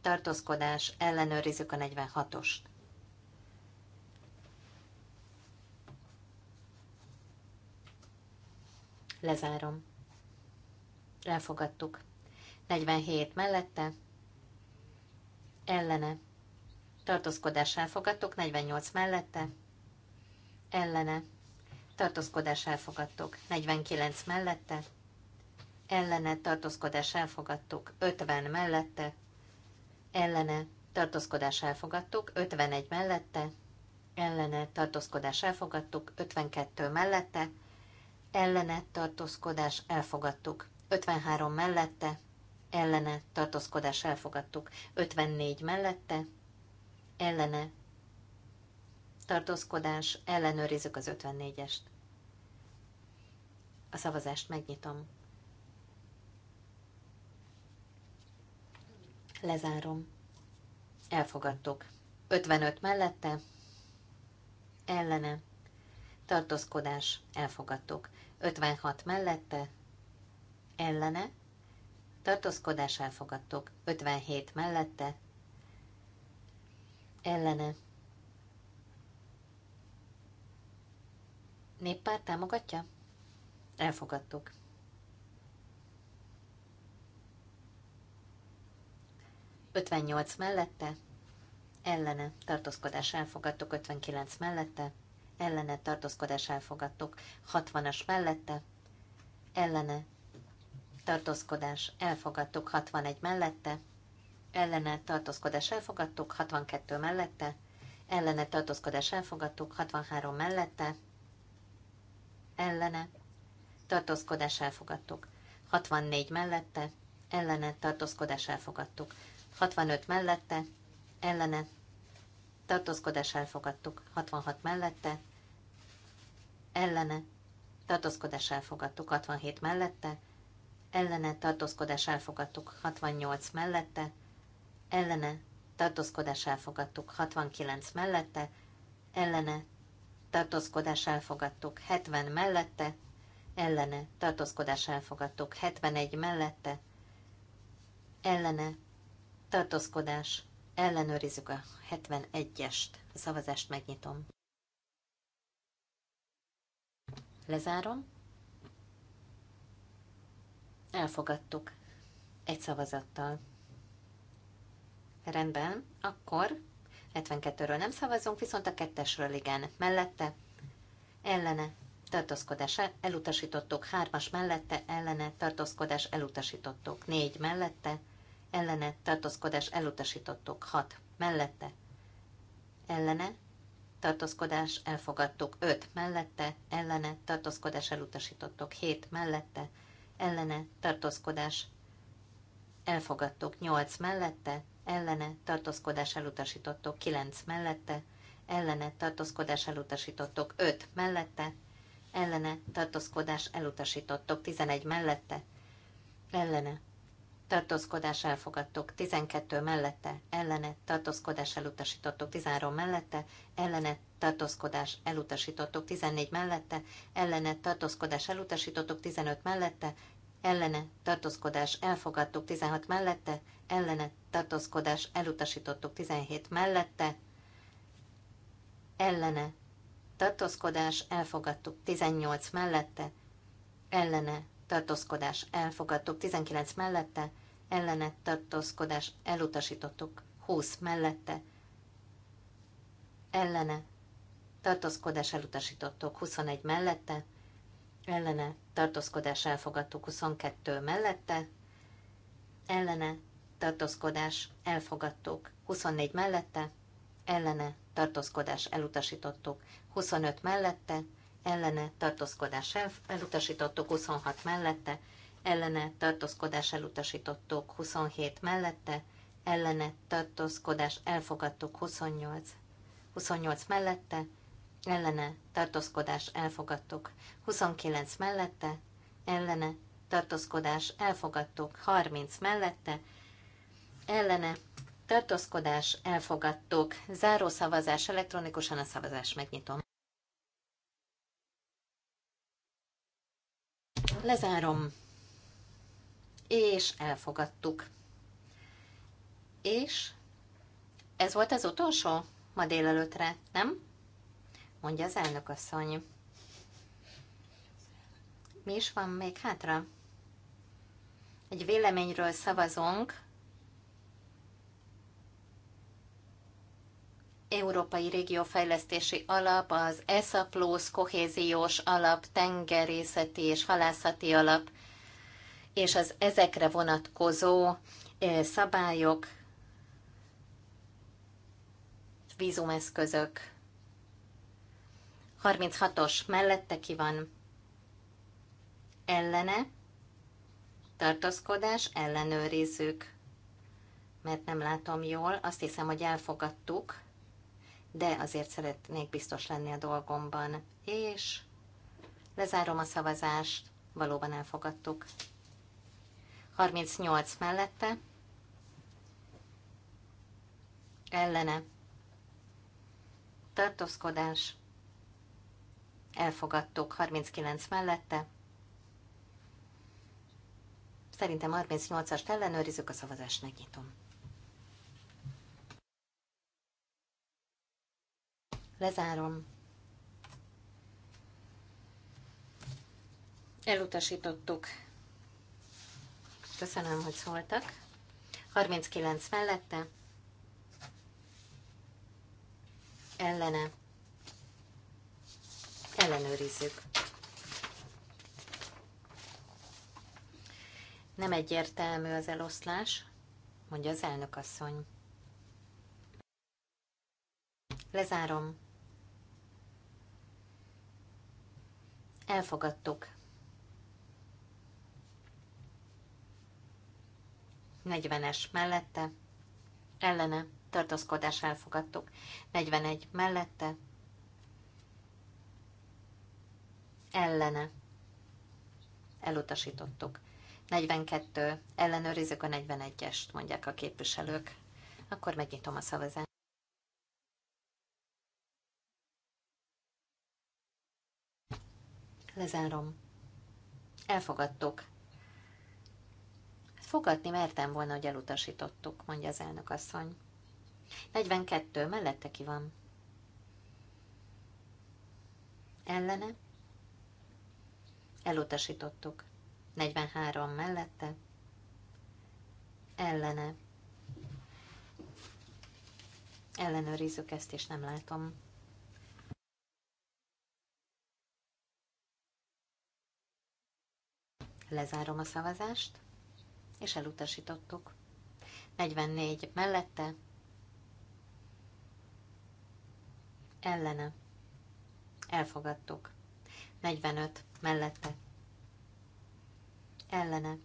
tartózkodás, ellenőrizzük a 46-ost. Lezárom. Elfogadtuk. 47 mellette, ellene, tartózkodás elfogadtuk, 48 mellette, ellene, tartózkodás elfogadtuk. 49 mellette, ellene tartózkodás elfogadtuk. 50 mellette, ellene tartózkodás elfogadtuk. 51 mellette, ellene tartózkodás elfogadtuk. 52 mellette, ellene tartózkodás elfogadtuk. 53 mellette, ellene tartózkodás elfogadtuk. 54 mellette, ellene tartózkodás, ellenőrizzük az 54-est. A szavazást megnyitom. Lezárom. Elfogadtuk. 55 mellette, ellene, tartózkodás, elfogadtuk. 56 mellette, ellene, tartózkodás elfogadtuk. 57 mellette, ellene, Néppárt támogatja? Elfogadtuk. Ötvennyolc mellette, ellene tartózkodás elfogadtuk, 59 mellette, ellene tartózkodás elfogadtuk, 60-as mellette, ellene tartózkodás elfogadtuk, 61 mellette, ellene tartózkodás elfogadtuk, 62 mellette, ellene tartózkodás elfogadtuk, 63 mellette, ellene, tartózkodás elfogadtuk. 64 mellette, ellene, tartózkodás elfogadtuk. 65 mellette, ellene, tartózkodás elfogadtuk. 66 mellette, ellene, tartózkodás elfogadtuk. 67 mellette, ellene, tartózkodás elfogadtuk. 68 mellette, ellene, tartózkodás elfogadtuk. 69 mellette, ellene, tartózkodás elfogadtuk 70 mellette, ellene tartózkodás elfogadtuk 71 mellette, ellene tartózkodás ellenőrizzük a 71-est. A szavazást megnyitom. Lezárom. Elfogadtuk. Egy szavazattal. Rendben, akkor 72-ről nem szavazunk, viszont a kettesről igen. Mellette, ellene, tartózkodás elutasítottuk. Hármas mellette, ellene, tartózkodás elutasítottuk. Négy mellette, ellene, tartózkodás elutasítottuk. Hat mellette, ellene, tartózkodás elfogadtuk. Öt mellette, ellene, tartózkodás elutasítottuk. Hét mellette, ellene, tartózkodás elfogadtuk. Nyolc mellette, ellene tartózkodás elutasítottok 9 mellette, ellene tartózkodás elutasítottok 5 mellette, ellene tartózkodás elutasítottok 11 mellette, ellene tartózkodás elfogadtok 12 mellette, ellene tartózkodás elutasítottok 13 mellette, ellene tartózkodás elutasítottok 14 mellette, ellene tartózkodás elutasítottok 15 mellette, ellene tartózkodás elfogadtuk 16 mellette, ellene tartózkodás elutasítottuk 17 mellette, ellene tartózkodás elfogadtuk 18 mellette, ellene tartózkodás elfogadtuk 19 mellette, ellene tartózkodás elutasítottuk 20 mellette, ellene tartózkodás elutasítottuk 21 mellette, ellene tartózkodás elfogadtuk 22 mellette, ellene tartózkodás elfogadtuk 24 mellette, ellene tartózkodás elutasítottuk 25 mellette, ellene tartózkodás elutasítottuk 26 mellette, ellene tartózkodás elutasítottuk 27 mellette, ellene tartózkodás elfogadtuk 28, 28 mellette, ellene, tartózkodás, elfogadtuk. 29 mellette, ellene, tartózkodás, elfogadtuk. 30 mellette, ellene, tartózkodás, elfogadtuk. Záró szavazás, elektronikusan a szavazás megnyitom. Lezárom. És elfogadtuk. És ez volt az utolsó ma délelőtre, nem? mondja az elnökasszony. Mi is van még hátra? Egy véleményről szavazunk. Európai Régiófejlesztési Alap, az ESA Plus, Kohéziós Alap, Tengerészeti és Halászati Alap, és az ezekre vonatkozó eh, szabályok, vízumeszközök, 36-os mellette ki van ellene, tartózkodás, ellenőrizzük, mert nem látom jól, azt hiszem, hogy elfogadtuk, de azért szeretnék biztos lenni a dolgomban, és lezárom a szavazást, valóban elfogadtuk. 38 mellette, ellene, tartózkodás, elfogadtuk 39 mellette. Szerintem 38-ast ellenőrizzük, a szavazást megnyitom. Lezárom. Elutasítottuk. Köszönöm, hogy szóltak. 39 mellette. Ellene ellenőrizzük. Nem egyértelmű az eloszlás, mondja az elnök asszony. Lezárom. Elfogadtuk. 40 mellette, ellene, tartózkodás elfogadtuk. 41 mellette, ellene elutasítottuk. 42, ellenőrizzük a 41-est, mondják a képviselők. Akkor megnyitom a szavazást. Lezárom. Elfogadtuk. Fogadni mertem volna, hogy elutasítottuk, mondja az elnök asszony. 42, mellette ki van. Ellene? elutasítottuk. 43 mellette, ellene. Ellenőrizzük ezt, és nem látom. Lezárom a szavazást, és elutasítottuk. 44 mellette, ellene. Elfogadtuk. 45 mellette, ellene,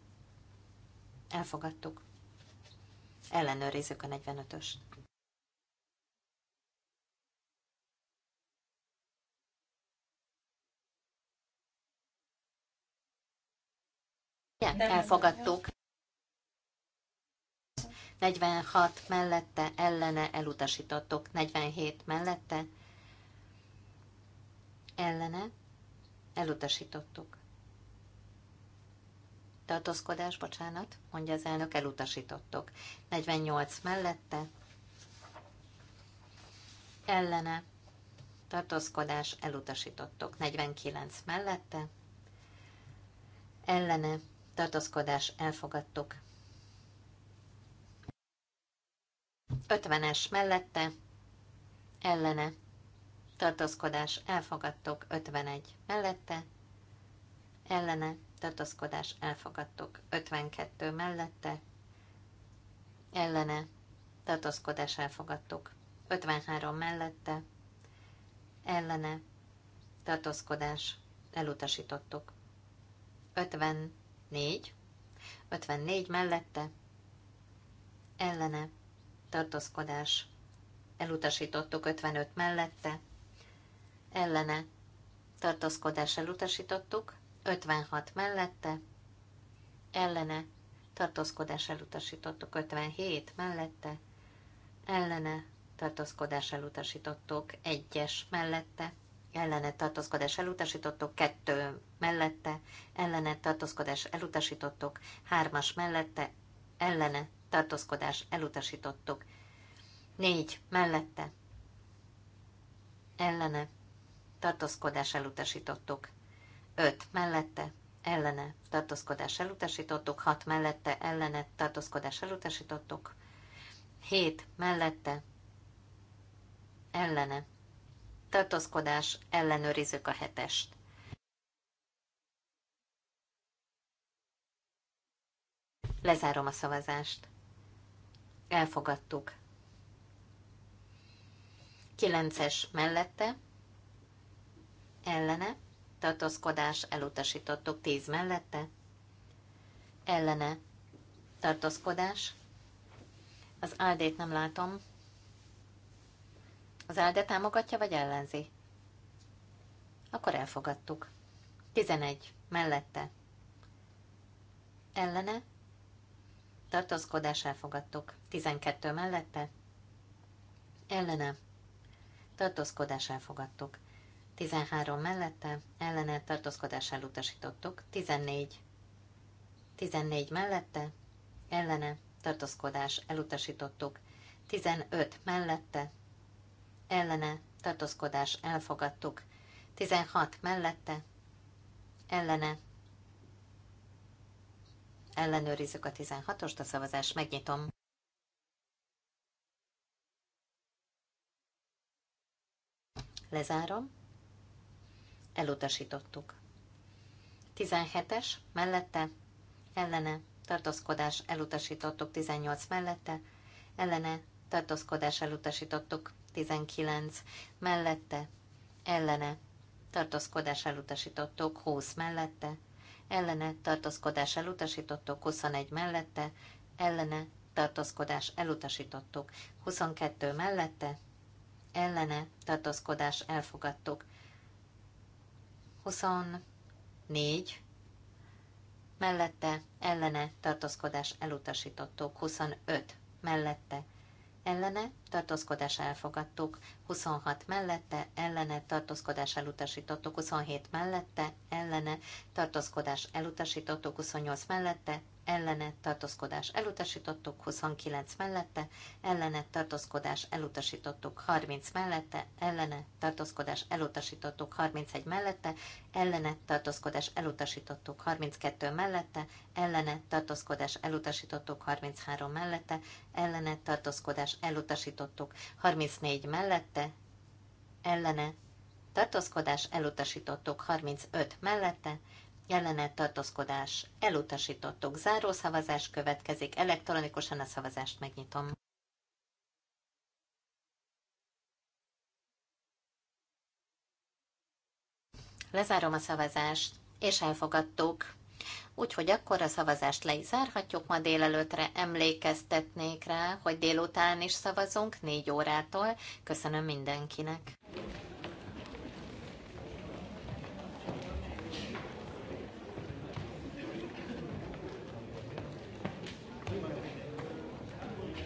elfogadtuk, ellenőrizzük a 45 ös Ja, elfogadtuk. 46 mellette, ellene elutasítottuk. 47 mellette, ellene Elutasítottuk. Tartózkodás, bocsánat, mondja az elnök, elutasítottuk. 48 mellette, ellene, tartózkodás, elutasítottuk. 49 mellette, ellene, tartózkodás, elfogadtuk. 50-es mellette, ellene, tartózkodás elfogadtok 51 mellette, ellene tartózkodás elfogadtok 52 mellette, ellene tartózkodás elfogadtok 53 mellette, ellene tartózkodás elutasítottuk 54 54 mellette, ellene tartózkodás elutasítottuk 55 mellette, ellene tartózkodás elutasítottuk, 56 mellette, ellene tartózkodás elutasítottuk, 57 mellette, ellene tartózkodás elutasítottuk, 1-es mellette, ellene tartózkodás elutasítottuk, 2 mellette, ellene tartózkodás elutasítottuk, 3-as mellette, ellene tartózkodás elutasítottuk, 4 mellette, ellene tartózkodás elutasítottuk. 5 mellette, ellene, tartózkodás elutasítottuk. 6 mellette, ellene, tartózkodás elutasítottuk. 7 mellette, ellene, tartózkodás, ellenőrizzük a hetest. Lezárom a szavazást. Elfogadtuk. 9-es mellette, ellene, tartózkodás elutasítottuk tíz mellette, ellene, tartózkodás, az áldét nem látom. Az álde támogatja vagy ellenzi? Akkor elfogadtuk. 11. Mellette. Ellene. Tartózkodás elfogadtuk. 12. Mellette. Ellene. Tartózkodás elfogadtuk. 13 mellette, ellene tartózkodás elutasítottuk. 14. 14 mellette, ellene tartózkodás elutasítottuk. 15 mellette, ellene tartózkodás elfogadtuk. 16 mellette, ellene ellenőrizzük a 16-ost, a szavazást megnyitom. Lezárom elutasítottuk. 17-es mellette, ellene, tartózkodás elutasítottuk 18 mellette, ellene, tartózkodás elutasítottuk 19 mellette, ellene, tartózkodás elutasítottuk 20 mellette, ellene, tartózkodás elutasítottuk 21 mellette, ellene, tartózkodás elutasítottuk 22 mellette, ellene, tartózkodás elfogadtuk 24 mellette ellene tartózkodás elutasítottuk, 25 mellette ellene tartózkodás elfogadtuk, 26 mellette ellene tartózkodás elutasítottuk, 27 mellette ellene tartózkodás elutasítottuk, 28 mellette ellene tartózkodás elutasítottuk, 29 mellette, ellene tartózkodás elutasítottuk, 30 mellette, ellene tartózkodás elutasítottuk, 31 mellette, ellene tartózkodás elutasítottuk, 32 mellette, ellene tartózkodás elutasítottuk, 33 mellette, ellene tartózkodás elutasítottuk, 34 mellette, ellene tartózkodás elutasítottuk, 35 mellette, Jelenet: tartózkodás elutasítottuk. Záró szavazás következik, elektronikusan a szavazást megnyitom. Lezárom a szavazást, és elfogadtuk. Úgyhogy akkor a szavazást le is zárhatjuk ma délelőtre. Emlékeztetnék rá, hogy délután is szavazunk, négy órától. Köszönöm mindenkinek!